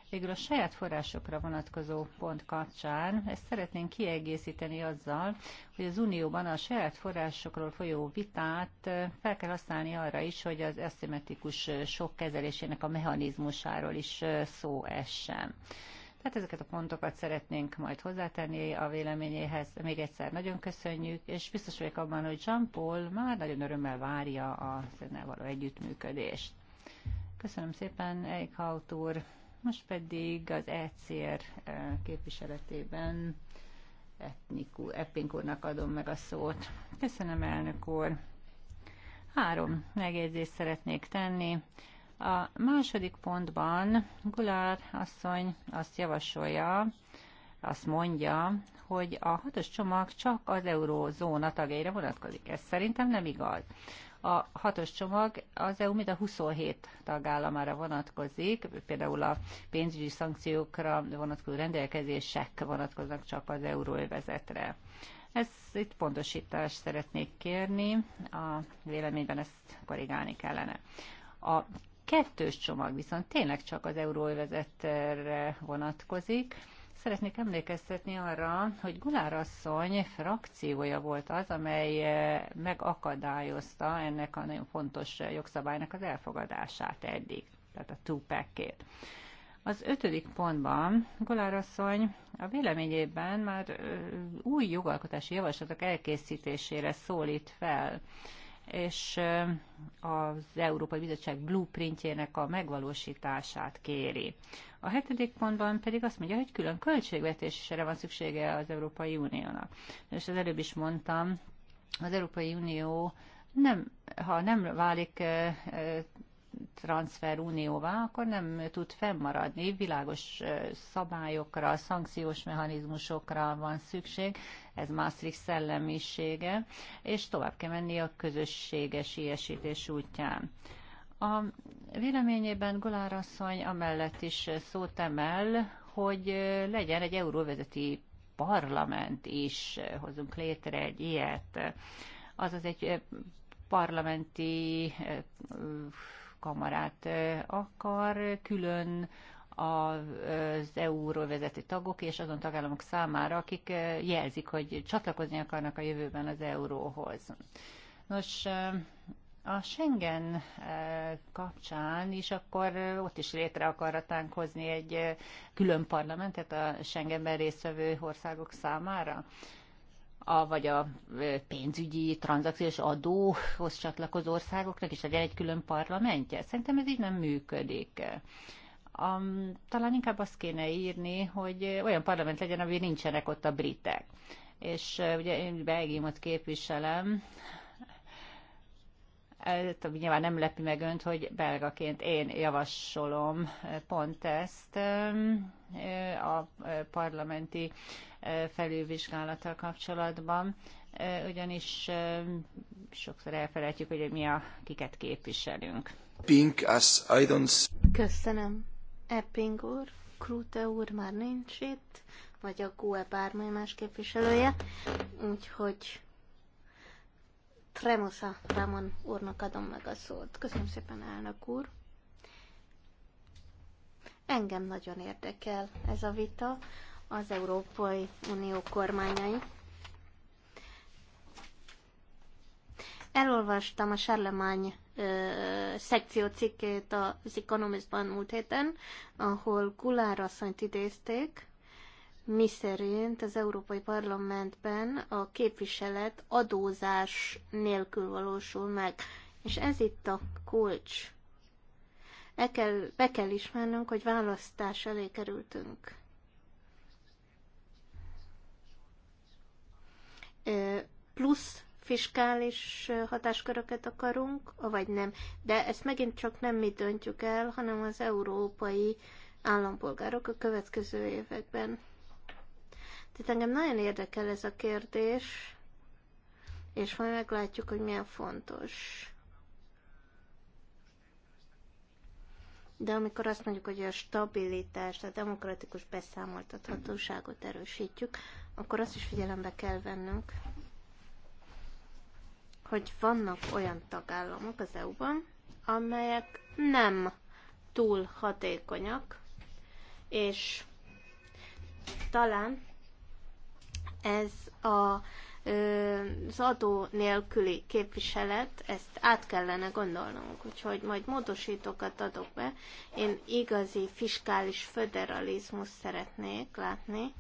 Végül a saját forrásokra vonatkozó pont kapcsán ezt szeretnénk kiegészíteni azzal, hogy az Unióban a saját forrásokról folyó vitát fel kell használni arra is, hogy az eszimetikus sok kezelésének a mechanizmusáról is szó essen. Tehát ezeket a pontokat szeretnénk majd hozzátenni a véleményéhez. Még egyszer nagyon köszönjük, és biztos vagyok abban, hogy Jean-Paul már nagyon örömmel várja a önnel való együttműködést. Köszönöm szépen, Eichhaut úr, most pedig az ECR eh, képviseletében Etnikú, Eppink úrnak adom meg a szót. Köszönöm, elnök úr. Három megjegyzést szeretnék tenni. A második pontban Gulár asszony azt javasolja, azt mondja, hogy a hatos csomag csak az eurózóna tagjaira vonatkozik. Ez szerintem nem igaz. A hatos csomag az EU mind a 27 tagállamára vonatkozik, például a pénzügyi szankciókra vonatkozó rendelkezések vonatkoznak csak az euróövezetre. Ez itt pontosítást szeretnék kérni, a véleményben ezt korrigálni kellene. A kettős csomag viszont tényleg csak az euróövezetre vonatkozik, Szeretnék emlékeztetni arra, hogy Gulár asszony frakciója volt az, amely eh, megakadályozta ennek a nagyon fontos eh, jogszabálynak az elfogadását eddig, tehát a two ét Az ötödik pontban Gulár asszony a véleményében már eh, új jogalkotási javaslatok elkészítésére szólít fel, és az Európai Bizottság blueprintjének a megvalósítását kéri. A hetedik pontban pedig azt mondja, hogy külön költségvetésre van szüksége az Európai Uniónak. És az előbb is mondtam, az Európai Unió nem, ha nem válik transferunióvá, akkor nem tud fennmaradni. Világos szabályokra, szankciós mechanizmusokra van szükség, ez Maastricht szellemisége, és tovább kell menni a közösséges ilyesítés útján. A véleményében Golár asszony amellett is szót emel, hogy legyen egy euróvezeti parlament is, hozunk létre egy ilyet. Azaz egy parlamenti kamarát akar, külön az EU-ról vezető tagok és azon tagállamok számára, akik jelzik, hogy csatlakozni akarnak a jövőben az euróhoz. Nos, a Schengen eh, kapcsán is akkor eh, ott is létre akaratánk hozni egy eh, külön parlamentet a Schengenben résztvevő országok számára? a, vagy a pénzügyi tranzakciós adóhoz csatlakozó országoknak is legyen egy külön parlamentje. Szerintem ez így nem működik. Um, talán inkább azt kéne írni, hogy olyan parlament legyen, ami nincsenek ott a britek. És ugye én Belgiumot képviselem, nyilván nem lepi meg önt, hogy belgaként én javasolom pont ezt a parlamenti felülvizsgálattal kapcsolatban, ugyanis sokszor elfelejtjük, hogy mi a kiket képviselünk. Pink, as I don't... Köszönöm. Epping úr, Krúte úr már nincs itt, vagy a GUE bármely más képviselője, úgyhogy Tremosa Ramon úrnak adom meg a szót. Köszönöm szépen, elnök úr. Engem nagyon érdekel ez a vita az Európai Unió kormányai. Elolvastam a Charlemagne szekció cikkét az Economistban múlt héten, ahol Gulár asszonyt idézték, miszerint az Európai Parlamentben a képviselet adózás nélkül valósul meg. És ez itt a kulcs. E kell, be kell ismernünk, hogy választás elé kerültünk. Plusz fiskális hatásköröket akarunk, vagy nem. De ezt megint csak nem mi döntjük el, hanem az európai állampolgárok a következő években. Tehát engem nagyon érdekel ez a kérdés, és majd meglátjuk, hogy milyen fontos. De amikor azt mondjuk, hogy a stabilitást, a demokratikus beszámoltathatóságot erősítjük, akkor azt is figyelembe kell vennünk, hogy vannak olyan tagállamok az EU-ban, amelyek nem túl hatékonyak, és talán ez a, az adó nélküli képviselet, ezt át kellene gondolnunk, úgyhogy majd módosítókat adok be. Én igazi fiskális föderalizmus szeretnék látni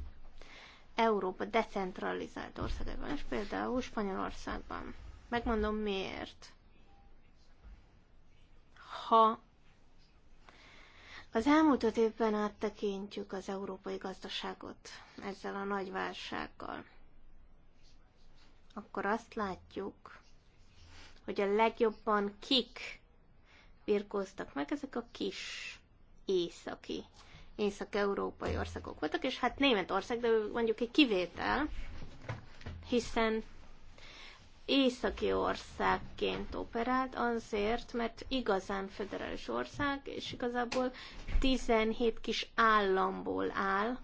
Európa decentralizált országában, és például Spanyolországban. Megmondom miért. Ha az elmúlt öt évben áttekintjük az európai gazdaságot ezzel a nagy válsággal. Akkor azt látjuk, hogy a legjobban kik birkóztak meg, ezek a kis északi, észak-európai országok voltak, és hát Németország, de mondjuk egy kivétel, hiszen északi országként operált, azért, mert igazán federális ország, és igazából 17 kis államból áll,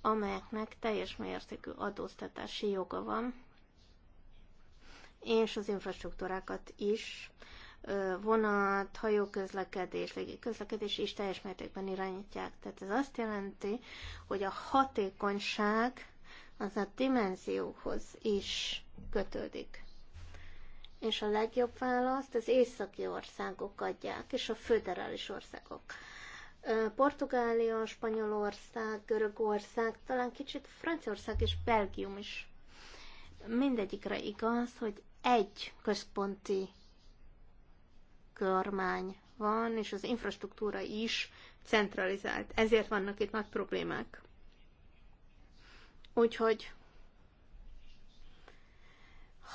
amelyeknek teljes mértékű adóztatási joga van, és az infrastruktúrákat is, vonat, hajóközlekedés, légiközlekedés is teljes mértékben irányítják. Tehát ez azt jelenti, hogy a hatékonyság az a dimenzióhoz is kötődik. És a legjobb választ az északi országok adják, és a föderális országok. Portugália, Spanyolország, Görögország, talán kicsit Franciaország és Belgium is. Mindegyikre igaz, hogy egy központi kormány van, és az infrastruktúra is centralizált. Ezért vannak itt nagy problémák. Úgyhogy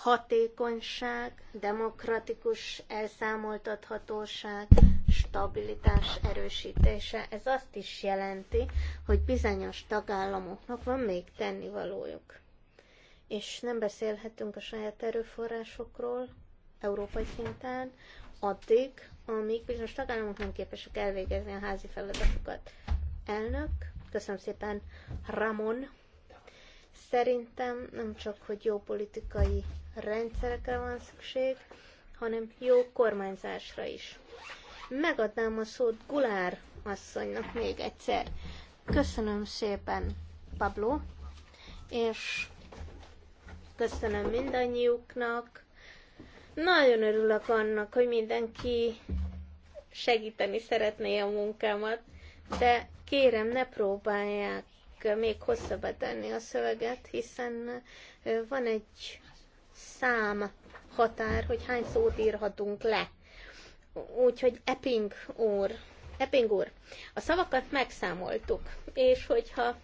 hatékonyság, demokratikus elszámoltathatóság, stabilitás erősítése. Ez azt is jelenti, hogy bizonyos tagállamoknak van még tennivalójuk. És nem beszélhetünk a saját erőforrásokról európai szinten, addig, amíg bizonyos tagállamok nem képesek elvégezni a házi feladatokat. Elnök, köszönöm szépen, Ramon. Szerintem nem csak, hogy jó politikai rendszerekre van szükség, hanem jó kormányzásra is. Megadnám a szót Gulár asszonynak még egyszer. Köszönöm szépen, Pablo, és köszönöm mindannyiuknak. Nagyon örülök annak, hogy mindenki segíteni szeretné a munkámat, de kérem, ne próbálják még hosszabbat tenni a szöveget, hiszen van egy szám határ, hogy hány szót írhatunk le. Úgyhogy Epping úr, Epping úr, a szavakat megszámoltuk, és hogyha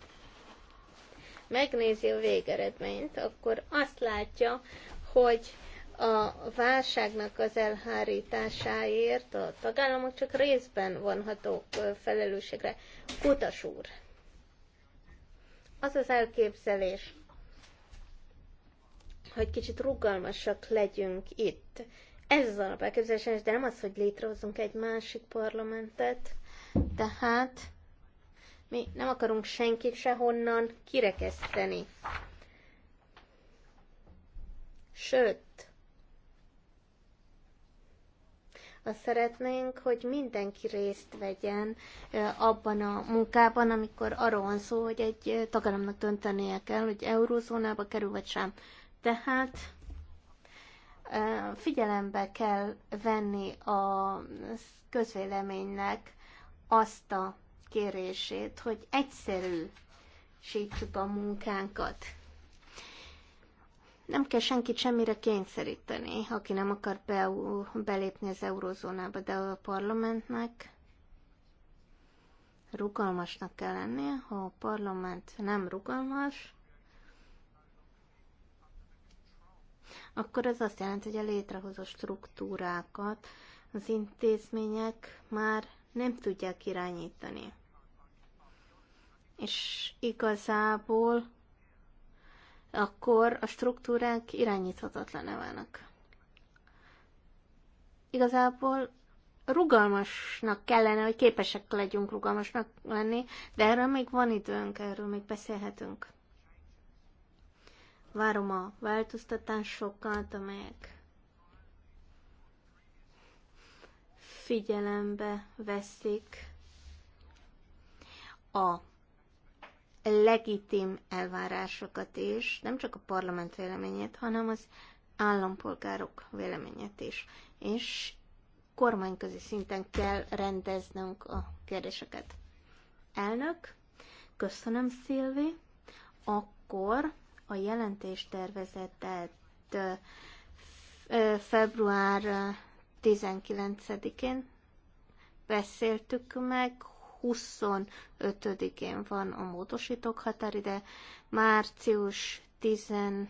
megnézi a végeredményt, akkor azt látja, hogy a válságnak az elhárításáért a tagállamok csak részben vonhatók felelősségre. Kutas úr, az az elképzelés, hogy kicsit rugalmasak legyünk itt. Ez az alapelképzelés, de nem az, hogy létrehozzunk egy másik parlamentet. Tehát mi nem akarunk senkit sehonnan kirekeszteni. Sőt, azt szeretnénk, hogy mindenki részt vegyen abban a munkában, amikor arról van szó, hogy egy tagállamnak döntenie kell, hogy eurózónába kerül vagy sem. Tehát figyelembe kell venni a közvéleménynek azt a kérését, hogy egyszerűsítsük a munkánkat. Nem kell senkit semmire kényszeríteni, aki nem akar be, belépni az eurozónába, de a parlamentnek rugalmasnak kell lennie. Ha a parlament nem rugalmas, akkor ez azt jelenti, hogy a létrehozó struktúrákat az intézmények már nem tudják irányítani. És igazából akkor a struktúrák irányíthatatlan válnak. Igazából rugalmasnak kellene, hogy képesek legyünk rugalmasnak lenni, de erről még van időnk, erről még beszélhetünk várom a változtatásokat, amelyek figyelembe veszik a legitim elvárásokat is, nem csak a parlament véleményét, hanem az állampolgárok véleményét is. És kormányközi szinten kell rendeznünk a kérdéseket. Elnök, köszönöm Szilvi, akkor a jelentéstervezetet február 19-én beszéltük meg, 25-én van a módosítók határide, március 11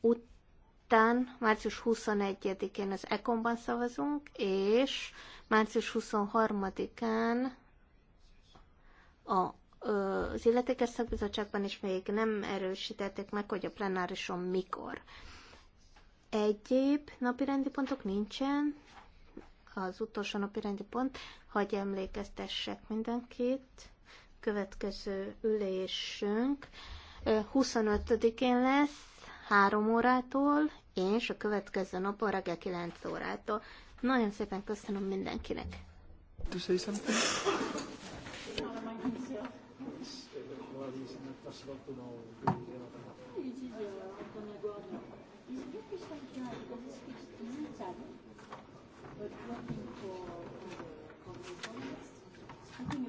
után, március 21-én az Ekonban szavazunk, és március 23-án a az illetékes szakbizottságban is még nem erősítették meg, hogy a plenárison mikor. Egyéb napirendi pontok nincsen. Az utolsó napirendi pont, hogy emlékeztessek mindenkit. Következő ülésünk 25-én lesz, 3 órától, és a következő nap a reggel 9 órától. Nagyon szépen köszönöm mindenkinek. To say something? sta svolto da un Is because sometimes because it speaks to me Italian, but working for, for, for